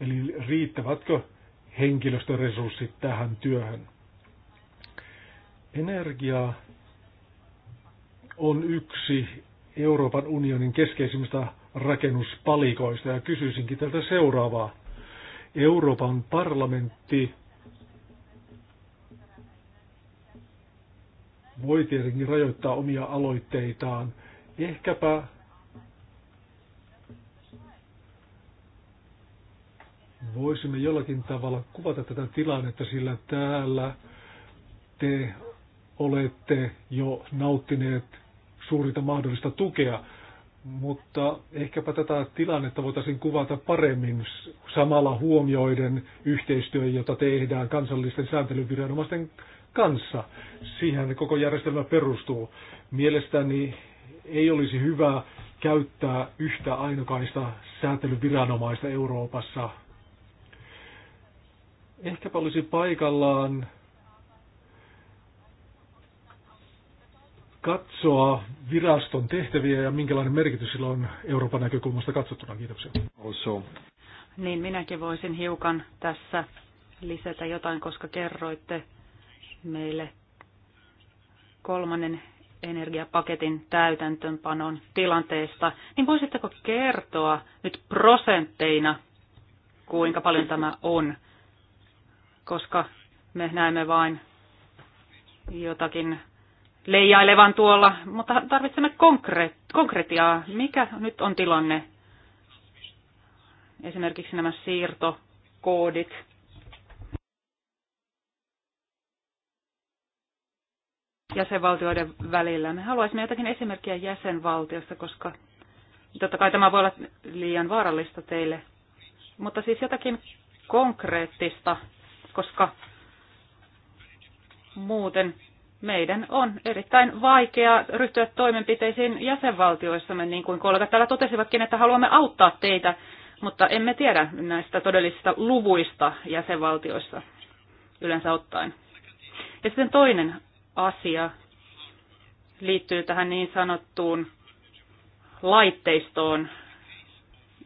Eli riittävätkö henkilöstöresurssit tähän työhön? Energia on yksi Euroopan unionin keskeisimmistä rakennuspalikoista ja kysyisinkin tältä seuraavaa. Euroopan parlamentti voi tietenkin rajoittaa omia aloitteitaan. Ehkäpä voisimme jollakin tavalla kuvata tätä tilannetta, sillä täällä te olette jo nauttineet suurinta mahdollista tukea, mutta ehkäpä tätä tilannetta voitaisiin kuvata paremmin samalla huomioiden yhteistyö, jota tehdään kansallisten sääntelyviranomaisten kanssa. Siihen koko järjestelmä perustuu. Mielestäni ei olisi hyvä käyttää yhtä ainokaista sääntelyviranomaista Euroopassa. Ehkäpä olisi paikallaan katsoa viraston tehtäviä ja minkälainen merkitys sillä on Euroopan näkökulmasta katsottuna. Kiitoksia. Also. Niin, minäkin voisin hiukan tässä lisätä jotain, koska kerroitte meille kolmannen energiapaketin täytäntöönpanon tilanteesta, niin voisitteko kertoa nyt prosentteina, kuinka paljon tämä on? Koska me näemme vain jotakin leijailevan tuolla, mutta tarvitsemme konkretiaa. Mikä nyt on tilanne? Esimerkiksi nämä siirtokoodit. jäsenvaltioiden välillä. Me haluaisimme jotakin esimerkkiä jäsenvaltiosta, koska totta kai tämä voi olla liian vaarallista teille. Mutta siis jotakin konkreettista, koska muuten meidän on erittäin vaikea ryhtyä toimenpiteisiin jäsenvaltioissamme, niin kuin kollegat täällä totesivatkin, että haluamme auttaa teitä, mutta emme tiedä näistä todellisista luvuista jäsenvaltioissa yleensä ottaen. Ja sitten toinen asia liittyy tähän niin sanottuun laitteistoon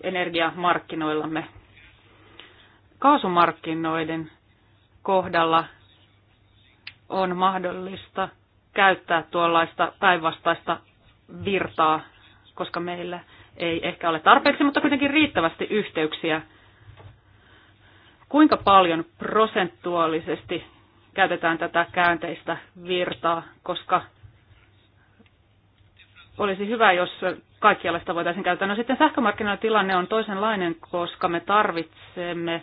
energiamarkkinoillamme. Kaasumarkkinoiden kohdalla on mahdollista käyttää tuollaista päinvastaista virtaa, koska meillä ei ehkä ole tarpeeksi, mutta kuitenkin riittävästi yhteyksiä. Kuinka paljon prosentuaalisesti käytetään tätä käänteistä virtaa, koska olisi hyvä, jos kaikkialla sitä voitaisiin käyttää. No sitten sähkömarkkinoilla tilanne on toisenlainen, koska me tarvitsemme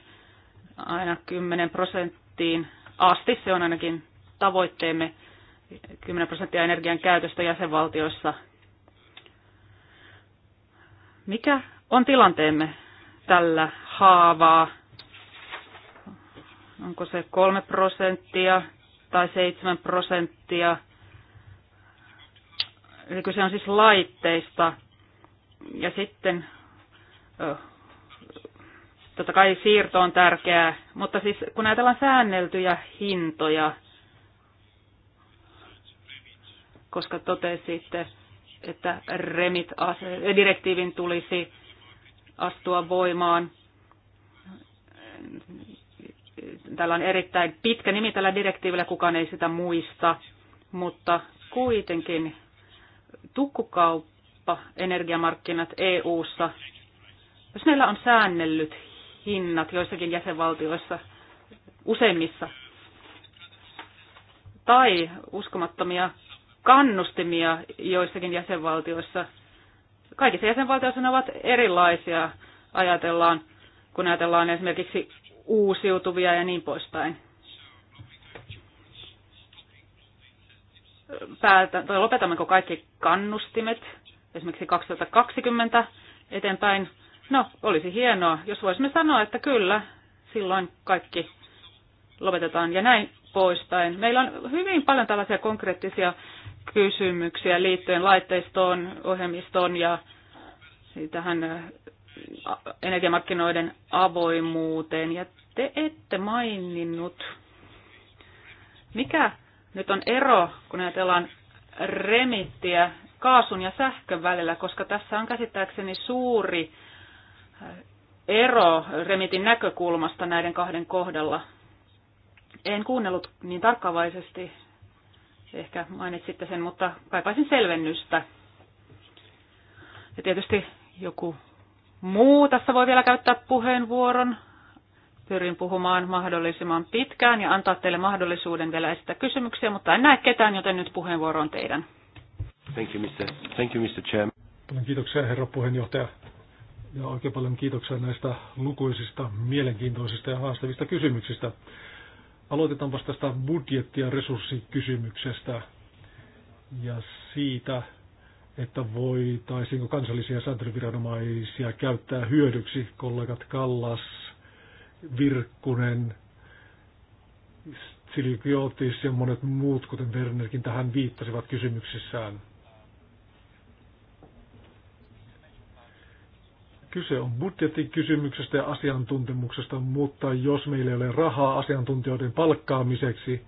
aina 10 prosenttiin asti, se on ainakin tavoitteemme 10 prosenttia energian käytöstä jäsenvaltioissa. Mikä on tilanteemme tällä haavaa? Onko se 3 prosenttia tai 7 prosenttia? Eli kyse on siis laitteista. Ja sitten totta kai siirto on tärkeää, mutta siis kun ajatellaan säänneltyjä hintoja – koska totesitte, että REMIT-direktiivin tulisi astua voimaan. Tällä on erittäin pitkä nimi tällä direktiivillä, kukaan ei sitä muista, mutta kuitenkin tukkukauppa, energiamarkkinat EU-ssa, jos meillä on säännellyt hinnat joissakin jäsenvaltioissa, useimmissa, tai uskomattomia kannustimia joissakin jäsenvaltioissa. Kaikissa jäsenvaltioissa ne ovat erilaisia, ajatellaan, kun ajatellaan esimerkiksi uusiutuvia ja niin poispäin. Päältä, tai lopetammeko kaikki kannustimet, esimerkiksi 2020 eteenpäin? No, olisi hienoa, jos voisimme sanoa, että kyllä, silloin kaikki lopetetaan ja näin poispäin. Meillä on hyvin paljon tällaisia konkreettisia kysymyksiä liittyen laitteistoon, ohjelmistoon ja tähän äh, energiamarkkinoiden avoimuuteen. Ja te ette maininnut, mikä nyt on ero, kun ajatellaan remittiä kaasun ja sähkön välillä, koska tässä on käsittääkseni suuri äh, ero remitin näkökulmasta näiden kahden kohdalla. En kuunnellut niin tarkkavaisesti Ehkä mainitsitte sen, mutta kaipaisin selvennystä. Ja tietysti joku muu tässä voi vielä käyttää puheenvuoron. Pyrin puhumaan mahdollisimman pitkään ja antaa teille mahdollisuuden vielä esittää kysymyksiä, mutta en näe ketään, joten nyt puheenvuoro on teidän. Thank you, Mr. Thank you, Mr. Chairman. Paljon kiitoksia, herra puheenjohtaja. Ja oikein paljon kiitoksia näistä lukuisista, mielenkiintoisista ja haastavista kysymyksistä aloitetaanpa tästä budjetti- ja resurssikysymyksestä ja siitä, että voitaisiinko kansallisia sääntelyviranomaisia käyttää hyödyksi. Kollegat Kallas, Virkkunen, Silikliotis ja monet muut, kuten Wernerkin, tähän viittasivat kysymyksissään. Kyse on budjettikysymyksestä ja asiantuntemuksesta, mutta jos meillä ei ole rahaa asiantuntijoiden palkkaamiseksi,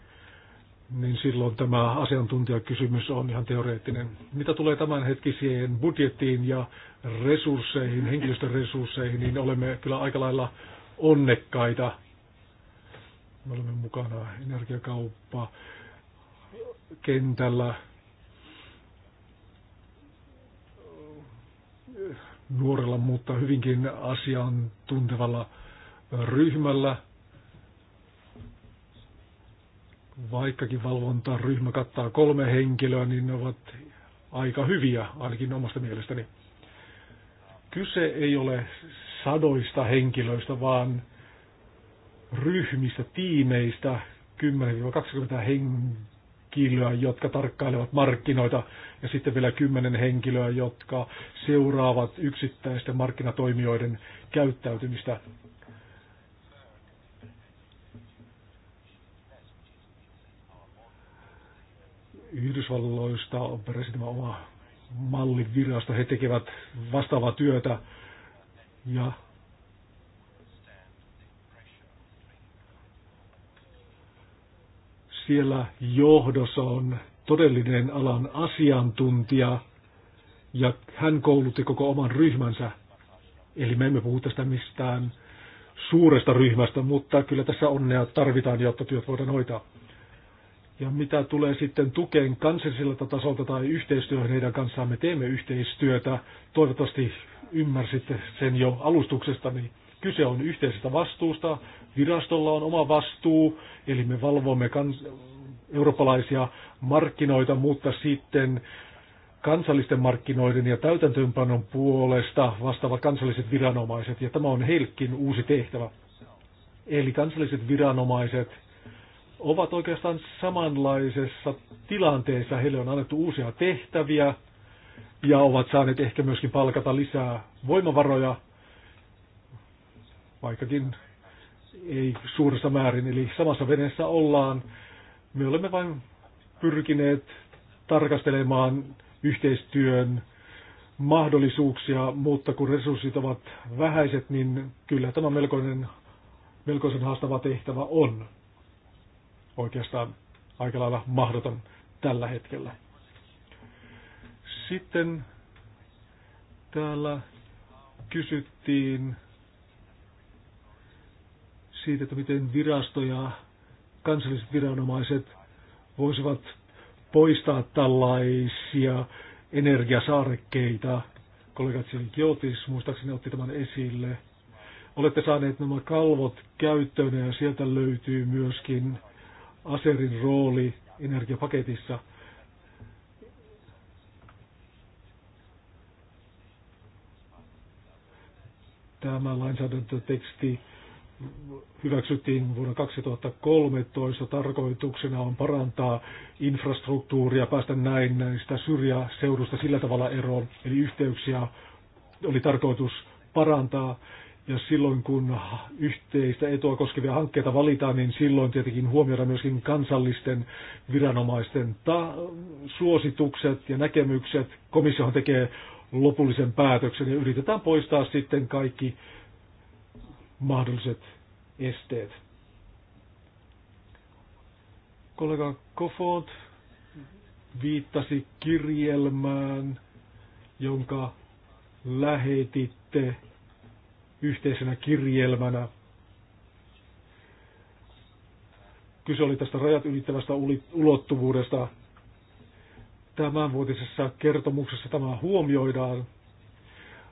niin silloin tämä asiantuntijakysymys on ihan teoreettinen. Mitä tulee tämänhetkiseen budjettiin ja resursseihin, henkilöstöresursseihin, niin olemme kyllä aika lailla onnekkaita. Me olemme mukana energiakauppa kentällä nuorella, mutta hyvinkin asian tuntevalla ryhmällä. Vaikkakin valvontaryhmä kattaa kolme henkilöä, niin ne ovat aika hyviä, ainakin omasta mielestäni. Kyse ei ole sadoista henkilöistä, vaan ryhmistä, tiimeistä, 10-20 henkilöä henkilöä, jotka tarkkailevat markkinoita ja sitten vielä kymmenen henkilöä, jotka seuraavat yksittäisten markkinatoimijoiden käyttäytymistä. Yhdysvalloista on peräisin oma mallivirasto. He tekevät vastaavaa työtä ja Siellä johdossa on todellinen alan asiantuntija ja hän koulutti koko oman ryhmänsä. Eli me emme puhu tästä mistään suuresta ryhmästä, mutta kyllä tässä onnea tarvitaan, jotta työt voidaan hoitaa. Ja mitä tulee sitten tukeen kansalliselta tasolta tai yhteistyöhön heidän kanssaan, me teemme yhteistyötä. Toivottavasti ymmärsitte sen jo alustuksesta, Niin Kyse on yhteisestä vastuusta. Virastolla on oma vastuu, eli me valvomme kans- eurooppalaisia markkinoita, mutta sitten kansallisten markkinoiden ja täytäntöönpanon puolesta vastaavat kansalliset viranomaiset, ja tämä on heillekin uusi tehtävä. Eli kansalliset viranomaiset ovat oikeastaan samanlaisessa tilanteessa. Heille on annettu uusia tehtäviä ja ovat saaneet ehkä myöskin palkata lisää voimavaroja, vaikkakin ei suuressa määrin. Eli samassa veneessä ollaan. Me olemme vain pyrkineet tarkastelemaan yhteistyön mahdollisuuksia, mutta kun resurssit ovat vähäiset, niin kyllä tämä melkoinen, melkoisen haastava tehtävä on. Oikeastaan aika lailla mahdoton tällä hetkellä. Sitten täällä kysyttiin siitä, että miten virasto ja kansalliset viranomaiset voisivat poistaa tällaisia energiasaarekkeita. Kollegat siellä Kiotis muistaakseni otti tämän esille. Olette saaneet nämä kalvot käyttöön ja sieltä löytyy myöskin Aserin rooli energiapaketissa. Tämä lainsäädäntöteksti teksti hyväksyttiin vuonna 2013. Tarkoituksena on parantaa infrastruktuuria, päästä näin näistä syrjäseudusta sillä tavalla eroon. Eli yhteyksiä oli tarkoitus parantaa. Ja silloin kun yhteistä etua koskevia hankkeita valitaan, niin silloin tietenkin huomioidaan myöskin kansallisten viranomaisten suositukset ja näkemykset. Komissiohan tekee lopullisen päätöksen ja yritetään poistaa sitten kaikki mahdolliset esteet. Kollega Kofot viittasi kirjelmään, jonka lähetitte yhteisenä kirjelmänä. Kyse oli tästä rajat ylittävästä ulottuvuudesta. Tämänvuotisessa kertomuksessa tämä huomioidaan.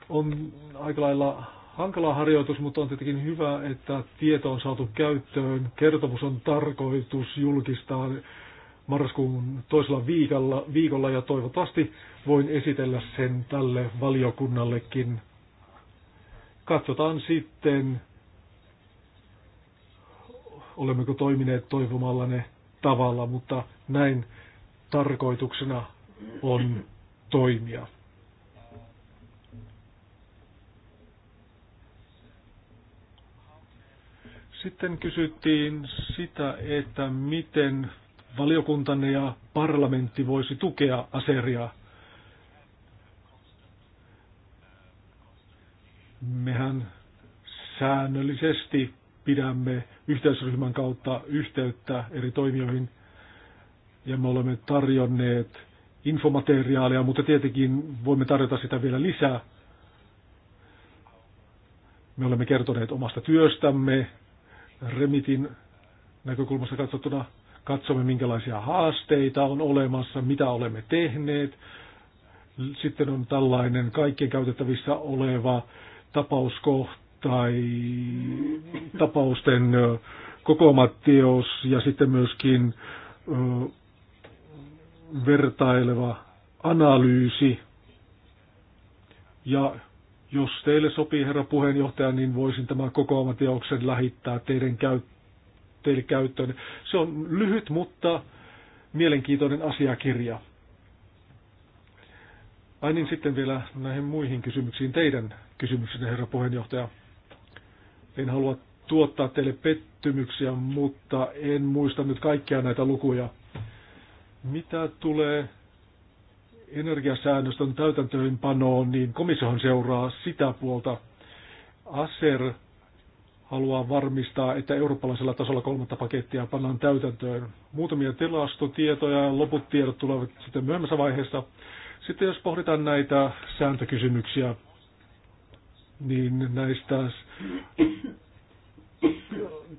On aika lailla hankala harjoitus, mutta on tietenkin hyvä, että tieto on saatu käyttöön. Kertomus on tarkoitus julkistaa marraskuun toisella viikolla, viikolla ja toivottavasti voin esitellä sen tälle valiokunnallekin. Katsotaan sitten, olemmeko toimineet toivomallanne tavalla, mutta näin tarkoituksena on toimia. Sitten kysyttiin sitä, että miten valiokuntanne ja parlamentti voisi tukea aseria. Mehän säännöllisesti pidämme yhteisryhmän kautta yhteyttä eri toimijoihin ja me olemme tarjonneet infomateriaalia, mutta tietenkin voimme tarjota sitä vielä lisää. Me olemme kertoneet omasta työstämme, Remitin näkökulmasta katsottuna katsomme, minkälaisia haasteita on olemassa, mitä olemme tehneet. Sitten on tällainen kaikkien käytettävissä oleva tapauskohta tai tapausten kokoomattios ja sitten myöskin vertaileva analyysi ja jos teille sopii, herra puheenjohtaja, niin voisin tämän kokoamateoksen lähittää teidän käy, teille käyttöön. Se on lyhyt, mutta mielenkiintoinen asiakirja. Ai niin, sitten vielä näihin muihin kysymyksiin. Teidän kysymyksenne, herra puheenjohtaja. En halua tuottaa teille pettymyksiä, mutta en muista nyt kaikkia näitä lukuja. Mitä tulee energiasäännöstön täytäntöönpanoon, niin komissiohan seuraa sitä puolta. ASER haluaa varmistaa, että eurooppalaisella tasolla kolmatta pakettia pannaan täytäntöön. Muutamia tilastotietoja ja loput tiedot tulevat sitten myöhemmässä vaiheessa. Sitten jos pohditaan näitä sääntökysymyksiä, niin näistä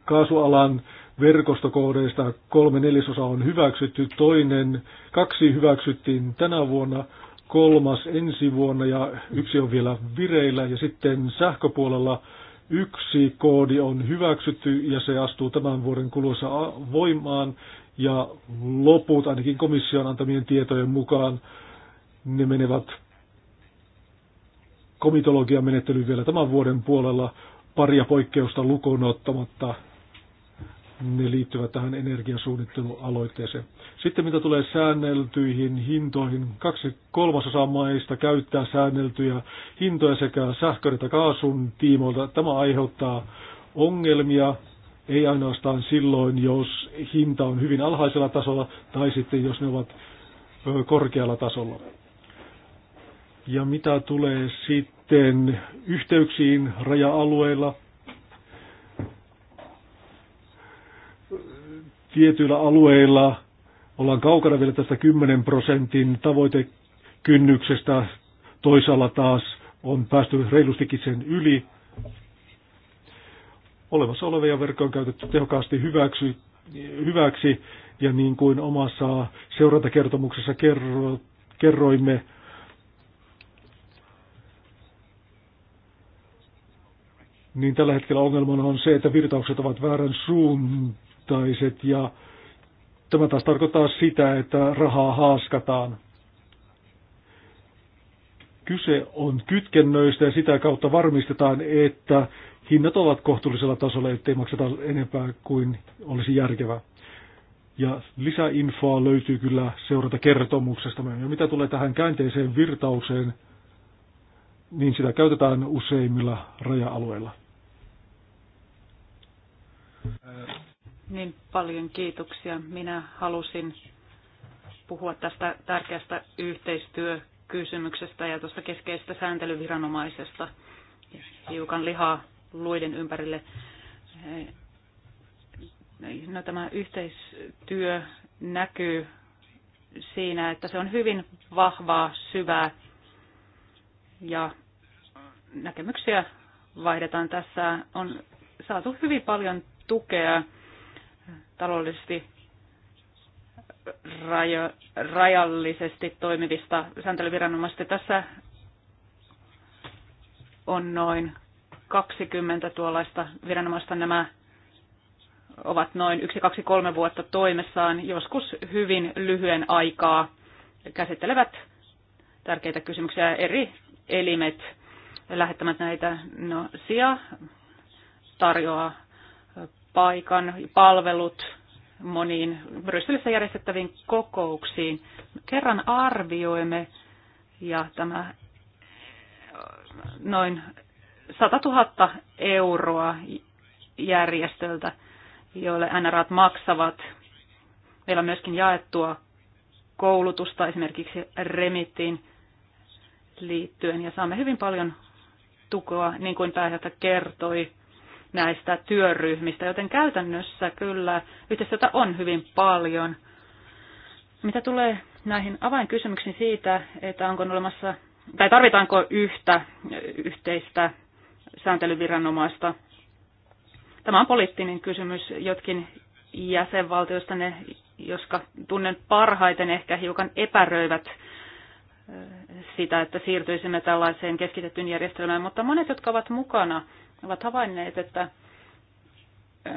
kaasualan verkostokohdeista kolme neljäsosa on hyväksytty, toinen kaksi hyväksyttiin tänä vuonna, kolmas ensi vuonna ja yksi on vielä vireillä ja sitten sähköpuolella yksi koodi on hyväksytty ja se astuu tämän vuoden kuluessa voimaan ja loput ainakin komission antamien tietojen mukaan ne menevät komitologian menettelyyn vielä tämän vuoden puolella paria poikkeusta lukuun ottamatta ne liittyvät tähän energiasuunnittelualoitteeseen. Sitten mitä tulee säänneltyihin hintoihin, kaksi kolmasosaa maista käyttää säänneltyjä hintoja sekä sähkön että kaasun tiimoilta. Tämä aiheuttaa ongelmia, ei ainoastaan silloin, jos hinta on hyvin alhaisella tasolla tai sitten jos ne ovat korkealla tasolla. Ja mitä tulee sitten yhteyksiin raja-alueilla, tietyillä alueilla ollaan kaukana vielä tästä 10 prosentin tavoitekynnyksestä. Toisaalla taas on päästy reilustikin sen yli. Olemassa olevia verkkoja on käytetty tehokkaasti hyväksy, hyväksi ja niin kuin omassa seurantakertomuksessa kerro, kerroimme, niin tällä hetkellä ongelmana on se, että virtaukset ovat väärän suuntaan mittaiset ja tämä taas tarkoittaa sitä, että rahaa haaskataan. Kyse on kytkennöistä ja sitä kautta varmistetaan, että hinnat ovat kohtuullisella tasolla, ettei makseta enempää kuin olisi järkevää. Ja lisäinfoa löytyy kyllä seurata kertomuksesta. Ja mitä tulee tähän käänteiseen virtaukseen, niin sitä käytetään useimmilla raja-alueilla. Äh, niin paljon kiitoksia. Minä halusin puhua tästä tärkeästä yhteistyökysymyksestä ja tuosta keskeisestä sääntelyviranomaisesta. Hiukan lihaa luiden ympärille. No, tämä yhteistyö näkyy siinä, että se on hyvin vahvaa, syvää ja näkemyksiä vaihdetaan. Tässä on saatu hyvin paljon tukea taloudellisesti rajo, rajallisesti toimivista sääntelyviranomaisista. Tässä on noin 20 tuollaista viranomaista. Nämä ovat noin 1, 2, 3 vuotta toimessaan, joskus hyvin lyhyen aikaa käsittelevät tärkeitä kysymyksiä. Eri elimet lähettämät näitä no, SIA tarjoaa paikan, palvelut moniin Brysselissä järjestettäviin kokouksiin. Kerran arvioimme ja tämä äh, noin 100 000 euroa järjestöltä, joille NRAt maksavat. Meillä on myöskin jaettua koulutusta esimerkiksi Remittiin liittyen ja saamme hyvin paljon tukoa, niin kuin pääjohtaja kertoi näistä työryhmistä, joten käytännössä kyllä yhteistyötä on hyvin paljon. Mitä tulee näihin avainkysymyksiin siitä, että onko olemassa, tai tarvitaanko yhtä yhteistä sääntelyviranomaista, tämä on poliittinen kysymys. Jotkin jäsenvaltioista ne, jotka tunnen parhaiten, ehkä hiukan epäröivät sitä, että siirtyisimme tällaiseen keskitettyyn järjestelmään, mutta monet, jotka ovat mukana ovat havainneet, että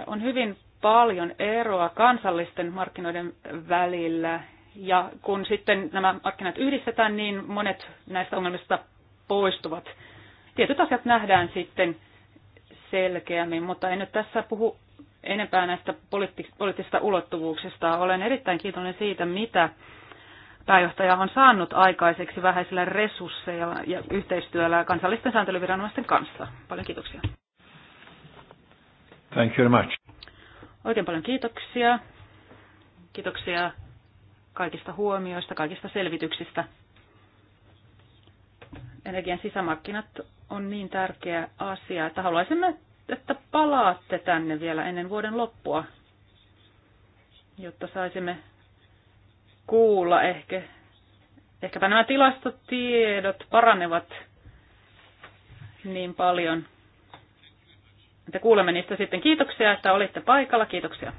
on hyvin paljon eroa kansallisten markkinoiden välillä. Ja kun sitten nämä markkinat yhdistetään, niin monet näistä ongelmista poistuvat. Tietyt asiat nähdään sitten selkeämmin, mutta en nyt tässä puhu enempää näistä poliittisista ulottuvuuksista. Olen erittäin kiitollinen siitä, mitä pääjohtaja on saanut aikaiseksi vähäisillä resursseilla ja yhteistyöllä kansallisten sääntelyviranomaisten kanssa. Paljon kiitoksia. Thank you very much. Oikein paljon kiitoksia. Kiitoksia kaikista huomioista, kaikista selvityksistä. Energian sisämarkkinat on niin tärkeä asia, että haluaisimme, että palaatte tänne vielä ennen vuoden loppua, jotta saisimme kuulla. Ehkä, ehkäpä nämä tilastotiedot paranevat niin paljon. Että kuulemme niistä sitten. Kiitoksia, että olitte paikalla. Kiitoksia.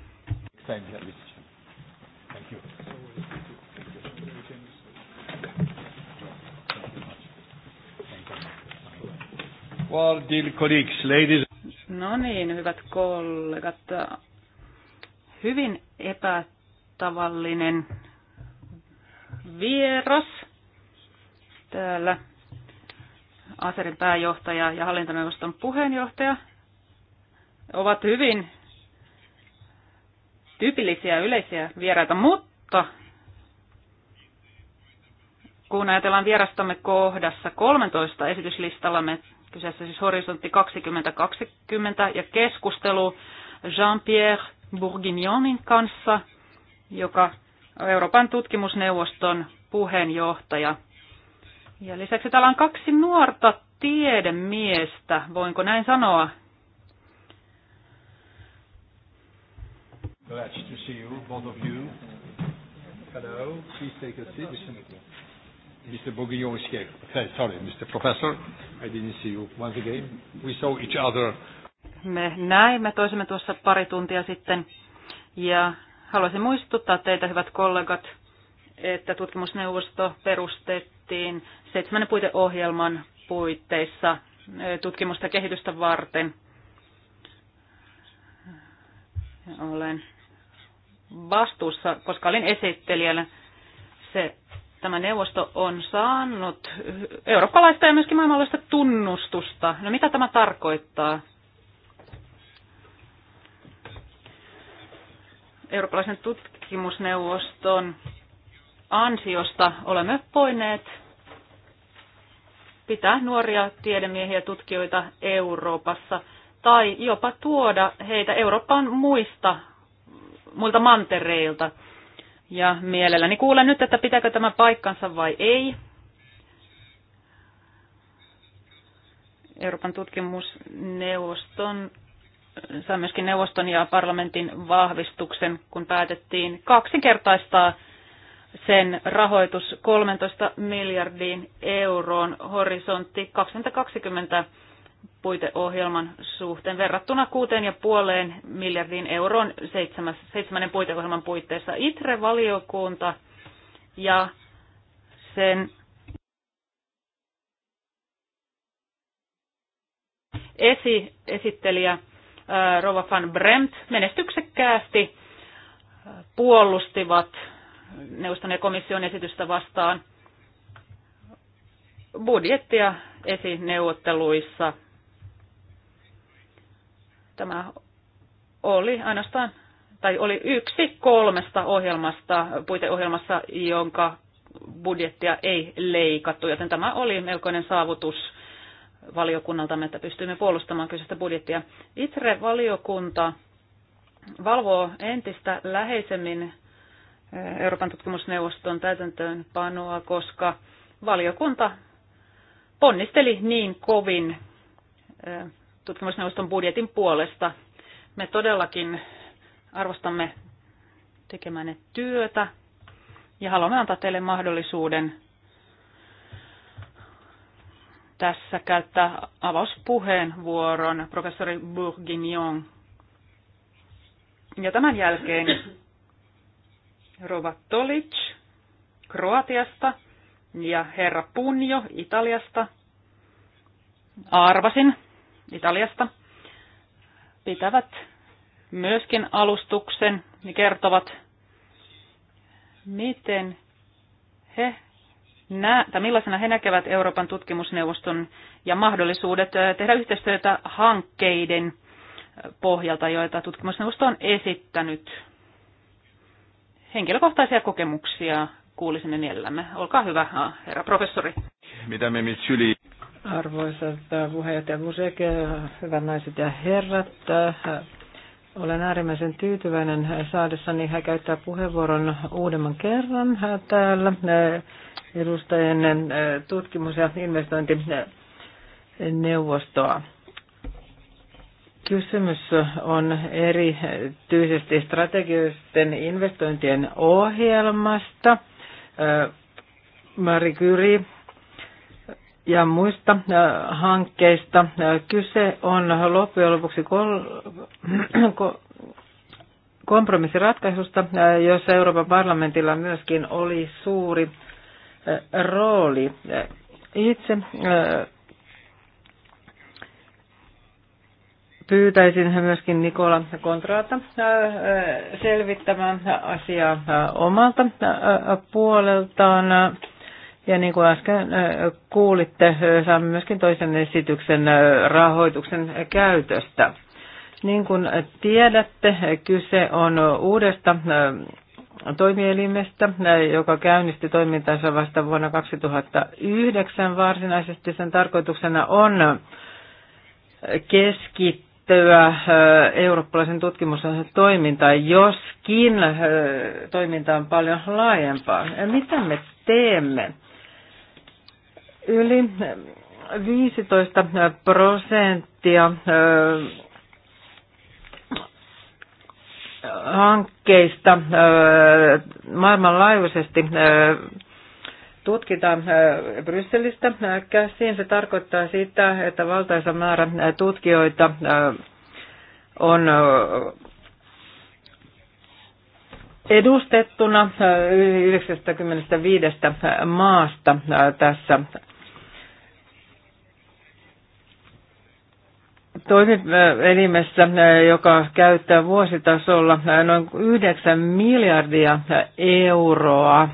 ladies. No niin, hyvät kollegat. Hyvin epätavallinen vieras täällä. Aserin pääjohtaja ja hallintoneuvoston puheenjohtaja ovat hyvin tyypillisiä yleisiä vieraita, mutta kun ajatellaan vierastamme kohdassa 13 esityslistallamme, kyseessä siis horisontti 2020 ja keskustelu Jean-Pierre Bourguignonin kanssa, joka Euroopan tutkimusneuvoston puheenjohtaja. Ja lisäksi täällä on kaksi nuorta tiedemiestä, voinko näin sanoa? Glad to see you, both of you. Hello, please take a seat. Mr. Bourguignon is here. Okay, sorry, Mr. Professor, I didn't see you once again. We saw each other. Me näimme toisemme tuossa pari tuntia sitten ja Haluaisin muistuttaa teitä, hyvät kollegat, että tutkimusneuvosto perustettiin seitsemän puiteohjelman puitteissa tutkimusta ja kehitystä varten. Olen vastuussa, koska olin esittelijänä. Se, tämä neuvosto on saanut eurooppalaista ja myöskin maailmanlaista tunnustusta. No mitä tämä tarkoittaa? eurooppalaisen tutkimusneuvoston ansiosta olemme voineet pitää nuoria tiedemiehiä ja tutkijoita Euroopassa tai jopa tuoda heitä Euroopan muista muilta mantereilta. Ja mielelläni kuulen nyt, että pitääkö tämä paikkansa vai ei. Euroopan tutkimusneuvoston sai myöskin neuvoston ja parlamentin vahvistuksen, kun päätettiin kaksinkertaistaa sen rahoitus 13 miljardiin euroon horisontti 2020 puiteohjelman suhteen verrattuna 6,5 miljardiin euroon seitsemännen puiteohjelman puitteissa. ITRE-valiokunta ja sen esi, esittelijä Äh, Rova van Bremt menestyksekkäästi äh, puolustivat neuvoston ja komission esitystä vastaan budjettia esineuvotteluissa. Tämä oli ainoastaan, tai oli yksi kolmesta ohjelmasta, puiteohjelmassa, jonka budjettia ei leikattu, joten tämä oli melkoinen saavutus valiokunnaltamme, että pystymme puolustamaan kyseistä budjettia. Itse valiokunta valvoo entistä läheisemmin eh, Euroopan tutkimusneuvoston täytäntöönpanoa, koska valiokunta ponnisteli niin kovin eh, tutkimusneuvoston budjetin puolesta. Me todellakin arvostamme tekemänne työtä ja haluamme antaa teille mahdollisuuden tässä käyttää avauspuheenvuoron professori Bourguignon. Ja tämän jälkeen Rova Tolic Kroatiasta ja herra Punjo Italiasta. Arvasin Italiasta. Pitävät myöskin alustuksen ja kertovat, miten he nä- tai millaisena he näkevät Euroopan tutkimusneuvoston ja mahdollisuudet tehdä yhteistyötä hankkeiden pohjalta, joita tutkimusneuvosto on esittänyt. Henkilökohtaisia kokemuksia kuulisimme mielellämme. Olkaa hyvä, herra professori. Mitä me mitsyli? Arvoisat puheenjohtaja Musek, hyvät naiset ja herrat, olen äärimmäisen tyytyväinen saadessani hän käyttää puheenvuoron uudemman kerran täällä eh, edustajien eh, tutkimus- ja investointineuvostoa. Kysymys on erityisesti strategisten investointien ohjelmasta. Eh, Marie Curie ja muista äh, hankkeista. Äh, kyse on loppujen lopuksi kol- kompromissiratkaisusta, äh, jossa Euroopan parlamentilla myöskin oli suuri rooli. Itse pyytäisin myöskin Nikola Kontraata selvittämään asiaa omalta puoleltaan. Ja niin kuin äsken kuulitte, saamme myöskin toisen esityksen rahoituksen käytöstä. Niin kuin tiedätte, kyse on uudesta toimielimestä, joka käynnisti toimintansa vasta vuonna 2009. Varsinaisesti sen tarkoituksena on keskittyä eurooppalaisen tutkimustoimintaan, joskin toiminta on paljon laajempaa. Mitä me teemme? Yli 15 prosenttia hankkeista maailmanlaajuisesti tutkitaan Brysselistä käsiin. Se tarkoittaa sitä, että valtaisa määrä tutkijoita on edustettuna 95 maasta tässä toimielimessä, joka käyttää vuositasolla noin 9 miljardia euroa.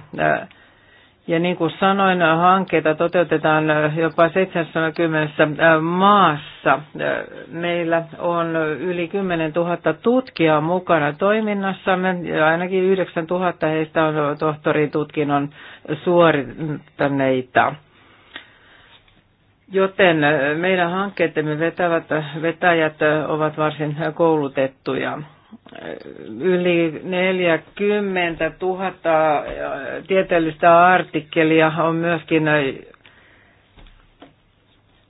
Ja niin kuin sanoin, hankkeita toteutetaan jopa 70 maassa. Meillä on yli 10 000 tutkijaa mukana toiminnassamme ja ainakin 9 000 heistä on tohtorin tutkinnon suorittaneita. Joten meidän hankkeemme vetävät, vetäjät ovat varsin koulutettuja. Yli 40 000 tieteellistä artikkelia on myöskin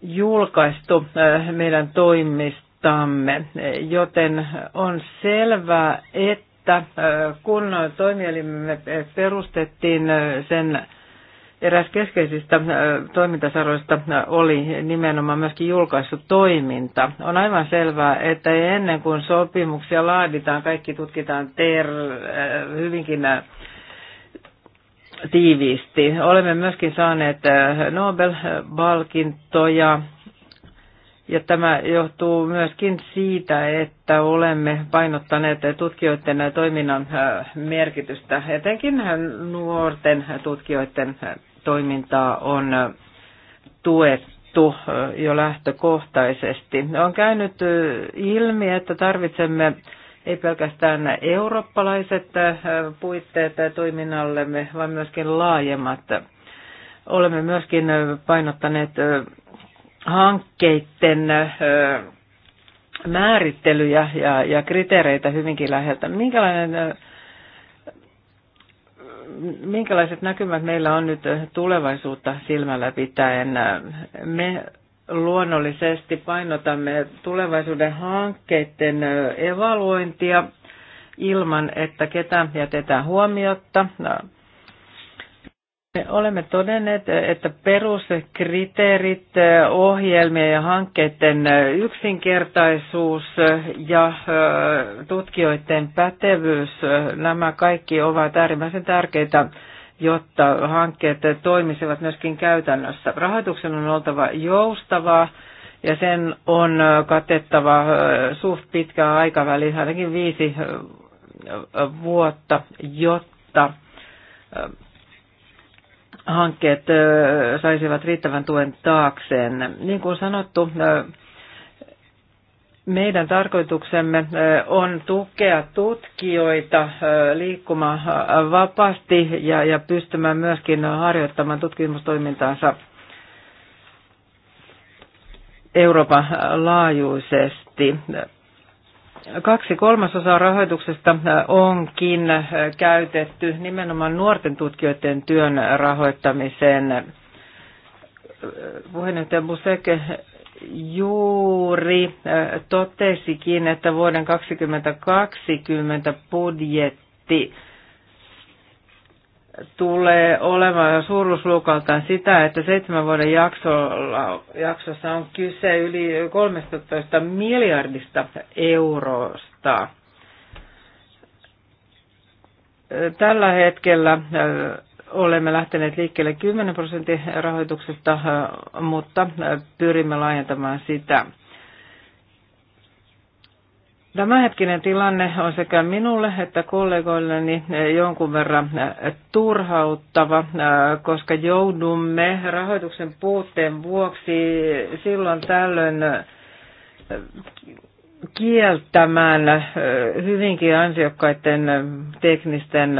julkaistu meidän toimistamme, joten on selvää, että kun toimielimemme perustettiin sen eräs keskeisistä toimintasaroista oli nimenomaan myöskin julkaisutoiminta. On aivan selvää, että ennen kuin sopimuksia laaditaan, kaikki tutkitaan ter, hyvinkin tiiviisti. Olemme myöskin saaneet Nobel-palkintoja ja tämä johtuu myöskin siitä, että olemme painottaneet tutkijoiden toiminnan merkitystä, etenkin nuorten tutkijoiden toimintaa on tuettu jo lähtökohtaisesti. On käynyt ilmi, että tarvitsemme ei pelkästään eurooppalaiset puitteet toiminnallemme, vaan myöskin laajemmat. Olemme myöskin painottaneet hankkeiden määrittelyjä ja, kriteereitä hyvinkin läheltä. Minkälainen minkälaiset näkymät meillä on nyt tulevaisuutta silmällä pitäen? Me luonnollisesti painotamme tulevaisuuden hankkeiden evaluointia ilman, että ketä jätetään huomiotta. Me olemme todenneet, että peruskriteerit, ohjelmien ja hankkeiden yksinkertaisuus ja tutkijoiden pätevyys, nämä kaikki ovat äärimmäisen tärkeitä, jotta hankkeet toimisivat myöskin käytännössä. Rahoituksen on oltava joustavaa ja sen on katettava suht pitkään aikaväliin, ainakin viisi vuotta, jotta hankkeet saisivat riittävän tuen taakseen. Niin kuin sanottu, meidän tarkoituksemme on tukea tutkijoita liikkumaan vapaasti ja, ja pystymään myöskin harjoittamaan tutkimustoimintaansa Euroopan laajuisesti. Kaksi kolmasosaa rahoituksesta onkin käytetty nimenomaan nuorten tutkijoiden työn rahoittamiseen. Puheenjohtaja Busek juuri totesikin, että vuoden 2020 budjetti tulee olemaan suuruusluokaltaan sitä, että seitsemän vuoden jaksolla, jaksossa on kyse yli 13 miljardista eurosta. Tällä hetkellä äh, olemme lähteneet liikkeelle 10 prosentin rahoituksesta, äh, mutta äh, pyrimme laajentamaan sitä. Tämänhetkinen tilanne on sekä minulle että kollegoilleni eh, jonkun verran eh, turhauttava, eh, koska joudumme rahoituksen puutteen vuoksi silloin tällöin kieltämään hyvinkin ansiokkaiden teknisten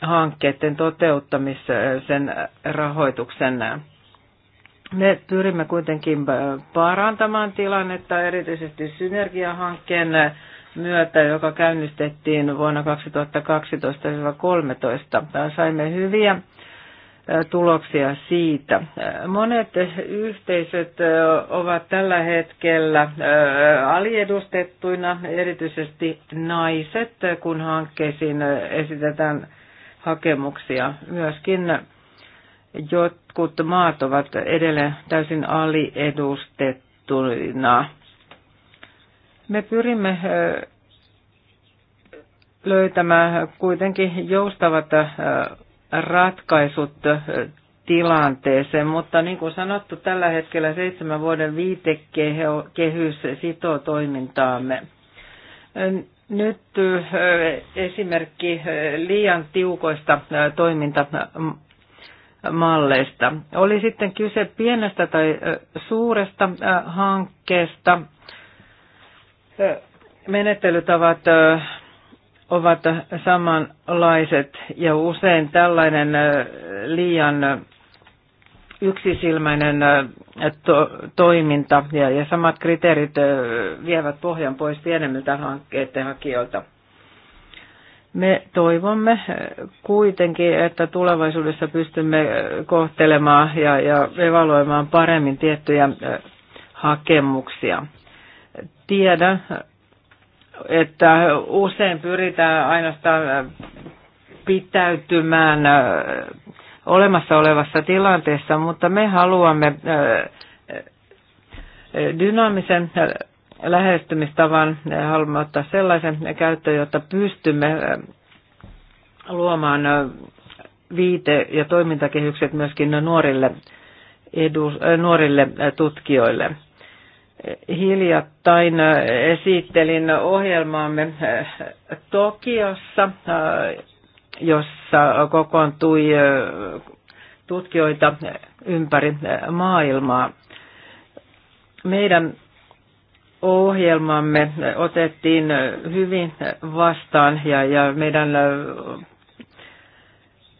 hankkeiden toteuttamisen rahoituksen me pyrimme kuitenkin äh, parantamaan tilannetta erityisesti synergiahankkeen äh, myötä, joka käynnistettiin vuonna 2012-2013. Saimme hyviä äh, tuloksia siitä. Monet yhteisöt ovat tällä hetkellä aliedustettuina, erityisesti naiset, kun hankkeisiin esitetään hakemuksia. Myöskin Jotkut maat ovat edelleen täysin aliedustettuina. Me pyrimme löytämään kuitenkin joustavat ratkaisut tilanteeseen, mutta niin kuin sanottu, tällä hetkellä seitsemän vuoden viitekehys sitoo toimintaamme. Nyt esimerkki liian tiukoista toiminta malleista. Oli sitten kyse pienestä tai suuresta hankkeesta. Menettelytavat ovat samanlaiset ja usein tällainen liian yksisilmäinen to- toiminta ja, ja samat kriteerit vievät pohjan pois pienemmiltä hankkeiden hakijoilta. Me toivomme kuitenkin, että tulevaisuudessa pystymme kohtelemaan ja, ja evaluoimaan paremmin tiettyjä hakemuksia. Tiedän, että usein pyritään ainoastaan pitäytymään olemassa olevassa tilanteessa, mutta me haluamme dynaamisen lähestymistavan ja haluamme ottaa sellaisen käyttöön, jotta pystymme luomaan viite- ja toimintakehykset myöskin nuorille, edu, nuorille tutkijoille. Hiljattain esittelin ohjelmaamme Tokiossa, jossa kokoontui tutkijoita ympäri maailmaa. Meidän ohjelmamme otettiin hyvin vastaan ja, ja meidän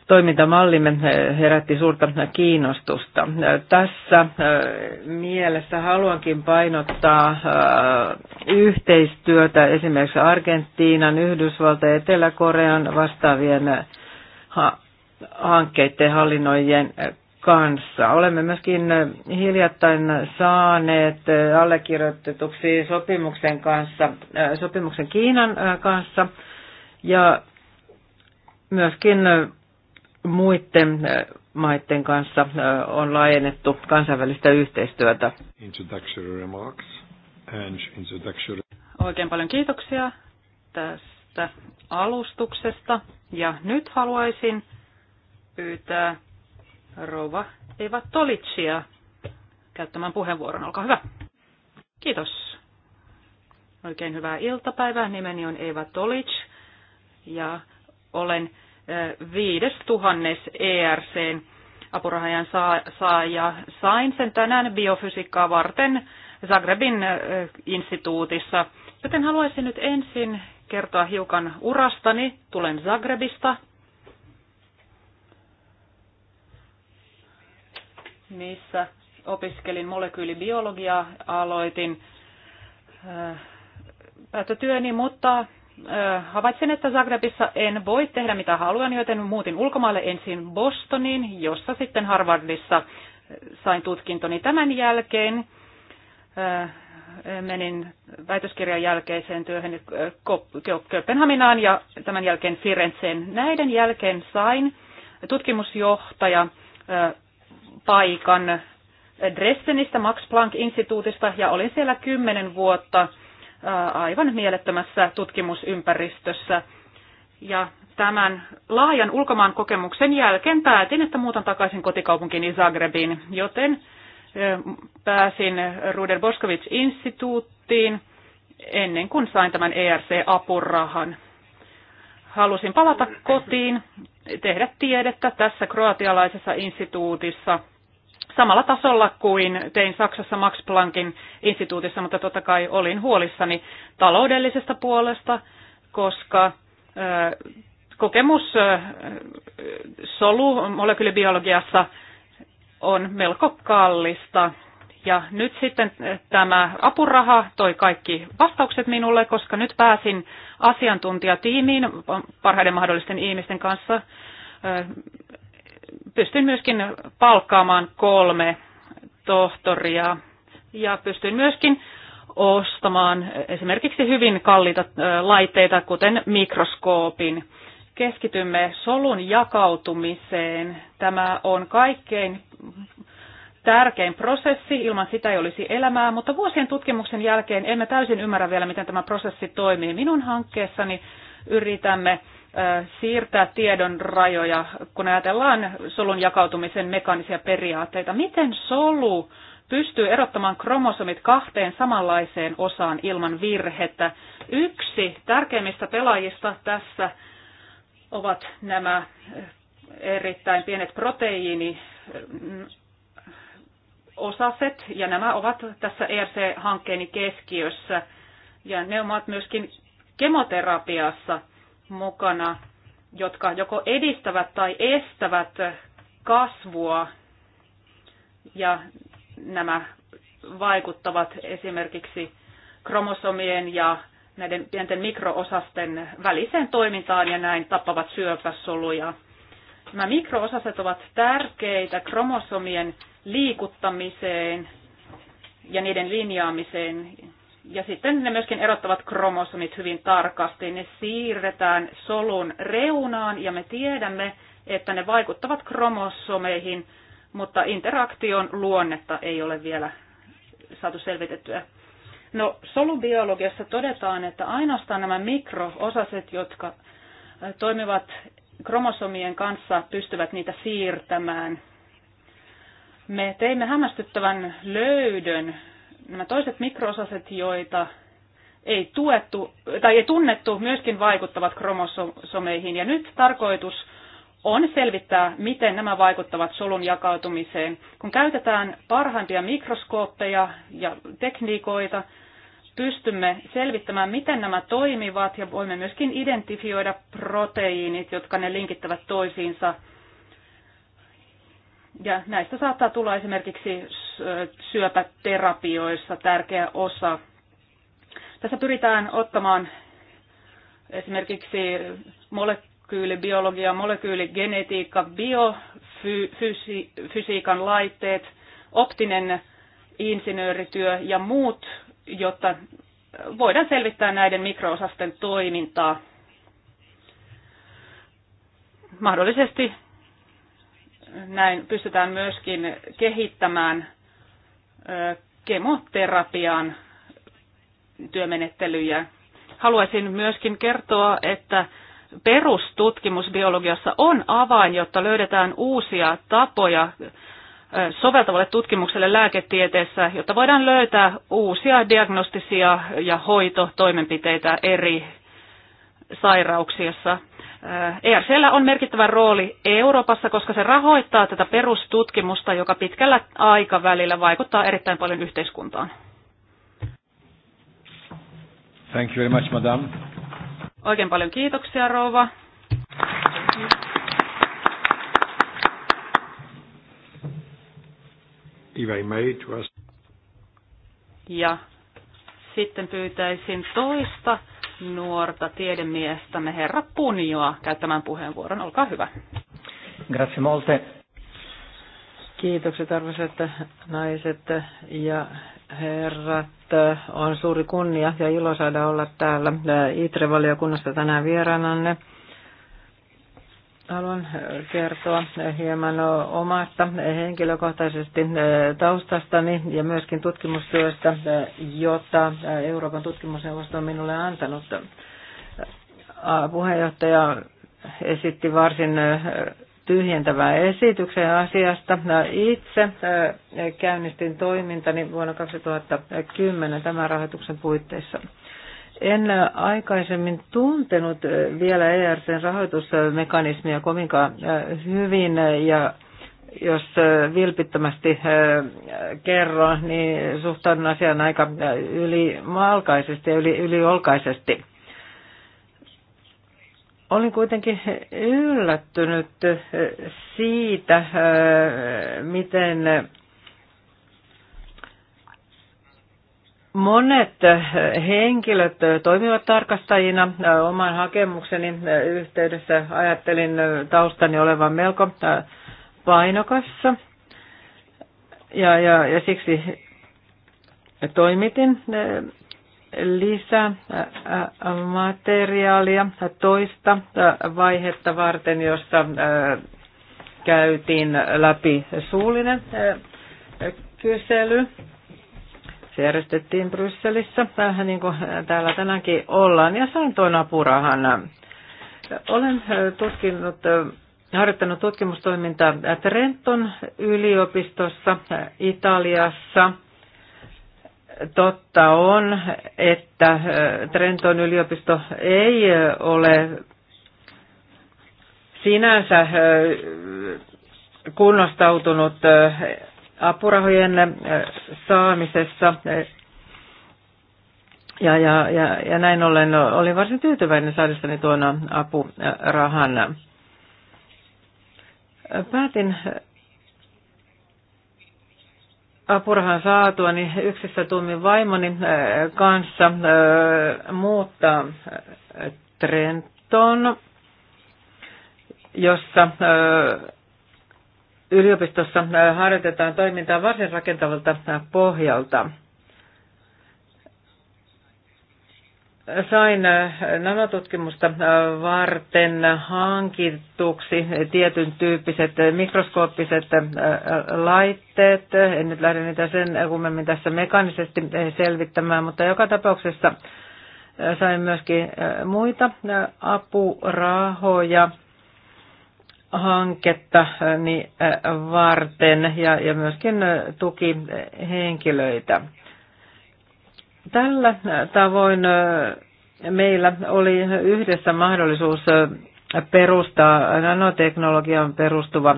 toimintamallimme herätti suurta kiinnostusta. Tässä mielessä haluankin painottaa yhteistyötä esimerkiksi Argentiinan, Yhdysvaltain, Etelä-Korean vastaavien hankkeiden hallinnoijien kanssa. Olemme myöskin hiljattain saaneet allekirjoitetuksi sopimuksen, kanssa, äh, sopimuksen Kiinan äh, kanssa ja myöskin muiden äh, maiden kanssa on laajennettu kansainvälistä yhteistyötä. Oikein paljon kiitoksia tästä alustuksesta ja nyt haluaisin pyytää rouva Eva Tolitsia käyttämään puheenvuoron. Olkaa hyvä. Kiitos. Oikein hyvää iltapäivää. Nimeni on Eva Tolic ja olen viides tuhannes ERCn apurahajan saaja. Sain sen tänään biofysiikkaa varten Zagrebin instituutissa. Joten haluaisin nyt ensin kertoa hiukan urastani. Tulen Zagrebista, missä opiskelin molekyylibiologiaa, aloitin äh, päätötyöni, mutta äh, havaitsin, että Zagrebissa en voi tehdä mitä haluan, joten muutin ulkomaille ensin Bostoniin, jossa sitten Harvardissa äh, sain tutkintoni tämän jälkeen. Menin väitöskirjan jälkeiseen työhön Kööpenhaminaan ja tämän jälkeen Firenzeen. Näiden jälkeen sain tutkimusjohtaja paikan Dresdenistä Max Planck-instituutista ja olin siellä kymmenen vuotta äh, aivan mielettömässä tutkimusympäristössä. Ja tämän laajan ulkomaan kokemuksen jälkeen päätin, että muutan takaisin kotikaupunkiin Zagrebiin, joten pääsin Ruder Boskovic-instituuttiin ennen kuin sain tämän ERC-apurahan. Halusin palata kotiin, tehdä tiedettä tässä kroatialaisessa instituutissa – samalla tasolla kuin tein Saksassa Max Planckin instituutissa, mutta totta kai olin huolissani taloudellisesta puolesta, koska kokemus solu molekyylibiologiassa on melko kallista. Ja nyt sitten tämä apuraha toi kaikki vastaukset minulle, koska nyt pääsin asiantuntijatiimiin parhaiden mahdollisten ihmisten kanssa Pystyin myöskin palkkaamaan kolme tohtoria ja pystyin myöskin ostamaan esimerkiksi hyvin kalliita laitteita, kuten mikroskoopin. Keskitymme solun jakautumiseen. Tämä on kaikkein tärkein prosessi, ilman sitä ei olisi elämää, mutta vuosien tutkimuksen jälkeen emme täysin ymmärrä vielä, miten tämä prosessi toimii. Minun hankkeessani yritämme siirtää tiedon rajoja, kun ajatellaan solun jakautumisen mekaanisia periaatteita. Miten solu pystyy erottamaan kromosomit kahteen samanlaiseen osaan ilman virhettä? Yksi tärkeimmistä pelaajista tässä ovat nämä erittäin pienet proteiini mm, osaset, ja nämä ovat tässä ERC-hankkeeni keskiössä, ja ne ovat myöskin kemoterapiassa – mukana, jotka joko edistävät tai estävät kasvua ja nämä vaikuttavat esimerkiksi kromosomien ja näiden pienten mikroosasten väliseen toimintaan ja näin tappavat syöpäsoluja. Nämä mikroosaset ovat tärkeitä kromosomien liikuttamiseen ja niiden linjaamiseen ja sitten ne myöskin erottavat kromosomit hyvin tarkasti. Ne siirretään solun reunaan ja me tiedämme, että ne vaikuttavat kromosomeihin, mutta interaktion luonnetta ei ole vielä saatu selvitettyä. No, solubiologiassa todetaan, että ainoastaan nämä mikroosaset, jotka äh, toimivat kromosomien kanssa, pystyvät niitä siirtämään. Me teimme hämmästyttävän löydön nämä toiset mikroosaset, joita ei tuettu tai ei tunnettu, myöskin vaikuttavat kromosomeihin. Ja nyt tarkoitus on selvittää, miten nämä vaikuttavat solun jakautumiseen. Kun käytetään parhaimpia mikroskooppeja ja tekniikoita, pystymme selvittämään, miten nämä toimivat ja voimme myöskin identifioida proteiinit, jotka ne linkittävät toisiinsa – ja näistä saattaa tulla esimerkiksi syöpäterapioissa tärkeä osa. Tässä pyritään ottamaan esimerkiksi molekyylibiologia, molekyyligenetiikka, biofysiikan laitteet, optinen insinöörityö ja muut, jotta voidaan selvittää näiden mikroosasten toimintaa. Mahdollisesti näin pystytään myöskin kehittämään kemoterapian työmenettelyjä. Haluaisin myöskin kertoa, että perustutkimus biologiassa on avain, jotta löydetään uusia tapoja soveltavalle tutkimukselle lääketieteessä, jotta voidaan löytää uusia diagnostisia ja hoitotoimenpiteitä eri sairauksissa. ERCllä on merkittävä rooli Euroopassa, koska se rahoittaa tätä perustutkimusta, joka pitkällä aikavälillä vaikuttaa erittäin paljon yhteiskuntaan. Thank you very much, madam. Oikein paljon kiitoksia, rouva. Ja sitten pyytäisin toista nuorta tiedemiestämme herra Punioa käyttämään puheenvuoron. Olkaa hyvä. Grazie molte. Kiitokset arvoisat naiset ja herrat. On suuri kunnia ja ilo saada olla täällä ITRE-valiokunnassa tänään vieraananne. Haluan äh, kertoa äh, hieman omasta äh, henkilökohtaisesti taustastani ja myöskin tutkimustyöstä, jota Euroopan tutkimusneuvosto on minulle antanut. Puheenjohtaja esitti varsin tyhjentävää esityksen asiasta. Itse käynnistin toimintani vuonna 2010 tämän rahoituksen puitteissa. En aikaisemmin tuntenut vielä ERCn rahoitusmekanismia kovinkaan hyvin ja jos vilpittömästi kerron, niin suhtaudun asiaan aika ylimalkaisesti ja yli, yliolkaisesti. Olin kuitenkin yllättynyt siitä, miten Monet eh, henkilöt eh, toimivat tarkastajina. Eh, oman hakemukseni yhteydessä ajattelin taustani olevan melko painokassa ja, ja, ja siksi toimitin lisää materiaalia toista vaihetta varten, jossa käytiin läpi suullinen kysely se järjestettiin Brysselissä, vähän niin kuin äh, täällä tänäänkin ollaan, ja sain tuon apurahan. Olen äh, tutkinut, äh, harjoittanut tutkimustoimintaa Trenton yliopistossa Italiassa. Totta on, että Trenton yliopisto ei ole sinänsä kunnostautunut apurahojen eh, saamisessa. Ja, ja, ja, ja näin ollen olin varsin tyytyväinen saadessani tuon apurahan. Päätin apurahan saatua, niin yksissä tuumin vaimoni eh, kanssa eh, muuttaa Trenton, jossa yliopistossa harjoitetaan toimintaa varsin rakentavalta pohjalta. Sain nanotutkimusta varten hankittuksi tietyn tyyppiset mikroskooppiset laitteet. En nyt lähde niitä sen kummemmin tässä mekaanisesti selvittämään, mutta joka tapauksessa sain myöskin muita apurahoja hanketta äh, äh, varten ja, ja myöskin äh, tukihenkilöitä. Tällä tavoin meillä oli yhdessä mahdollisuus perustaa nanoteknologian perustuva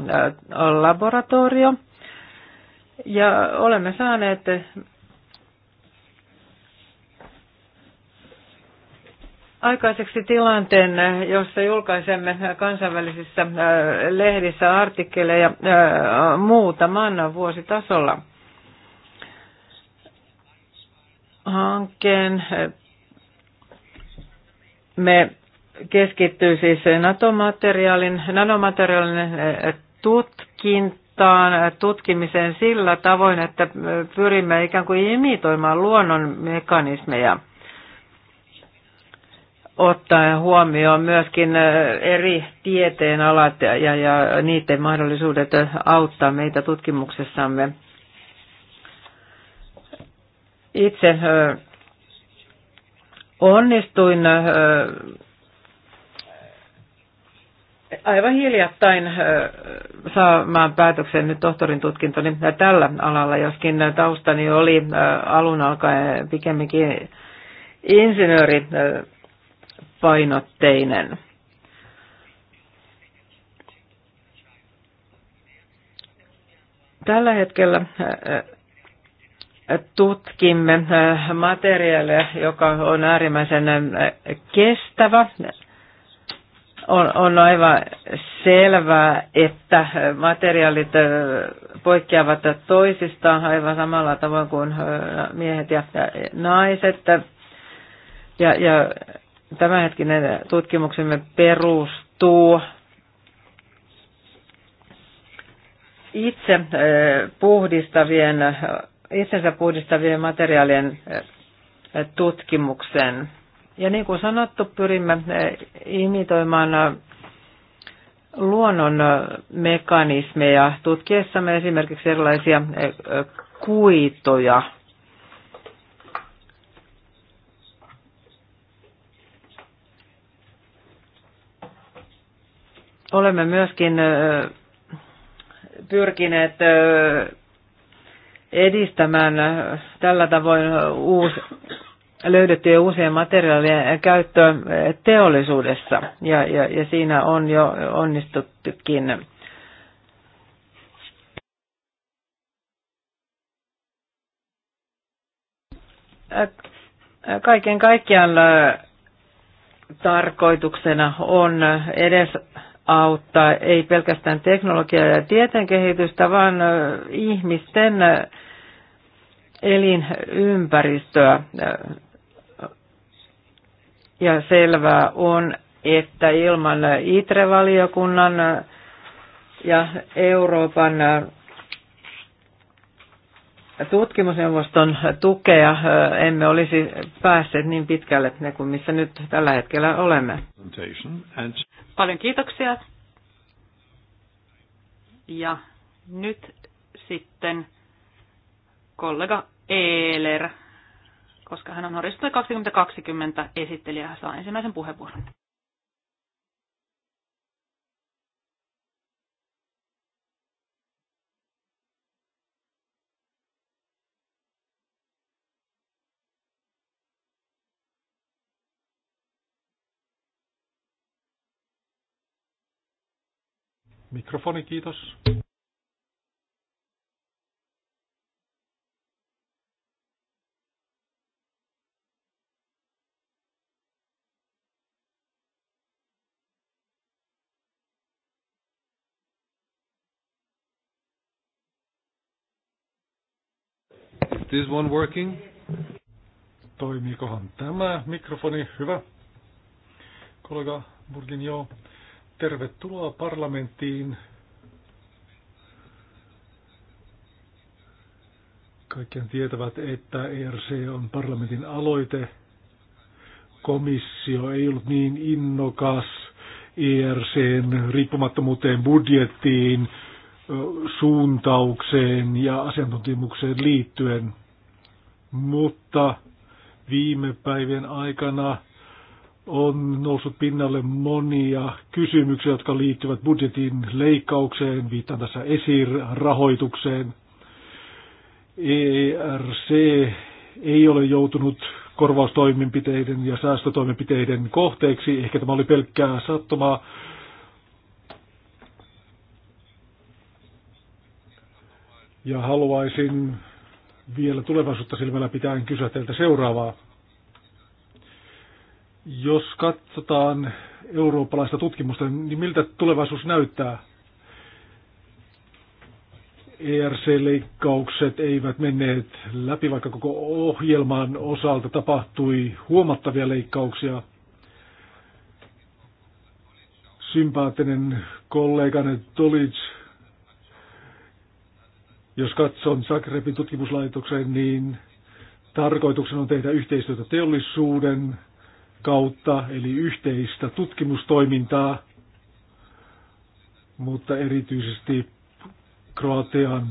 laboratorio. Ja olemme saaneet aikaiseksi tilanteen, jossa julkaisemme kansainvälisissä äh, lehdissä artikkeleja äh, muutaman vuositasolla. Hankkeen äh, me keskittyy siis nanomateriaalin, nanomateriaalin tutkintaan, tutkimiseen sillä tavoin, että pyrimme ikään kuin imitoimaan luonnon mekanismeja – ottaen huomioon myöskin eri tieteenalat ja, ja niiden mahdollisuudet auttaa meitä tutkimuksessamme. Itse onnistuin aivan hiljattain saamaan päätöksen nyt tohtorin tutkintoni tällä alalla, joskin taustani oli alun alkaen pikemminkin insinööri painotteinen. Tällä hetkellä äh, äh, tutkimme äh, materiaalia, joka on äärimmäisen kestävä. On, on aivan selvää, että materiaalit poikkeavat toisistaan aivan samalla tavalla kuin miehet ja naiset. Ja, ja tämänhetkinen tutkimuksemme perustuu itse puhdistavien, itsensä puhdistavien materiaalien tutkimuksen. Ja niin kuin sanottu, pyrimme imitoimaan luonnon mekanismeja tutkiessamme esimerkiksi erilaisia kuitoja – Olemme myöskin pyrkineet edistämään tällä tavoin uusi, löydettyjen uusien materiaalien käyttöä teollisuudessa, ja, ja, ja siinä on jo onnistuttukin. Kaiken kaikkiaan tarkoituksena on edes auttaa ei pelkästään teknologiaa ja tieteen kehitystä, vaan ihmisten elinympäristöä. Ja selvää on, että ilman ITRE-valiokunnan ja Euroopan tutkimusneuvoston tukea emme olisi päässeet niin pitkälle kuin missä nyt tällä hetkellä olemme. Paljon kiitoksia. Ja nyt sitten kollega Eeler, koska hän on Horisontti 2020 esittelijä, saa ensimmäisen puheenvuoron. Mikrofoni, kiitos. Is this one working? Toimiikohan tämä mikrofoni? Hyvä. Kollega Burgin, joo. Tervetuloa parlamenttiin. Kaikkien tietävät, että ERC on parlamentin aloite. Komissio ei ollut niin innokas ERCn riippumattomuuteen budjettiin, suuntaukseen ja asiantuntemukseen liittyen. Mutta viime päivien aikana on noussut pinnalle monia kysymyksiä, jotka liittyvät budjetin leikkaukseen, viittaan tässä esirahoitukseen. ERC ei ole joutunut korvaustoimenpiteiden ja säästötoimenpiteiden kohteeksi. Ehkä tämä oli pelkkää sattumaa. Ja haluaisin vielä tulevaisuutta silmällä pitäen kysyä teiltä seuraavaa jos katsotaan eurooppalaista tutkimusta, niin miltä tulevaisuus näyttää? ERC-leikkaukset eivät menneet läpi, vaikka koko ohjelman osalta tapahtui huomattavia leikkauksia. Sympaattinen kollegani Tolic, jos katson Zagrebin tutkimuslaitoksen, niin tarkoituksena on tehdä yhteistyötä teollisuuden, kautta, eli yhteistä tutkimustoimintaa, mutta erityisesti Kroatian,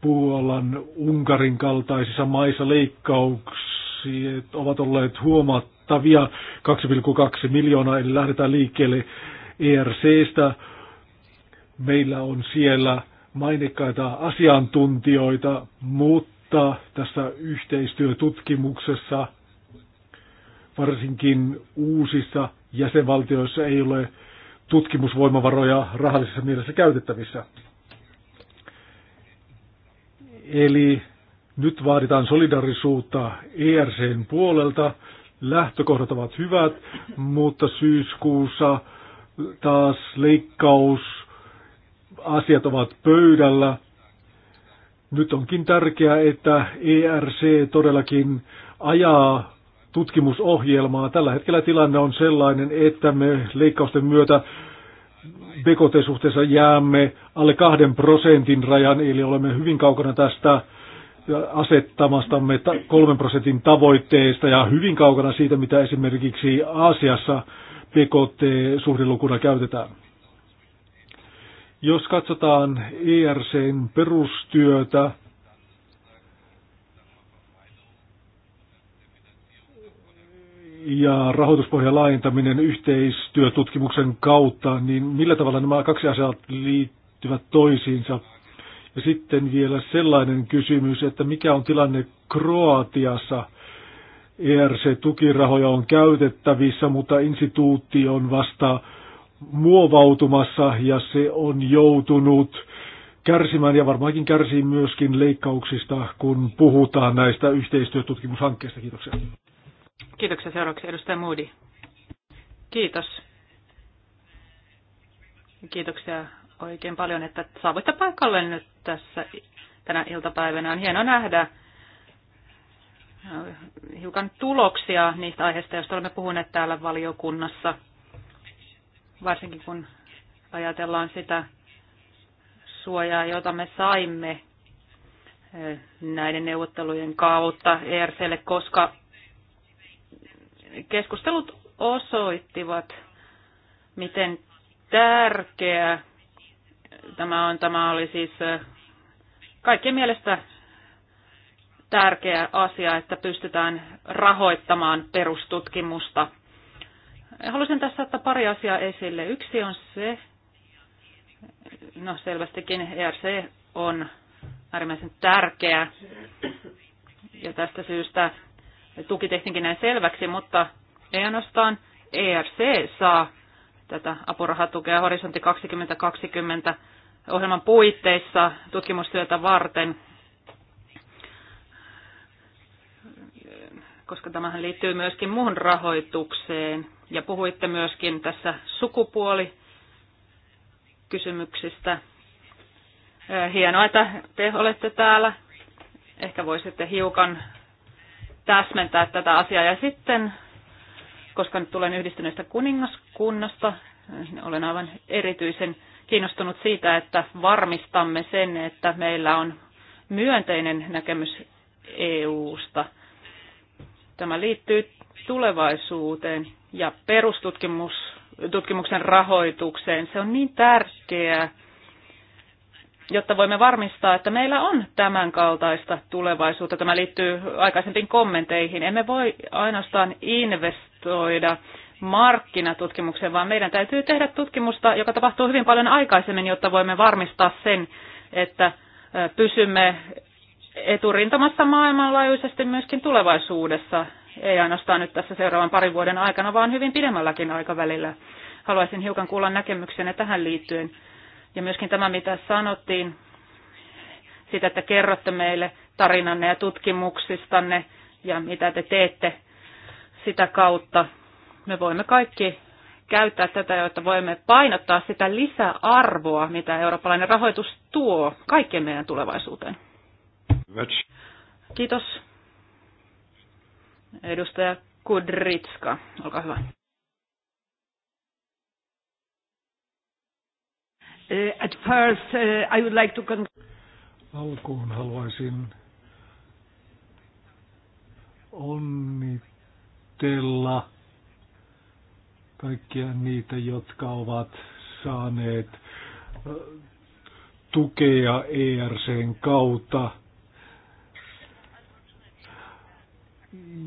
Puolan, Unkarin kaltaisissa maissa leikkaukset ovat olleet huomattavia, 2,2 miljoonaa, eli lähdetään liikkeelle ERCstä. Meillä on siellä mainikkaita asiantuntijoita, mutta tässä yhteistyötutkimuksessa varsinkin uusissa jäsenvaltioissa ei ole tutkimusvoimavaroja rahallisessa mielessä käytettävissä. Eli nyt vaaditaan solidarisuutta ERCn puolelta. Lähtökohdat ovat hyvät, mutta syyskuussa taas leikkaus asiat ovat pöydällä. Nyt onkin tärkeää, että ERC todellakin ajaa tutkimusohjelmaa. Tällä hetkellä tilanne on sellainen, että me leikkausten myötä BKT-suhteessa jäämme alle kahden prosentin rajan, eli olemme hyvin kaukana tästä asettamastamme kolmen prosentin tavoitteesta ja hyvin kaukana siitä, mitä esimerkiksi Aasiassa BKT-suhdelukuna käytetään. Jos katsotaan ERCn perustyötä, ja rahoituspohjan laajentaminen yhteistyötutkimuksen kautta, niin millä tavalla nämä kaksi asiaa liittyvät toisiinsa? Ja sitten vielä sellainen kysymys, että mikä on tilanne Kroatiassa? ERC-tukirahoja on käytettävissä, mutta instituutti on vasta muovautumassa ja se on joutunut kärsimään ja varmaankin kärsii myöskin leikkauksista, kun puhutaan näistä yhteistyötutkimushankkeista. Kiitoksia. Kiitoksia seuraavaksi edustaja Moody. Kiitos. Kiitoksia oikein paljon, että saavuitte paikalle nyt tässä tänä iltapäivänä. On hienoa nähdä äh, hiukan tuloksia niistä aiheista, joista olemme puhuneet täällä valiokunnassa, varsinkin kun ajatellaan sitä suojaa, jota me saimme äh, näiden neuvottelujen kautta ERClle, koska keskustelut osoittivat, miten tärkeä tämä on. Tämä oli siis kaikkien mielestä tärkeä asia, että pystytään rahoittamaan perustutkimusta. Haluaisin tässä ottaa pari asiaa esille. Yksi on se, no selvästikin ERC on äärimmäisen tärkeä ja tästä syystä Tuki tehtiinkin näin selväksi, mutta ei ainoastaan ERC saa tätä apurahatukea Horisontti 2020 ohjelman puitteissa tutkimustyötä varten, koska tämähän liittyy myöskin muun rahoitukseen. Ja puhuitte myöskin tässä sukupuoli kysymyksistä. Hienoa, että te olette täällä. Ehkä voisitte hiukan täsmentää tätä asiaa. Ja sitten, koska nyt tulen yhdistyneestä kuningaskunnasta, niin olen aivan erityisen kiinnostunut siitä, että varmistamme sen, että meillä on myönteinen näkemys EU-sta. Tämä liittyy tulevaisuuteen ja perustutkimuksen rahoitukseen. Se on niin tärkeää jotta voimme varmistaa, että meillä on tämän kaltaista tulevaisuutta. Tämä liittyy aikaisempiin kommenteihin. Emme voi ainoastaan investoida markkinatutkimukseen, vaan meidän täytyy tehdä tutkimusta, joka tapahtuu hyvin paljon aikaisemmin, jotta voimme varmistaa sen, että pysymme eturintamassa maailmanlaajuisesti myöskin tulevaisuudessa. Ei ainoastaan nyt tässä seuraavan parin vuoden aikana, vaan hyvin pidemmälläkin aikavälillä. Haluaisin hiukan kuulla näkemyksenne tähän liittyen. Ja myöskin tämä, mitä sanottiin, sitä, että kerrotte meille tarinanne ja tutkimuksistanne ja mitä te teette sitä kautta. Me voimme kaikki käyttää tätä, jotta voimme painottaa sitä lisäarvoa, mitä eurooppalainen rahoitus tuo kaikkien meidän tulevaisuuteen. Kiitos. Edustaja Kudritska, olkaa hyvä. Uh, at first, uh, I would like to Alkuun haluaisin onnitella kaikkia niitä, jotka ovat saaneet uh, tukea ERCn kautta.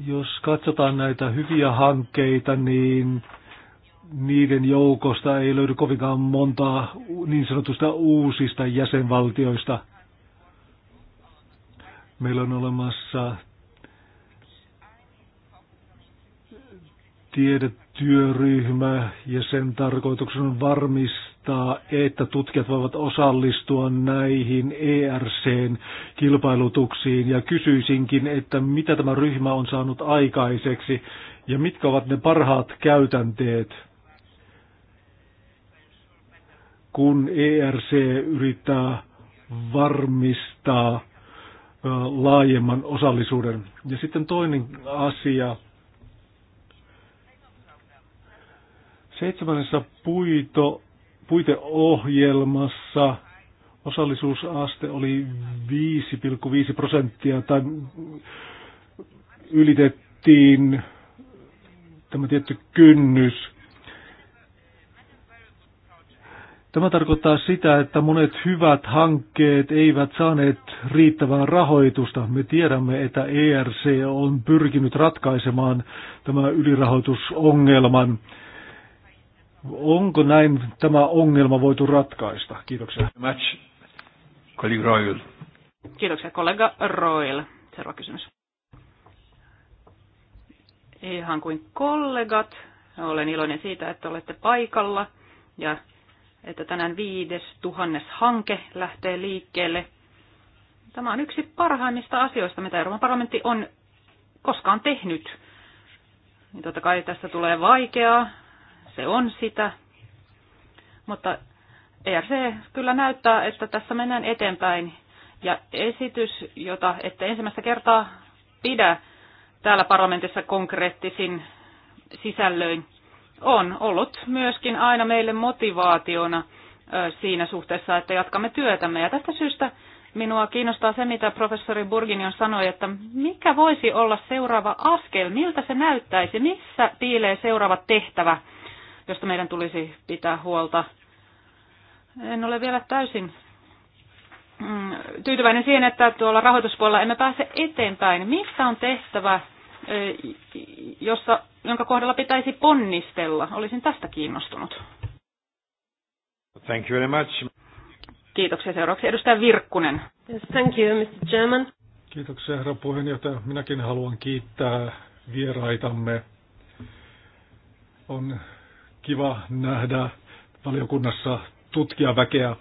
Jos katsotaan näitä hyviä hankkeita, niin niiden joukosta ei löydy kovinkaan montaa niin sanotusta uusista jäsenvaltioista. Meillä on olemassa tiedetyöryhmä ja sen tarkoituksena on varmistaa, että tutkijat voivat osallistua näihin ERCn kilpailutuksiin. Ja kysyisinkin, että mitä tämä ryhmä on saanut aikaiseksi ja mitkä ovat ne parhaat käytänteet – kun ERC yrittää varmistaa laajemman osallisuuden. Ja sitten toinen asia. Seitsemännessä puito, puiteohjelmassa osallisuusaste oli 5,5 prosenttia tai ylitettiin tämä tietty kynnys. Tämä tarkoittaa sitä, että monet hyvät hankkeet eivät saaneet riittävää rahoitusta. Me tiedämme, että ERC on pyrkinyt ratkaisemaan tämän ylirahoitusongelman. Onko näin tämä ongelma voitu ratkaista? Kiitoksia. Match. Colleague Royal. Kiitoksia kollega Royal. Seuraava kysymys. Ihan kuin kollegat, olen iloinen siitä, että olette paikalla ja että tänään viides tuhannes hanke lähtee liikkeelle. Tämä on yksi parhaimmista asioista, mitä Euroopan parlamentti on koskaan tehnyt. Niin totta kai tästä tulee vaikeaa, se on sitä, mutta ERC kyllä näyttää, että tässä mennään eteenpäin. Ja esitys, jota ette ensimmäistä kertaa pidä täällä parlamentissa konkreettisin sisällöin, on ollut myöskin aina meille motivaationa siinä suhteessa, että jatkamme työtämme. Ja tästä syystä minua kiinnostaa se, mitä professori Burginion sanoi, että mikä voisi olla seuraava askel, miltä se näyttäisi, missä piilee seuraava tehtävä, josta meidän tulisi pitää huolta. En ole vielä täysin mm, tyytyväinen siihen, että tuolla rahoituspuolella emme pääse eteenpäin. Missä on tehtävä, jossa, jonka kohdalla pitäisi ponnistella. Olisin tästä kiinnostunut. Thank you very much. Kiitoksia. Seuraavaksi edustaja Virkkunen. Yes, thank you, Mr. Chairman. Kiitoksia, herra puheenjohtaja. Minäkin haluan kiittää vieraitamme. On kiva nähdä valiokunnassa tutkijaväkeä.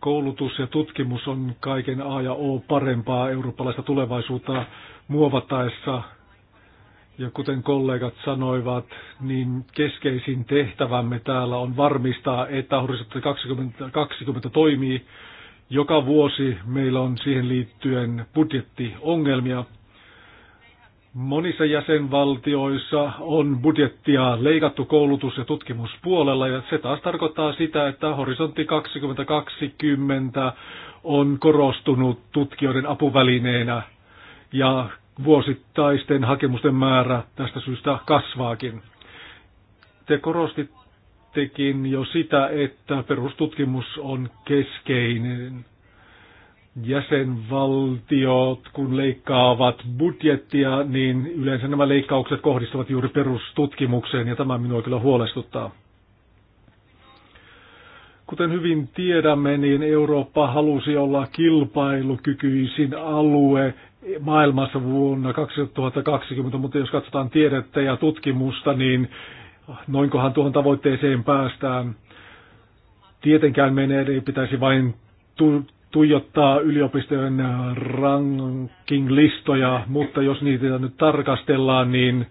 Koulutus ja tutkimus on kaiken A ja O parempaa eurooppalaista tulevaisuutta muovattaessa ja kuten kollegat sanoivat, niin keskeisin tehtävämme täällä on varmistaa, että Horisontti 2020 toimii. Joka vuosi meillä on siihen liittyen budjettiongelmia. Monissa jäsenvaltioissa on budjettia leikattu koulutus- ja tutkimuspuolella, ja se taas tarkoittaa sitä, että horisontti 2020 on korostunut tutkijoiden apuvälineenä ja vuosittaisten hakemusten määrä tästä syystä kasvaakin. Te korostittekin jo sitä, että perustutkimus on keskeinen. Jäsenvaltiot, kun leikkaavat budjettia, niin yleensä nämä leikkaukset kohdistuvat juuri perustutkimukseen, ja tämä minua kyllä huolestuttaa. Kuten hyvin tiedämme, niin Eurooppa halusi olla kilpailukykyisin alue maailmassa vuonna 2020, mutta jos katsotaan tiedettä ja tutkimusta, niin noinkohan tuohon tavoitteeseen päästään. Tietenkään meidän ei pitäisi vain tu- tuijottaa yliopistojen ranking-listoja, mutta jos niitä nyt tarkastellaan, niin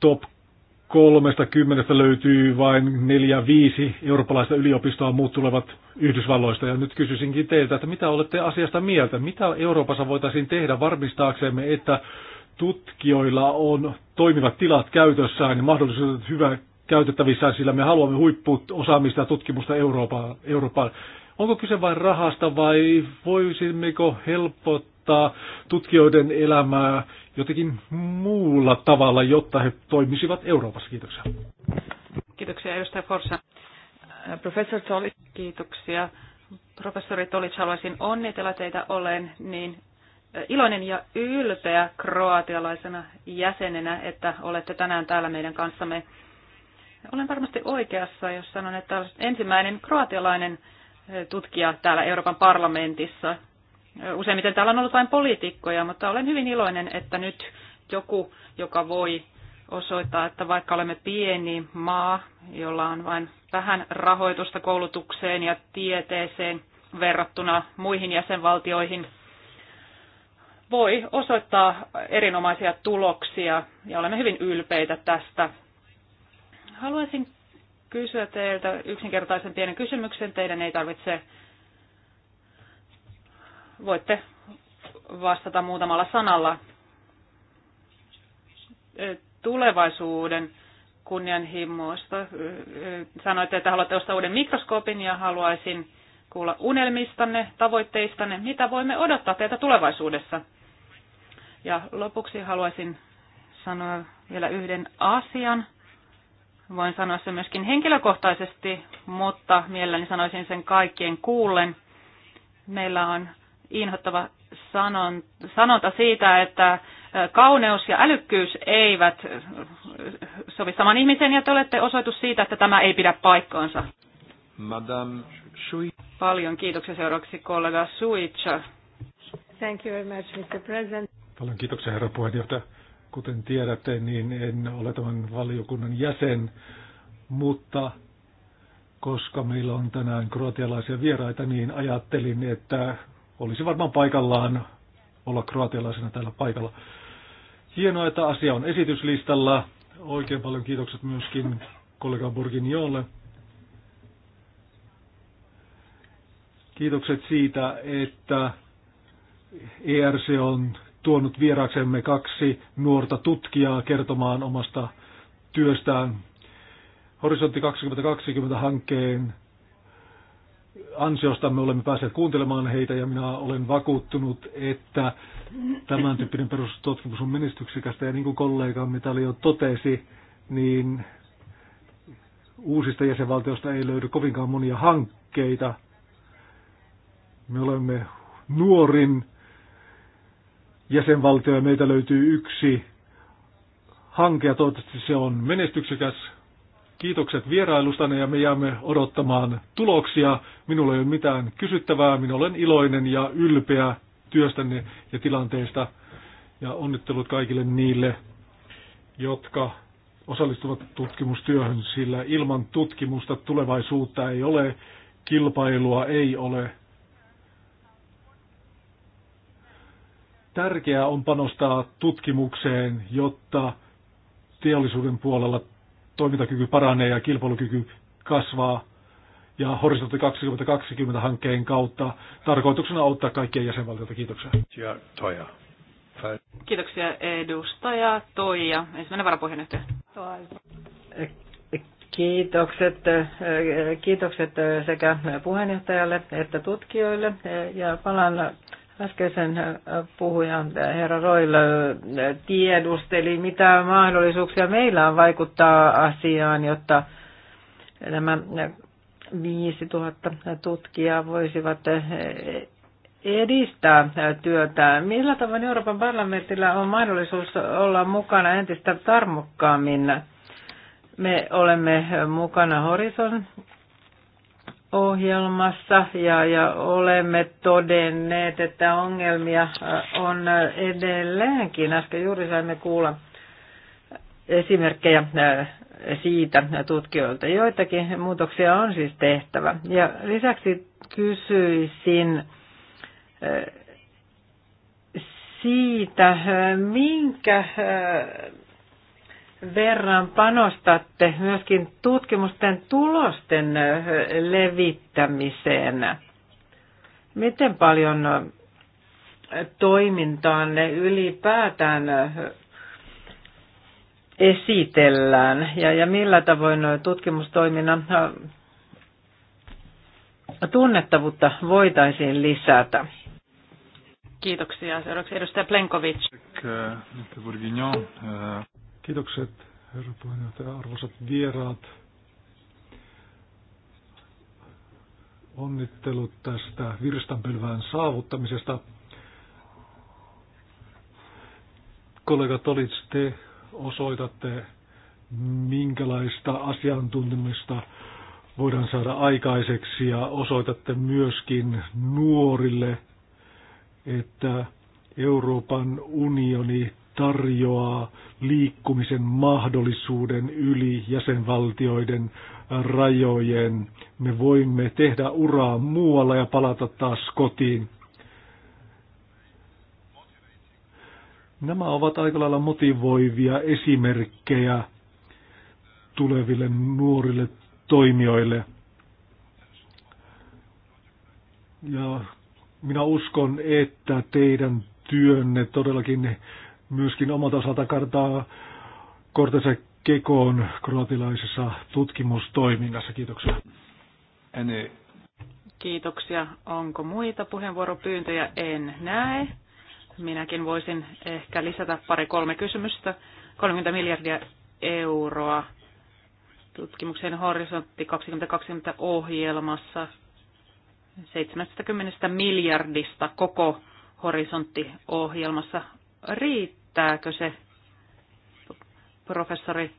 top Kolmesta kymmenestä löytyy vain neljä viisi eurooppalaista yliopistoa, muut tulevat Yhdysvalloista. Ja nyt kysyisinkin teiltä, että mitä olette asiasta mieltä? Mitä Euroopassa voitaisiin tehdä varmistaaksemme, että tutkijoilla on toimivat tilat käytössään ja mahdollisuudet hyvä käytettävissä, sillä me haluamme huippuosaamista ja tutkimusta Euroopan. Euroopan. Onko kyse vain rahasta vai voisimmeko helpottaa tutkijoiden elämää jotenkin muulla tavalla, jotta he toimisivat Euroopassa. Kiitoksia. Kiitoksia edustaja Forsa. Professor Tolis. kiitoksia. Professori Tolic, haluaisin onnitella teitä. Olen niin iloinen ja ylpeä kroatialaisena jäsenenä, että olette tänään täällä meidän kanssamme. Olen varmasti oikeassa, jos sanon, että ensimmäinen kroatialainen tutkija täällä Euroopan parlamentissa – Useimmiten täällä on ollut vain poliitikkoja, mutta olen hyvin iloinen, että nyt joku, joka voi osoittaa, että vaikka olemme pieni maa, jolla on vain vähän rahoitusta koulutukseen ja tieteeseen verrattuna muihin jäsenvaltioihin, voi osoittaa erinomaisia tuloksia ja olemme hyvin ylpeitä tästä. Haluaisin kysyä teiltä yksinkertaisen pienen kysymyksen. Teidän ei tarvitse voitte vastata muutamalla sanalla tulevaisuuden kunnianhimoista. Sanoitte, että haluatte ostaa uuden mikroskoopin ja haluaisin kuulla unelmistanne, tavoitteistanne, mitä voimme odottaa teiltä tulevaisuudessa. Ja lopuksi haluaisin sanoa vielä yhden asian. Voin sanoa sen myöskin henkilökohtaisesti, mutta mielelläni sanoisin sen kaikkien kuullen. Meillä on inhottava sanon, sanonta siitä, että kauneus ja älykkyys eivät sovi saman ihmisen, ja te olette osoitus siitä, että tämä ei pidä paikkaansa. Madame Shui. Paljon kiitoksia seuraavaksi kollega Suicha. Thank you very much, Mr. President. Paljon kiitoksia, herra puheenjohtaja. Kuten tiedätte, niin en ole tämän valiokunnan jäsen, mutta koska meillä on tänään kroatialaisia vieraita, niin ajattelin, että olisi varmaan paikallaan olla kroatialaisena täällä paikalla. Hienoa, että asia on esityslistalla. Oikein paljon kiitokset myöskin kollega Burginjolle. Kiitokset siitä, että ERC on tuonut vieraksemme kaksi nuorta tutkijaa kertomaan omasta työstään. Horisontti 2020-hankkeen ansiosta me olemme päässeet kuuntelemaan heitä ja minä olen vakuuttunut, että tämän tyyppinen perustutkimus on menestyksekästä ja niin kuin kollega Mitali jo totesi, niin uusista jäsenvaltioista ei löydy kovinkaan monia hankkeita. Me olemme nuorin jäsenvaltio ja meitä löytyy yksi hanke ja toivottavasti se on menestyksekäs Kiitokset vierailustanne ja me jäämme odottamaan tuloksia. Minulla ei ole mitään kysyttävää. Minä olen iloinen ja ylpeä työstänne ja tilanteesta. Ja onnittelut kaikille niille, jotka osallistuvat tutkimustyöhön, sillä ilman tutkimusta tulevaisuutta ei ole, kilpailua ei ole. Tärkeää on panostaa tutkimukseen, jotta teollisuuden puolella toimintakyky paranee ja kilpailukyky kasvaa. Ja Horisontti 2020 hankkeen kautta tarkoituksena auttaa kaikkia jäsenvaltioita. Kiitoksia. Ja Toija. Kiitoksia edustaja Toija, ensimmäinen varapuheenjohtaja. Kiitokset, kiitokset sekä puheenjohtajalle että tutkijoille ja palaan äskeisen äh, puhujan äh, herra Roil äh, tiedusteli, mitä mahdollisuuksia meillä on vaikuttaa asiaan, jotta nämä 5000 tutkijaa voisivat edistää työtään. Millä tavoin Euroopan parlamentilla on mahdollisuus olla mukana entistä tarmokkaammin? Me olemme mukana Horizon ohjelmassa ja, ja olemme todenneet, että ongelmia on edelleenkin. Äsken juuri saimme kuulla esimerkkejä siitä tutkijoilta. Joitakin muutoksia on siis tehtävä. Ja lisäksi kysyisin siitä, minkä verran panostatte myöskin tutkimusten tulosten levittämiseen. Miten paljon toimintaanne ylipäätään esitellään ja, ja millä tavoin tutkimustoiminnan tunnettavuutta voitaisiin lisätä? Kiitoksia. Seuraavaksi edustaja Plenkovic. Kiitokset, herra puheenjohtaja, arvoisat vieraat. Onnittelut tästä virstanpylvään saavuttamisesta. Kollega Tolits, te osoitatte, minkälaista asiantuntemusta voidaan saada aikaiseksi ja osoitatte myöskin nuorille, että Euroopan unioni tarjoaa liikkumisen mahdollisuuden yli jäsenvaltioiden rajojen. Me voimme tehdä uraa muualla ja palata taas kotiin. Nämä ovat aika lailla motivoivia esimerkkejä tuleville nuorille toimijoille. Ja minä uskon, että teidän työnne todellakin myöskin omalta osalta kartaa kortensa kekoon kroatilaisessa tutkimustoiminnassa. Kiitoksia. Kiitoksia. Onko muita puheenvuoropyyntöjä? En näe. Minäkin voisin ehkä lisätä pari-kolme kysymystä. 30 miljardia euroa tutkimuksen horisontti 2020 ohjelmassa 70 miljardista koko horisontti ohjelmassa riittää riittääkö se professori,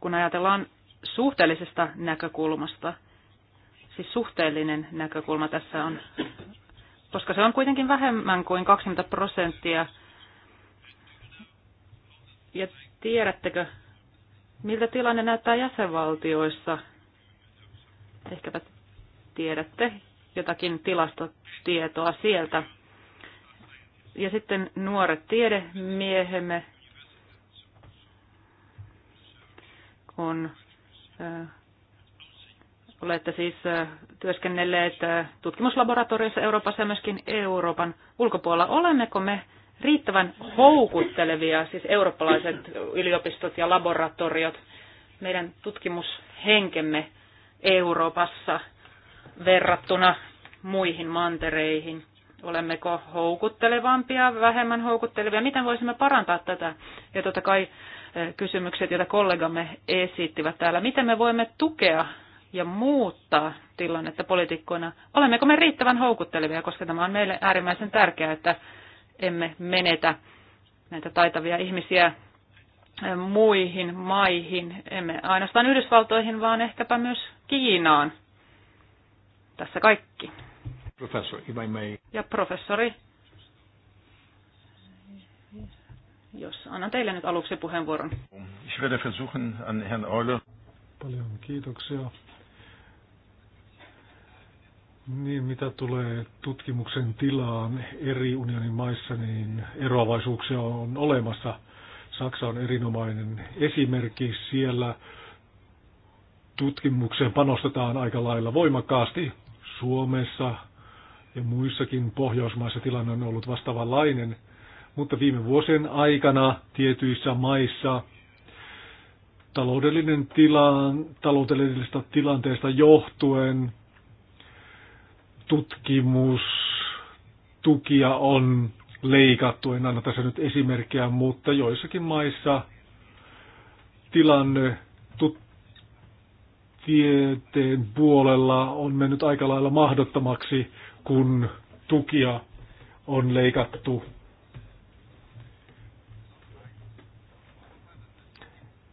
kun ajatellaan suhteellisesta näkökulmasta, siis suhteellinen näkökulma tässä on, koska se on kuitenkin vähemmän kuin 20 prosenttia. Ja tiedättekö, miltä tilanne näyttää jäsenvaltioissa? Ehkäpä tiedätte jotakin tilastotietoa sieltä. Ja sitten nuoret tiedemiehemme on olette siis työskennelleet tutkimuslaboratoriossa Euroopassa ja myöskin Euroopan ulkopuolella. Olemmeko me riittävän houkuttelevia, siis eurooppalaiset yliopistot ja laboratoriot, meidän tutkimushenkemme Euroopassa verrattuna muihin mantereihin? Olemmeko houkuttelevampia, vähemmän houkuttelevia? Miten voisimme parantaa tätä? Ja totta kai eh, kysymykset, joita kollegamme esittivät täällä. Miten me voimme tukea ja muuttaa tilannetta poliitikkoina? Olemmeko me riittävän houkuttelevia, koska tämä on meille äärimmäisen tärkeää, että emme menetä näitä taitavia ihmisiä eh, muihin maihin, emme ainoastaan Yhdysvaltoihin, vaan ehkäpä myös Kiinaan. Tässä kaikki. Professor, if I may. Ja professori, jos annan teille nyt aluksi puheenvuoron. Ich werde versuchen an Herrn Euler. Paljon kiitoksia. Niin, mitä tulee tutkimuksen tilaan eri unionin maissa, niin eroavaisuuksia on olemassa. Saksa on erinomainen esimerkki. Siellä tutkimukseen panostetaan aika lailla voimakkaasti. Suomessa ja muissakin pohjoismaissa tilanne on ollut vastaavanlainen, mutta viime vuosien aikana tietyissä maissa taloudellinen tilan, taloudellisesta tilanteesta johtuen tutkimus, tukia on leikattu. En anna tässä nyt esimerkkejä, mutta joissakin maissa tilanne tut- tieteen puolella on mennyt aika lailla mahdottomaksi kun tukia on leikattu.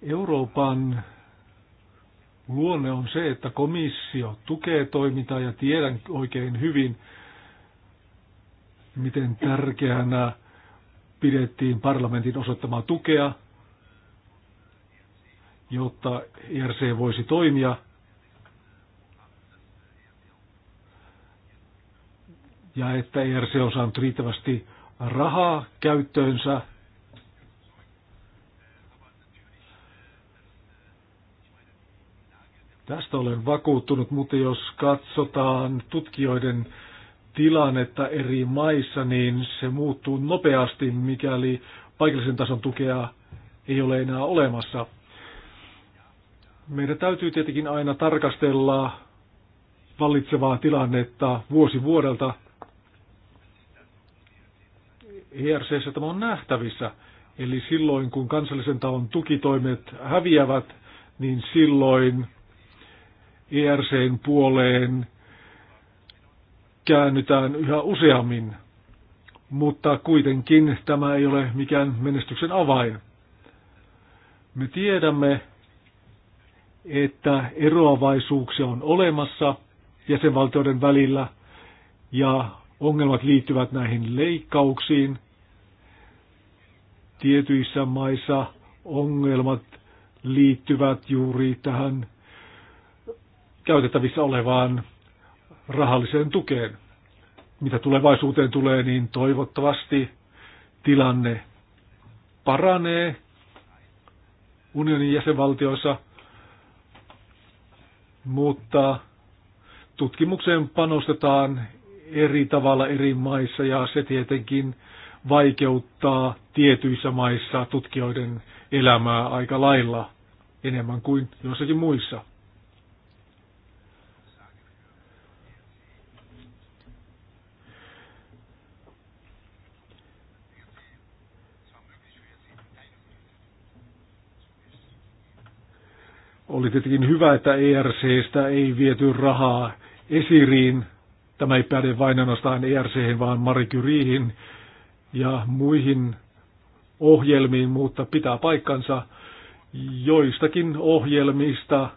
Euroopan luonne on se, että komissio tukee toimintaa ja tiedän oikein hyvin, miten tärkeänä pidettiin parlamentin osoittamaa tukea, jotta ERC voisi toimia – ja että ERC on saanut riittävästi rahaa käyttöönsä. Tästä olen vakuuttunut, mutta jos katsotaan tutkijoiden tilannetta eri maissa, niin se muuttuu nopeasti, mikäli paikallisen tason tukea ei ole enää olemassa. Meidän täytyy tietenkin aina tarkastella vallitsevaa tilannetta vuosi vuodelta, ERCssä tämä on nähtävissä. Eli silloin, kun kansallisen talon tukitoimet häviävät, niin silloin ERCn puoleen käännytään yhä useammin. Mutta kuitenkin tämä ei ole mikään menestyksen avain. Me tiedämme, että eroavaisuuksia on olemassa jäsenvaltioiden välillä ja Ongelmat liittyvät näihin leikkauksiin. Tietyissä maissa ongelmat liittyvät juuri tähän käytettävissä olevaan rahalliseen tukeen. Mitä tulevaisuuteen tulee, niin toivottavasti tilanne paranee unionin jäsenvaltioissa, mutta tutkimukseen panostetaan eri tavalla eri maissa ja se tietenkin vaikeuttaa tietyissä maissa tutkijoiden elämää aika lailla enemmän kuin jossakin muissa. Oli tietenkin hyvä, että ERCstä ei viety rahaa esiriin Tämä ei päde vain ainoastaan ERC, vaan Marie Curiehin ja muihin ohjelmiin, mutta pitää paikkansa joistakin ohjelmista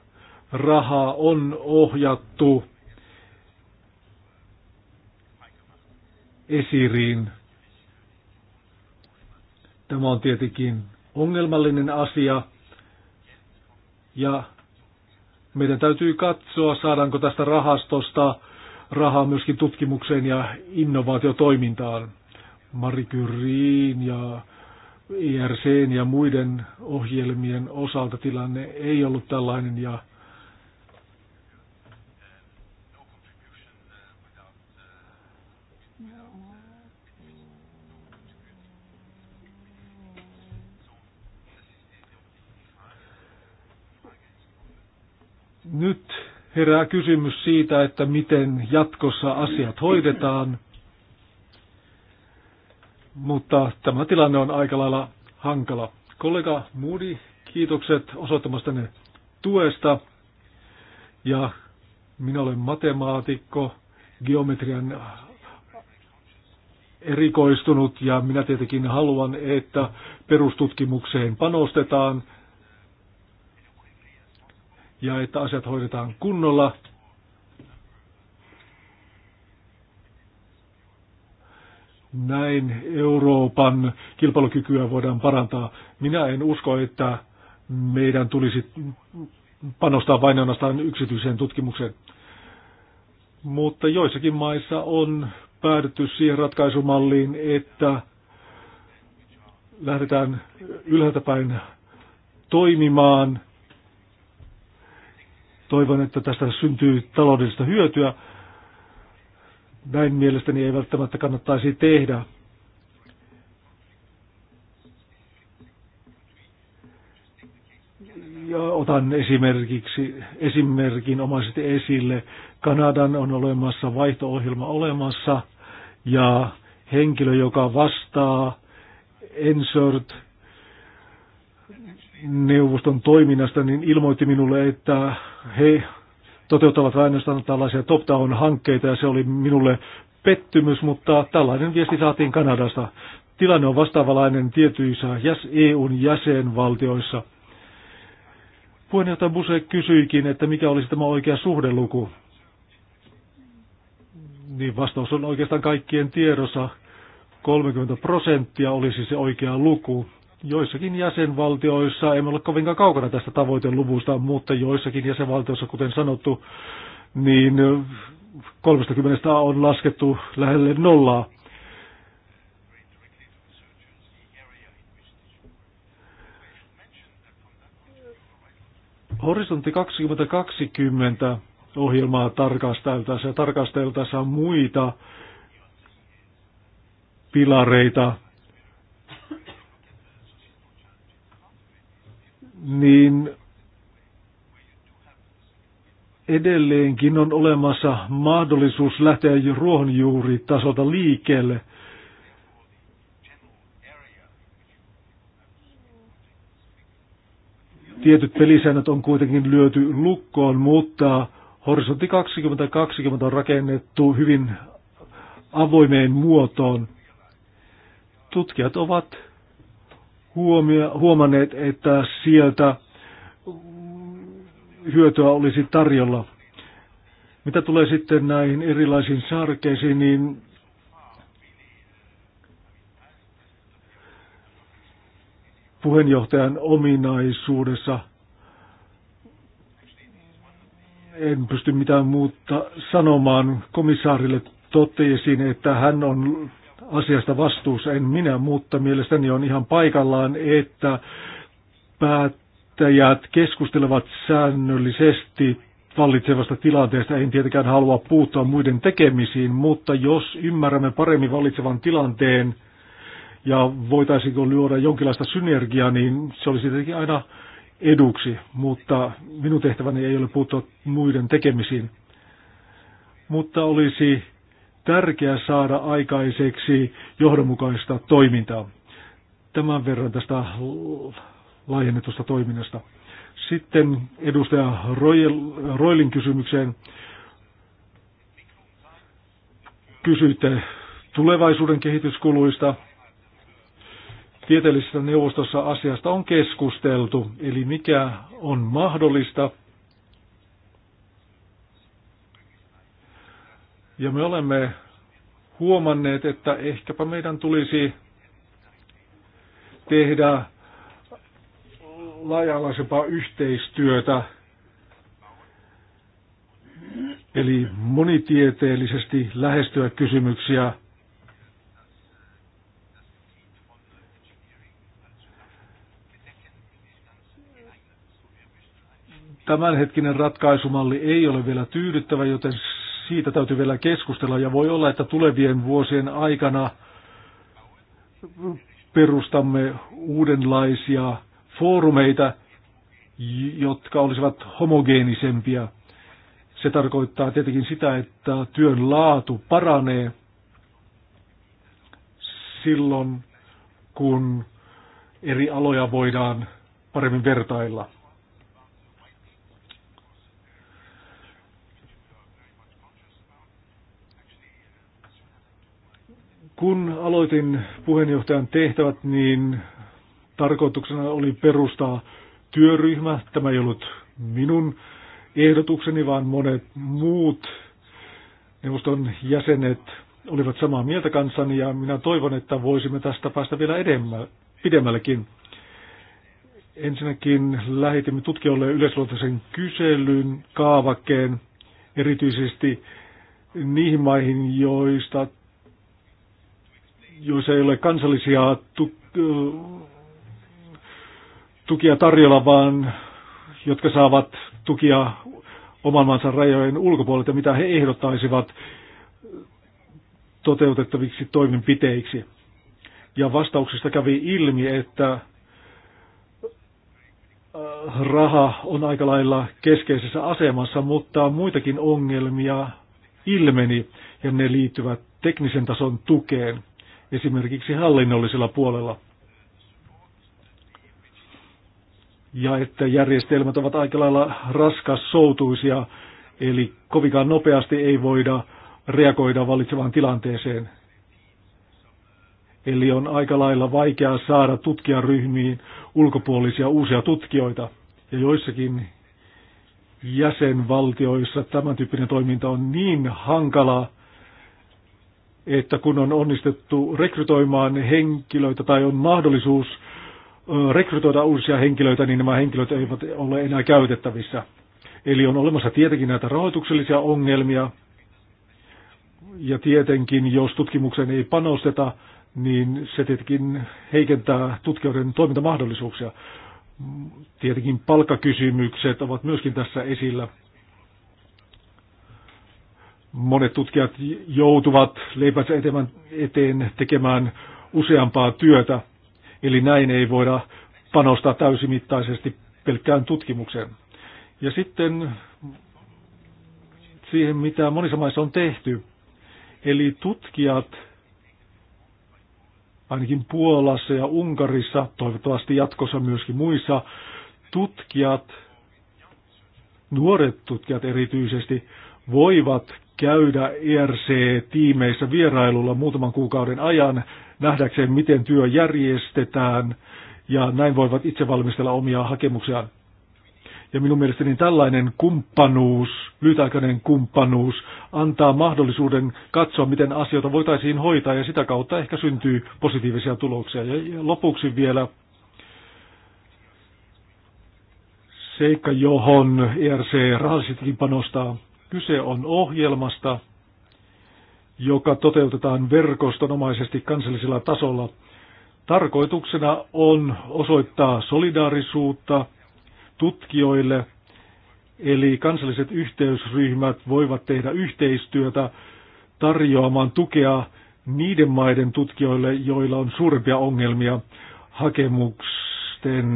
rahaa on ohjattu esiriin. Tämä on tietenkin ongelmallinen asia ja meidän täytyy katsoa, saadaanko tästä rahastosta rahaa myöskin tutkimukseen ja innovaatiotoimintaan. Marie Curien ja IRCn e ja muiden ohjelmien osalta tilanne ei ollut tällainen ja nyt herää kysymys siitä, että miten jatkossa asiat hoidetaan. Mutta tämä tilanne on aika lailla hankala. Kollega Moody, kiitokset osoittamastanne tuesta. Ja minä olen matemaatikko, geometrian erikoistunut ja minä tietenkin haluan, että perustutkimukseen panostetaan – ja että asiat hoidetaan kunnolla. Näin Euroopan kilpailukykyä voidaan parantaa. Minä en usko, että meidän tulisi panostaa vain ainoastaan yksityiseen tutkimukseen. Mutta joissakin maissa on päädytty siihen ratkaisumalliin, että lähdetään ylhäältä päin toimimaan – Toivon, että tästä syntyy taloudellista hyötyä. Näin mielestäni ei välttämättä kannattaisi tehdä. Ja otan esimerkiksi omaisesti esille. Kanadan on olemassa vaihtoohjelma olemassa ja henkilö, joka vastaa Ensort neuvoston toiminnasta, niin ilmoitti minulle, että he toteuttavat ainoastaan tällaisia top-down-hankkeita ja se oli minulle pettymys, mutta tällainen viesti saatiin Kanadasta. Tilanne on vastaavalainen tietyissä EUn jäsenvaltioissa. Puheenjohtaja Buse kysyikin, että mikä olisi tämä oikea suhdeluku. Niin vastaus on oikeastaan kaikkien tiedossa. 30 prosenttia olisi se oikea luku joissakin jäsenvaltioissa, emme ole kovinkaan kaukana tästä tavoiteluvusta, mutta joissakin jäsenvaltioissa, kuten sanottu, niin 30 on laskettu lähelle nollaa. Horisontti 2020 ohjelmaa tarkasteltaessa ja tarkasteltaessa muita pilareita niin edelleenkin on olemassa mahdollisuus lähteä ruohonjuuritasolta liikkeelle. Tietyt pelisäännöt on kuitenkin lyöty lukkoon, mutta Horisontti 2020 on rakennettu hyvin avoimeen muotoon. Tutkijat ovat huomanneet, että sieltä hyötyä olisi tarjolla. Mitä tulee sitten näihin erilaisiin sarkeisiin, niin puheenjohtajan ominaisuudessa en pysty mitään muuta sanomaan. Komissaarille totesin, että hän on asiasta vastuussa en minä, mutta mielestäni on ihan paikallaan, että päättäjät keskustelevat säännöllisesti vallitsevasta tilanteesta. En tietenkään halua puuttua muiden tekemisiin, mutta jos ymmärrämme paremmin vallitsevan tilanteen ja voitaisiinko luoda jonkinlaista synergiaa, niin se olisi tietenkin aina eduksi, mutta minun tehtäväni ei ole puuttua muiden tekemisiin. Mutta olisi tärkeää saada aikaiseksi johdonmukaista toimintaa. Tämän verran tästä laajennetusta toiminnasta. Sitten edustaja Roilin kysymykseen. Kysyitte tulevaisuuden kehityskuluista. Tieteellisessä neuvostossa asiasta on keskusteltu, eli mikä on mahdollista – Ja me olemme huomanneet, että ehkäpä meidän tulisi tehdä laaja yhteistyötä, eli monitieteellisesti lähestyä kysymyksiä. Tämänhetkinen ratkaisumalli ei ole vielä tyydyttävä, joten siitä täytyy vielä keskustella ja voi olla, että tulevien vuosien aikana perustamme uudenlaisia foorumeita, jotka olisivat homogeenisempia. Se tarkoittaa tietenkin sitä, että työn laatu paranee silloin, kun eri aloja voidaan paremmin vertailla. Kun aloitin puheenjohtajan tehtävät, niin tarkoituksena oli perustaa työryhmä. Tämä ei ollut minun ehdotukseni, vaan monet muut neuvoston jäsenet olivat samaa mieltä kanssani ja minä toivon, että voisimme tästä päästä vielä edemmä, pidemmällekin. Ensinnäkin lähetimme tutkijoille yleisluontoisen kyselyn kaavakkeen erityisesti niihin maihin, joista joissa ei ole kansallisia tukia tarjolla, vaan jotka saavat tukia oman maansa rajojen ulkopuolelta, mitä he ehdottaisivat toteutettaviksi toimenpiteiksi. Ja vastauksista kävi ilmi, että äh, raha on aika lailla keskeisessä asemassa, mutta muitakin ongelmia ilmeni ja ne liittyvät teknisen tason tukeen esimerkiksi hallinnollisella puolella. Ja että järjestelmät ovat aika lailla raskas soutuisia, eli kovinkaan nopeasti ei voida reagoida valitsevaan tilanteeseen. Eli on aika lailla vaikeaa saada tutkijaryhmiin ulkopuolisia uusia tutkijoita. Ja joissakin jäsenvaltioissa tämän tyyppinen toiminta on niin hankalaa, että kun on onnistettu rekrytoimaan henkilöitä tai on mahdollisuus rekrytoida uusia henkilöitä, niin nämä henkilöt eivät ole enää käytettävissä. Eli on olemassa tietenkin näitä rahoituksellisia ongelmia, ja tietenkin, jos tutkimukseen ei panosteta, niin se tietenkin heikentää tutkijoiden toimintamahdollisuuksia. Tietenkin palkkakysymykset ovat myöskin tässä esillä. Monet tutkijat joutuvat leipänsä eteen, eteen tekemään useampaa työtä, eli näin ei voida panostaa täysimittaisesti pelkkään tutkimukseen. Ja sitten siihen, mitä monissa maissa on tehty. Eli tutkijat, ainakin Puolassa ja Unkarissa, toivottavasti jatkossa myöskin muissa, tutkijat, nuoret tutkijat erityisesti, voivat käydä ERC-tiimeissä vierailulla muutaman kuukauden ajan nähdäkseen, miten työ järjestetään, ja näin voivat itse valmistella omia hakemuksiaan. Ja minun mielestäni tällainen kumppanuus, lyhytaikainen kumppanuus, antaa mahdollisuuden katsoa, miten asioita voitaisiin hoitaa, ja sitä kautta ehkä syntyy positiivisia tuloksia. Ja lopuksi vielä seikka, johon ERC rahallisestikin panostaa, Kyse on ohjelmasta, joka toteutetaan verkostonomaisesti kansallisella tasolla. Tarkoituksena on osoittaa solidaarisuutta tutkijoille, eli kansalliset yhteysryhmät voivat tehdä yhteistyötä tarjoamaan tukea niiden maiden tutkijoille, joilla on suurempia ongelmia hakemuksen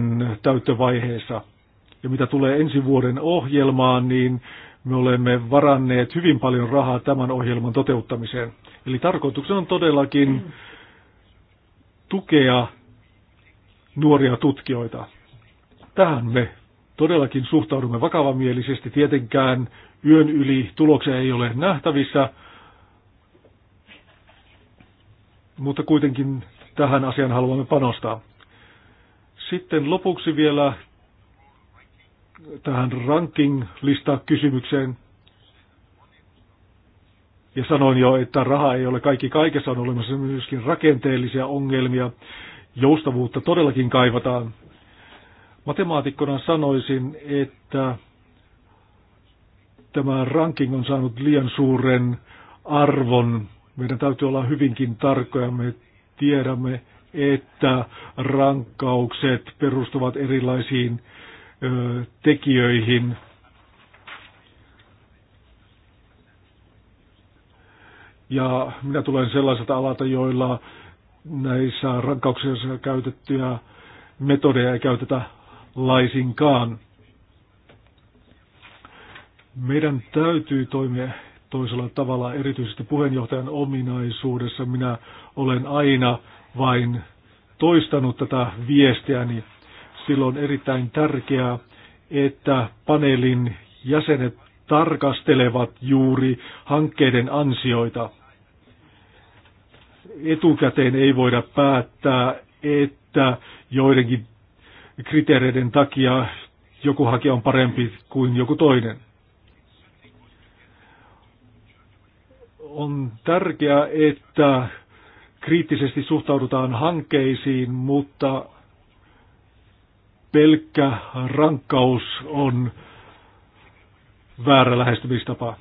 täyttövaiheessa. Ja mitä tulee ensi vuoden ohjelmaan, niin me olemme varanneet hyvin paljon rahaa tämän ohjelman toteuttamiseen. Eli tarkoituksena on todellakin tukea nuoria tutkijoita. Tähän me todellakin suhtaudumme vakavamielisesti. Tietenkään yön yli tuloksia ei ole nähtävissä, mutta kuitenkin tähän asiaan haluamme panostaa. Sitten lopuksi vielä tähän ranking-lista kysymykseen. Ja sanoin jo, että raha ei ole kaikki kaikessa, on olemassa myöskin rakenteellisia ongelmia. Joustavuutta todellakin kaivataan. Matemaatikkona sanoisin, että tämä ranking on saanut liian suuren arvon. Meidän täytyy olla hyvinkin tarkkoja. Me tiedämme, että rankkaukset perustuvat erilaisiin ö, tekijöihin. Ja minä tulen sellaiselta alalta, joilla näissä rankauksissa käytettyjä metodeja ei käytetä laisinkaan. Meidän täytyy toimia toisella tavalla, erityisesti puheenjohtajan ominaisuudessa. Minä olen aina vain toistanut tätä viestiäni silloin erittäin tärkeää, että paneelin jäsenet tarkastelevat juuri hankkeiden ansioita. Etukäteen ei voida päättää, että joidenkin kriteereiden takia joku hakija on parempi kuin joku toinen. On tärkeää, että kriittisesti suhtaudutaan hankkeisiin, mutta pelkkä rankkaus on väärä lähestymistapa.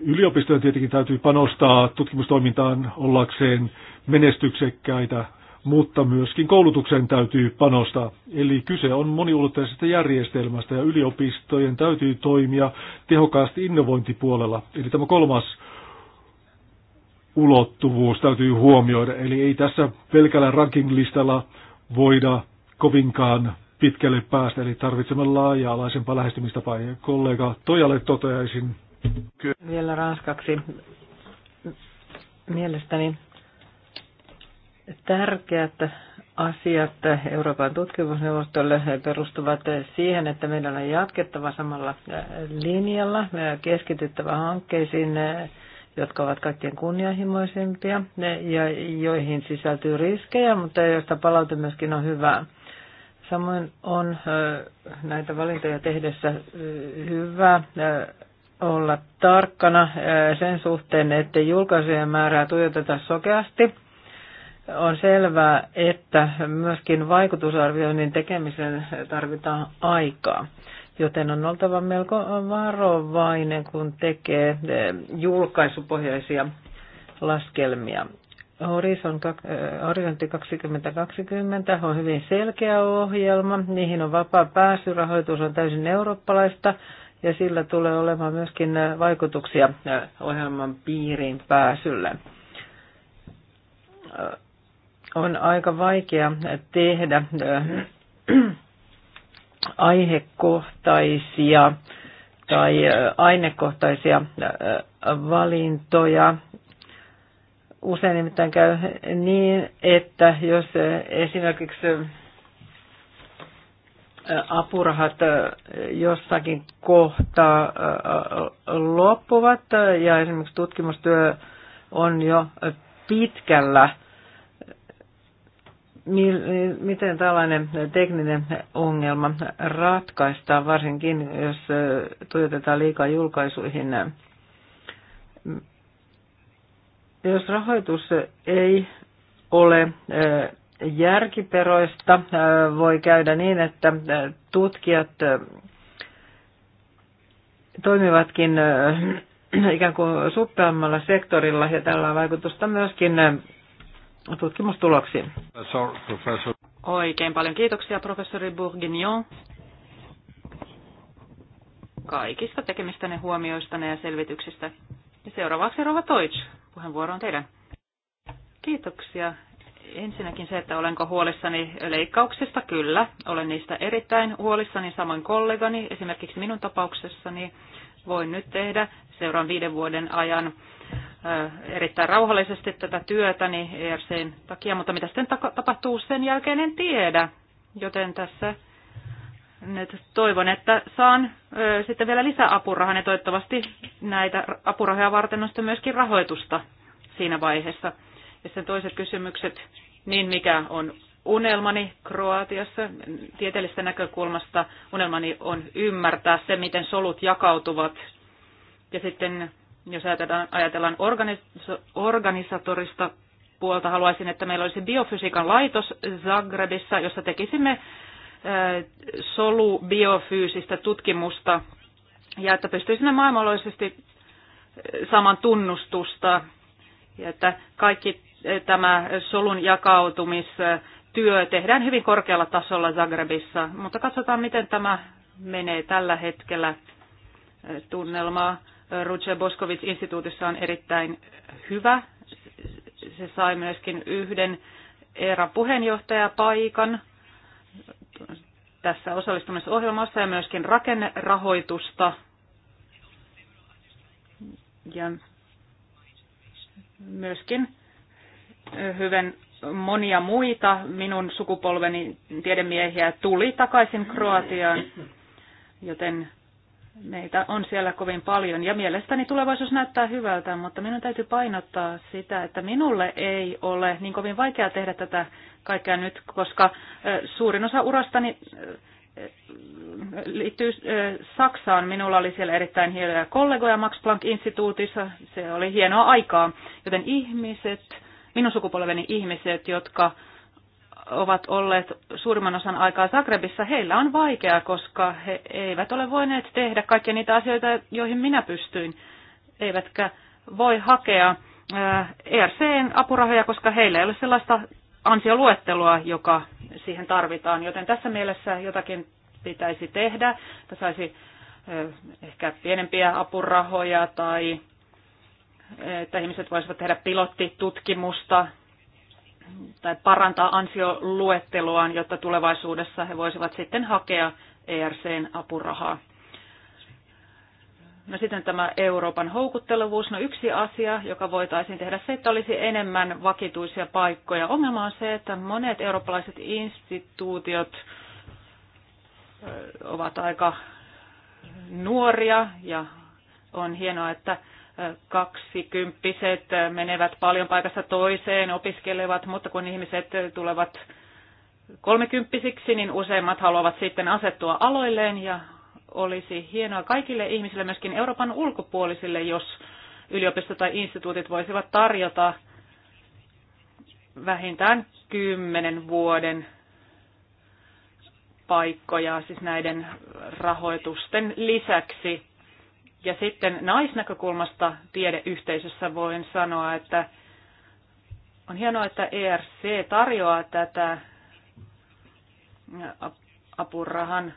Yliopistojen tietenkin täytyy panostaa tutkimustoimintaan ollakseen menestyksekkäitä, mutta myöskin koulutukseen täytyy panostaa. Eli kyse on moniulotteisesta järjestelmästä ja yliopistojen täytyy toimia tehokkaasti innovointipuolella. Eli tämä kolmas ulottuvuus täytyy huomioida. Eli ei tässä pelkällä rankinglistalla voida kovinkaan pitkälle päästä, eli tarvitsemme laaja-alaisempaa lähestymistapaa. Ja kollega Tojalle toteaisin. Kyllä. Vielä ranskaksi. Mielestäni tärkeät asiat Euroopan tutkimusneuvostolle perustuvat siihen, että meidän on jatkettava samalla linjalla, keskityttävä hankkeisiin, jotka ovat kaikkien kunnianhimoisimpia ja joihin sisältyy riskejä, mutta joista palaute myöskin on hyvää Samoin on näitä valintoja tehdessä hyvä olla tarkkana sen suhteen, että julkaisujen määrää tuijoteta sokeasti. On selvää, että myöskin vaikutusarvioinnin tekemiseen tarvitaan aikaa, joten on oltava melko varovainen, kun tekee julkaisupohjaisia laskelmia. Horizon, 2020 eh, on hyvin selkeä ohjelma, niihin on vapaa pääsy, rahoitus on täysin eurooppalaista ja sillä tulee olemaan myöskin eh, vaikutuksia eh, ohjelman piiriin pääsylle. On aika vaikea tehdä aihekohtaisia tai ainekohtaisia valintoja Usein nimittäin käy niin, että jos esimerkiksi apurahat jossakin kohtaa loppuvat ja esimerkiksi tutkimustyö on jo pitkällä, miten tällainen tekninen ongelma ratkaistaan, varsinkin jos tuijotetaan liikaa julkaisuihin jos rahoitus ei ole järkiperoista, voi käydä niin, että tutkijat toimivatkin ikään kuin suppeammalla sektorilla ja tällä on vaikutusta myöskin tutkimustuloksiin. Professor. Oikein paljon kiitoksia professori Bourguignon kaikista tekemistäne huomioistanne ja selvityksistä. Ja seuraavaksi Rova Deutsch puheenvuoro on teidän. Kiitoksia. Ensinnäkin se, että olenko huolissani leikkauksista, kyllä. Olen niistä erittäin huolissani, samoin kollegani. Esimerkiksi minun tapauksessani voin nyt tehdä seuraan viiden vuoden ajan äh, erittäin rauhallisesti tätä työtäni ERCn takia, mutta mitä sitten tapahtuu sen jälkeen en tiedä. Joten tässä nyt toivon, että saan ö, sitten vielä lisäapurahan ja toivottavasti näitä apurahoja varten on myöskin rahoitusta siinä vaiheessa. Ja sen toiset kysymykset, niin mikä on unelmani Kroatiassa tieteellisestä näkökulmasta, unelmani on ymmärtää se, miten solut jakautuvat. Ja sitten jos ajatellaan, ajatellaan organis- organisatorista puolta, haluaisin, että meillä olisi biofysiikan laitos Zagrebissa, jossa tekisimme solubiofyysistä tutkimusta ja että pystyisimme maailmanlaajuisesti saman tunnustusta ja että kaikki tämä solun jakautumistyö tehdään hyvin korkealla tasolla Zagrebissa, mutta katsotaan miten tämä menee tällä hetkellä tunnelmaa. Ruche Boskovic instituutissa on erittäin hyvä. Se sai myöskin yhden ERA puheenjohtajapaikan tässä osallistumisohjelmassa ja myöskin rakennerahoitusta. Ja myöskin hyvin monia muita minun sukupolveni tiedemiehiä tuli takaisin Kroatiaan, joten meitä on siellä kovin paljon. Ja mielestäni tulevaisuus näyttää hyvältä, mutta minun täytyy painottaa sitä, että minulle ei ole niin kovin vaikea tehdä tätä kaikkea nyt, koska suurin osa urastani liittyy Saksaan. Minulla oli siellä erittäin hienoja kollegoja Max Planck-instituutissa. Se oli hienoa aikaa. Joten ihmiset, minun sukupolveni ihmiset, jotka ovat olleet suurimman osan aikaa Zagrebissa, heillä on vaikeaa, koska he eivät ole voineet tehdä kaikkia niitä asioita, joihin minä pystyin. Eivätkä voi hakea ERCn apurahoja, koska heillä ei ole sellaista ansioluettelua, joka siihen tarvitaan. Joten tässä mielessä jotakin pitäisi tehdä. Että saisi ehkä pienempiä apurahoja tai että ihmiset voisivat tehdä pilottitutkimusta tai parantaa ansioluetteluaan, jotta tulevaisuudessa he voisivat sitten hakea ERCn apurahaa. No sitten tämä Euroopan houkuttelevuus. No yksi asia, joka voitaisiin tehdä, se, että olisi enemmän vakituisia paikkoja. Ongelma on se, että monet eurooppalaiset instituutiot ovat aika nuoria ja on hienoa, että kaksikymppiset menevät paljon paikasta toiseen, opiskelevat, mutta kun ihmiset tulevat kolmekymppisiksi, niin useimmat haluavat sitten asettua aloilleen ja olisi hienoa kaikille ihmisille, myöskin Euroopan ulkopuolisille, jos yliopistot tai instituutit voisivat tarjota vähintään kymmenen vuoden paikkoja siis näiden rahoitusten lisäksi. Ja sitten naisnäkökulmasta tiedeyhteisössä voin sanoa, että on hienoa, että ERC tarjoaa tätä apurahan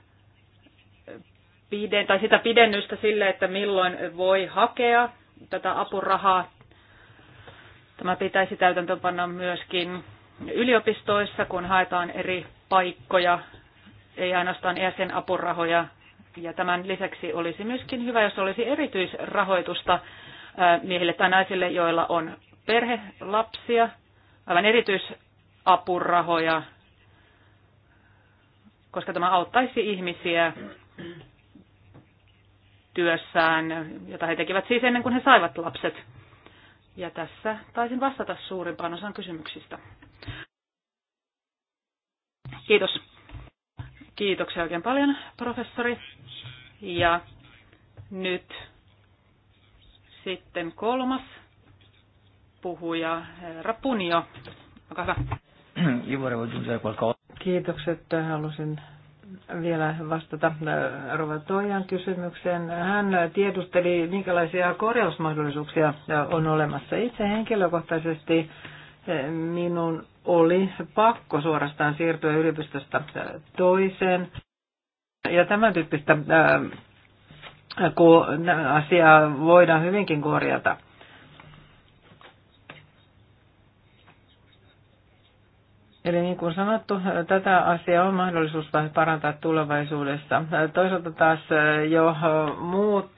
piden, tai sitä pidennystä sille, että milloin voi hakea tätä apurahaa. Tämä pitäisi täytäntöönpanna myöskin yliopistoissa, kun haetaan eri paikkoja, ei ainoastaan jäsenapurahoja. Ja tämän lisäksi olisi myöskin hyvä, jos olisi erityisrahoitusta miehille tai naisille, joilla on perhelapsia, aivan erityisapurahoja, koska tämä auttaisi ihmisiä työssään, jota he tekivät siis ennen kuin he saivat lapset. Ja tässä taisin vastata suurimpaan osaan kysymyksistä. Kiitos. Kiitoksia oikein paljon, professori. Ja nyt sitten kolmas puhuja, Rapunio. Olkaa hyvä. Kiitokset, halusin vielä vastata äh, Rova Toijan kysymykseen. Hän tiedusteli, minkälaisia korjausmahdollisuuksia äh, on olemassa. Itse henkilökohtaisesti äh, minun oli pakko suorastaan siirtyä yliopistosta toiseen. Ja tämän tyyppistä asiaa voidaan hyvinkin korjata. Eli niin kuin sanottu, tätä asiaa on mahdollisuus parantaa tulevaisuudessa. Toisaalta taas jo muut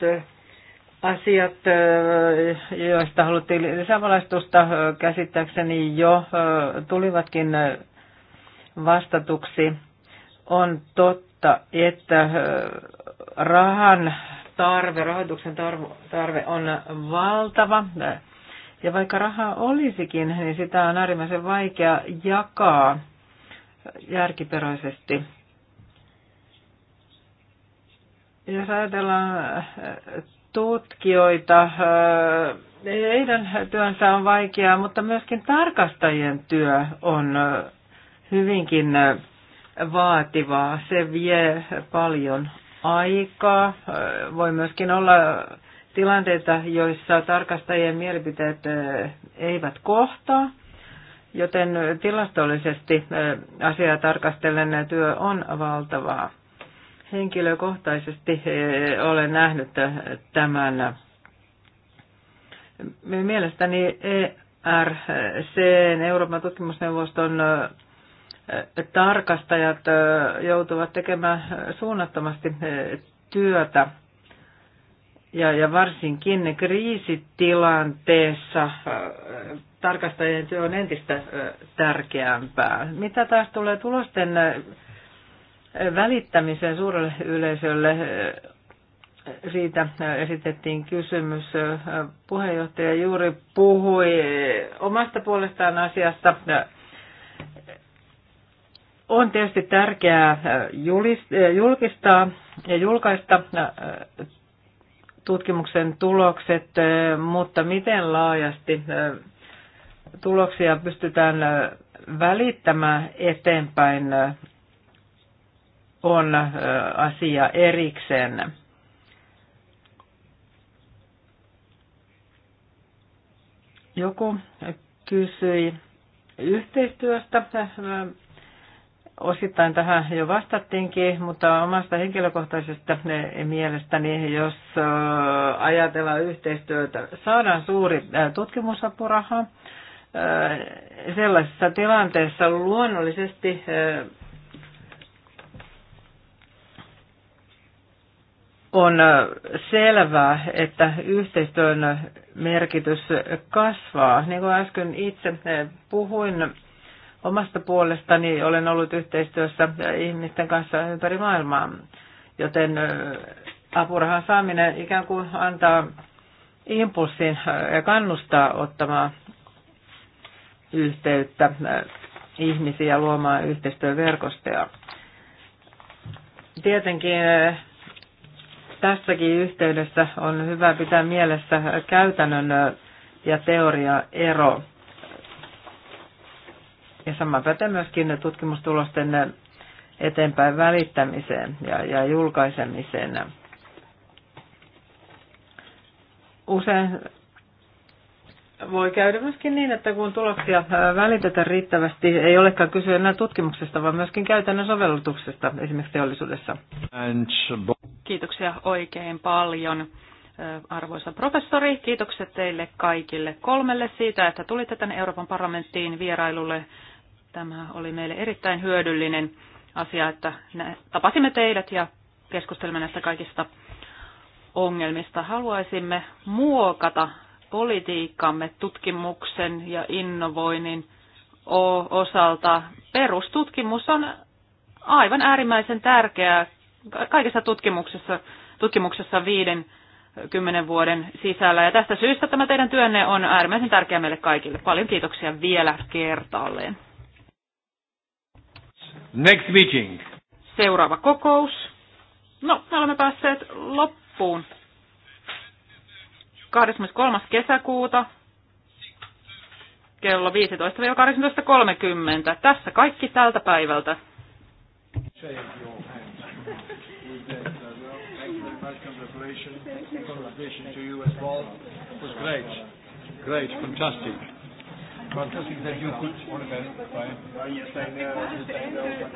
asiat, joista haluttiin lisävalaistusta käsittääkseni jo tulivatkin vastatuksi. On totta, että rahan tarve, rahoituksen tarve on valtava ja vaikka rahaa olisikin, niin sitä on äärimmäisen vaikea jakaa järkiperäisesti. Jos ajatellaan äh, tutkijoita, äh, heidän työnsä on vaikeaa, mutta myöskin tarkastajien työ on äh, hyvinkin vaativaa. Se vie paljon aikaa. Voi myöskin olla tilanteita, joissa tarkastajien mielipiteet eivät kohtaa, joten tilastollisesti asiaa tarkastellen työ on valtavaa. Henkilökohtaisesti olen nähnyt tämän. Mielestäni ERC, Euroopan tutkimusneuvoston tarkastajat joutuvat tekemään suunnattomasti työtä ja, ja varsinkin kriisitilanteessa äh, tarkastajien työ on entistä äh, tärkeämpää. Mitä taas tulee tulosten äh, välittämiseen suurelle yleisölle, siitä esitettiin kysymys. Puheenjohtaja juuri puhui omasta puolestaan asiasta. On tietysti tärkeää julkistaa ja julkaista tutkimuksen tulokset, mutta miten laajasti tuloksia pystytään välittämään eteenpäin on asia erikseen. Joku kysyi yhteistyöstä Osittain tähän jo vastattiinkin, mutta omasta henkilökohtaisesta eh, mielestäni, jos eh, ajatellaan yhteistyötä, saadaan suuri eh, tutkimusapuraha. Sellaisessa tilanteessa luonnollisesti on selvää, että yhteistyön merkitys kasvaa. Niin kuin äsken itse puhuin, Omasta puolestani olen ollut yhteistyössä ihmisten kanssa ympäri maailmaa, joten apurahan saaminen ikään kuin antaa impulssin ja kannustaa ottamaan yhteyttä ihmisiä luomaan yhteistyöverkostoja. Tietenkin tässäkin yhteydessä on hyvä pitää mielessä käytännön ja teoria ero. Ja sama pätee myöskin tutkimustulosten eteenpäin välittämiseen ja, ja julkaisemiseen. Usein voi käydä myöskin niin, että kun tuloksia välitetään riittävästi, ei olekaan kyse enää tutkimuksesta, vaan myöskin käytännön sovellutuksesta esimerkiksi teollisuudessa. Kiitoksia oikein paljon. Arvoisa professori, kiitokset teille kaikille kolmelle siitä, että tulitte tänne Euroopan parlamenttiin vierailulle. Tämä oli meille erittäin hyödyllinen asia, että tapasimme teidät ja keskustelemme näistä kaikista ongelmista. Haluaisimme muokata politiikkamme tutkimuksen ja innovoinnin osalta. Perustutkimus on aivan äärimmäisen tärkeää kaikessa tutkimuksessa, tutkimuksessa viiden kymmenen vuoden sisällä. Ja tästä syystä tämä teidän työnne on äärimmäisen tärkeä meille kaikille. Paljon kiitoksia vielä kertaalleen. Next meeting. Seuraava kokous. No, me olemme päässeet loppuun. 23. kesäkuuta kello 15-18.30. Tässä kaikki tältä päivältä. Congratulations to you as well. It was great. Great, fantastic. Want als ik dat heel goed voor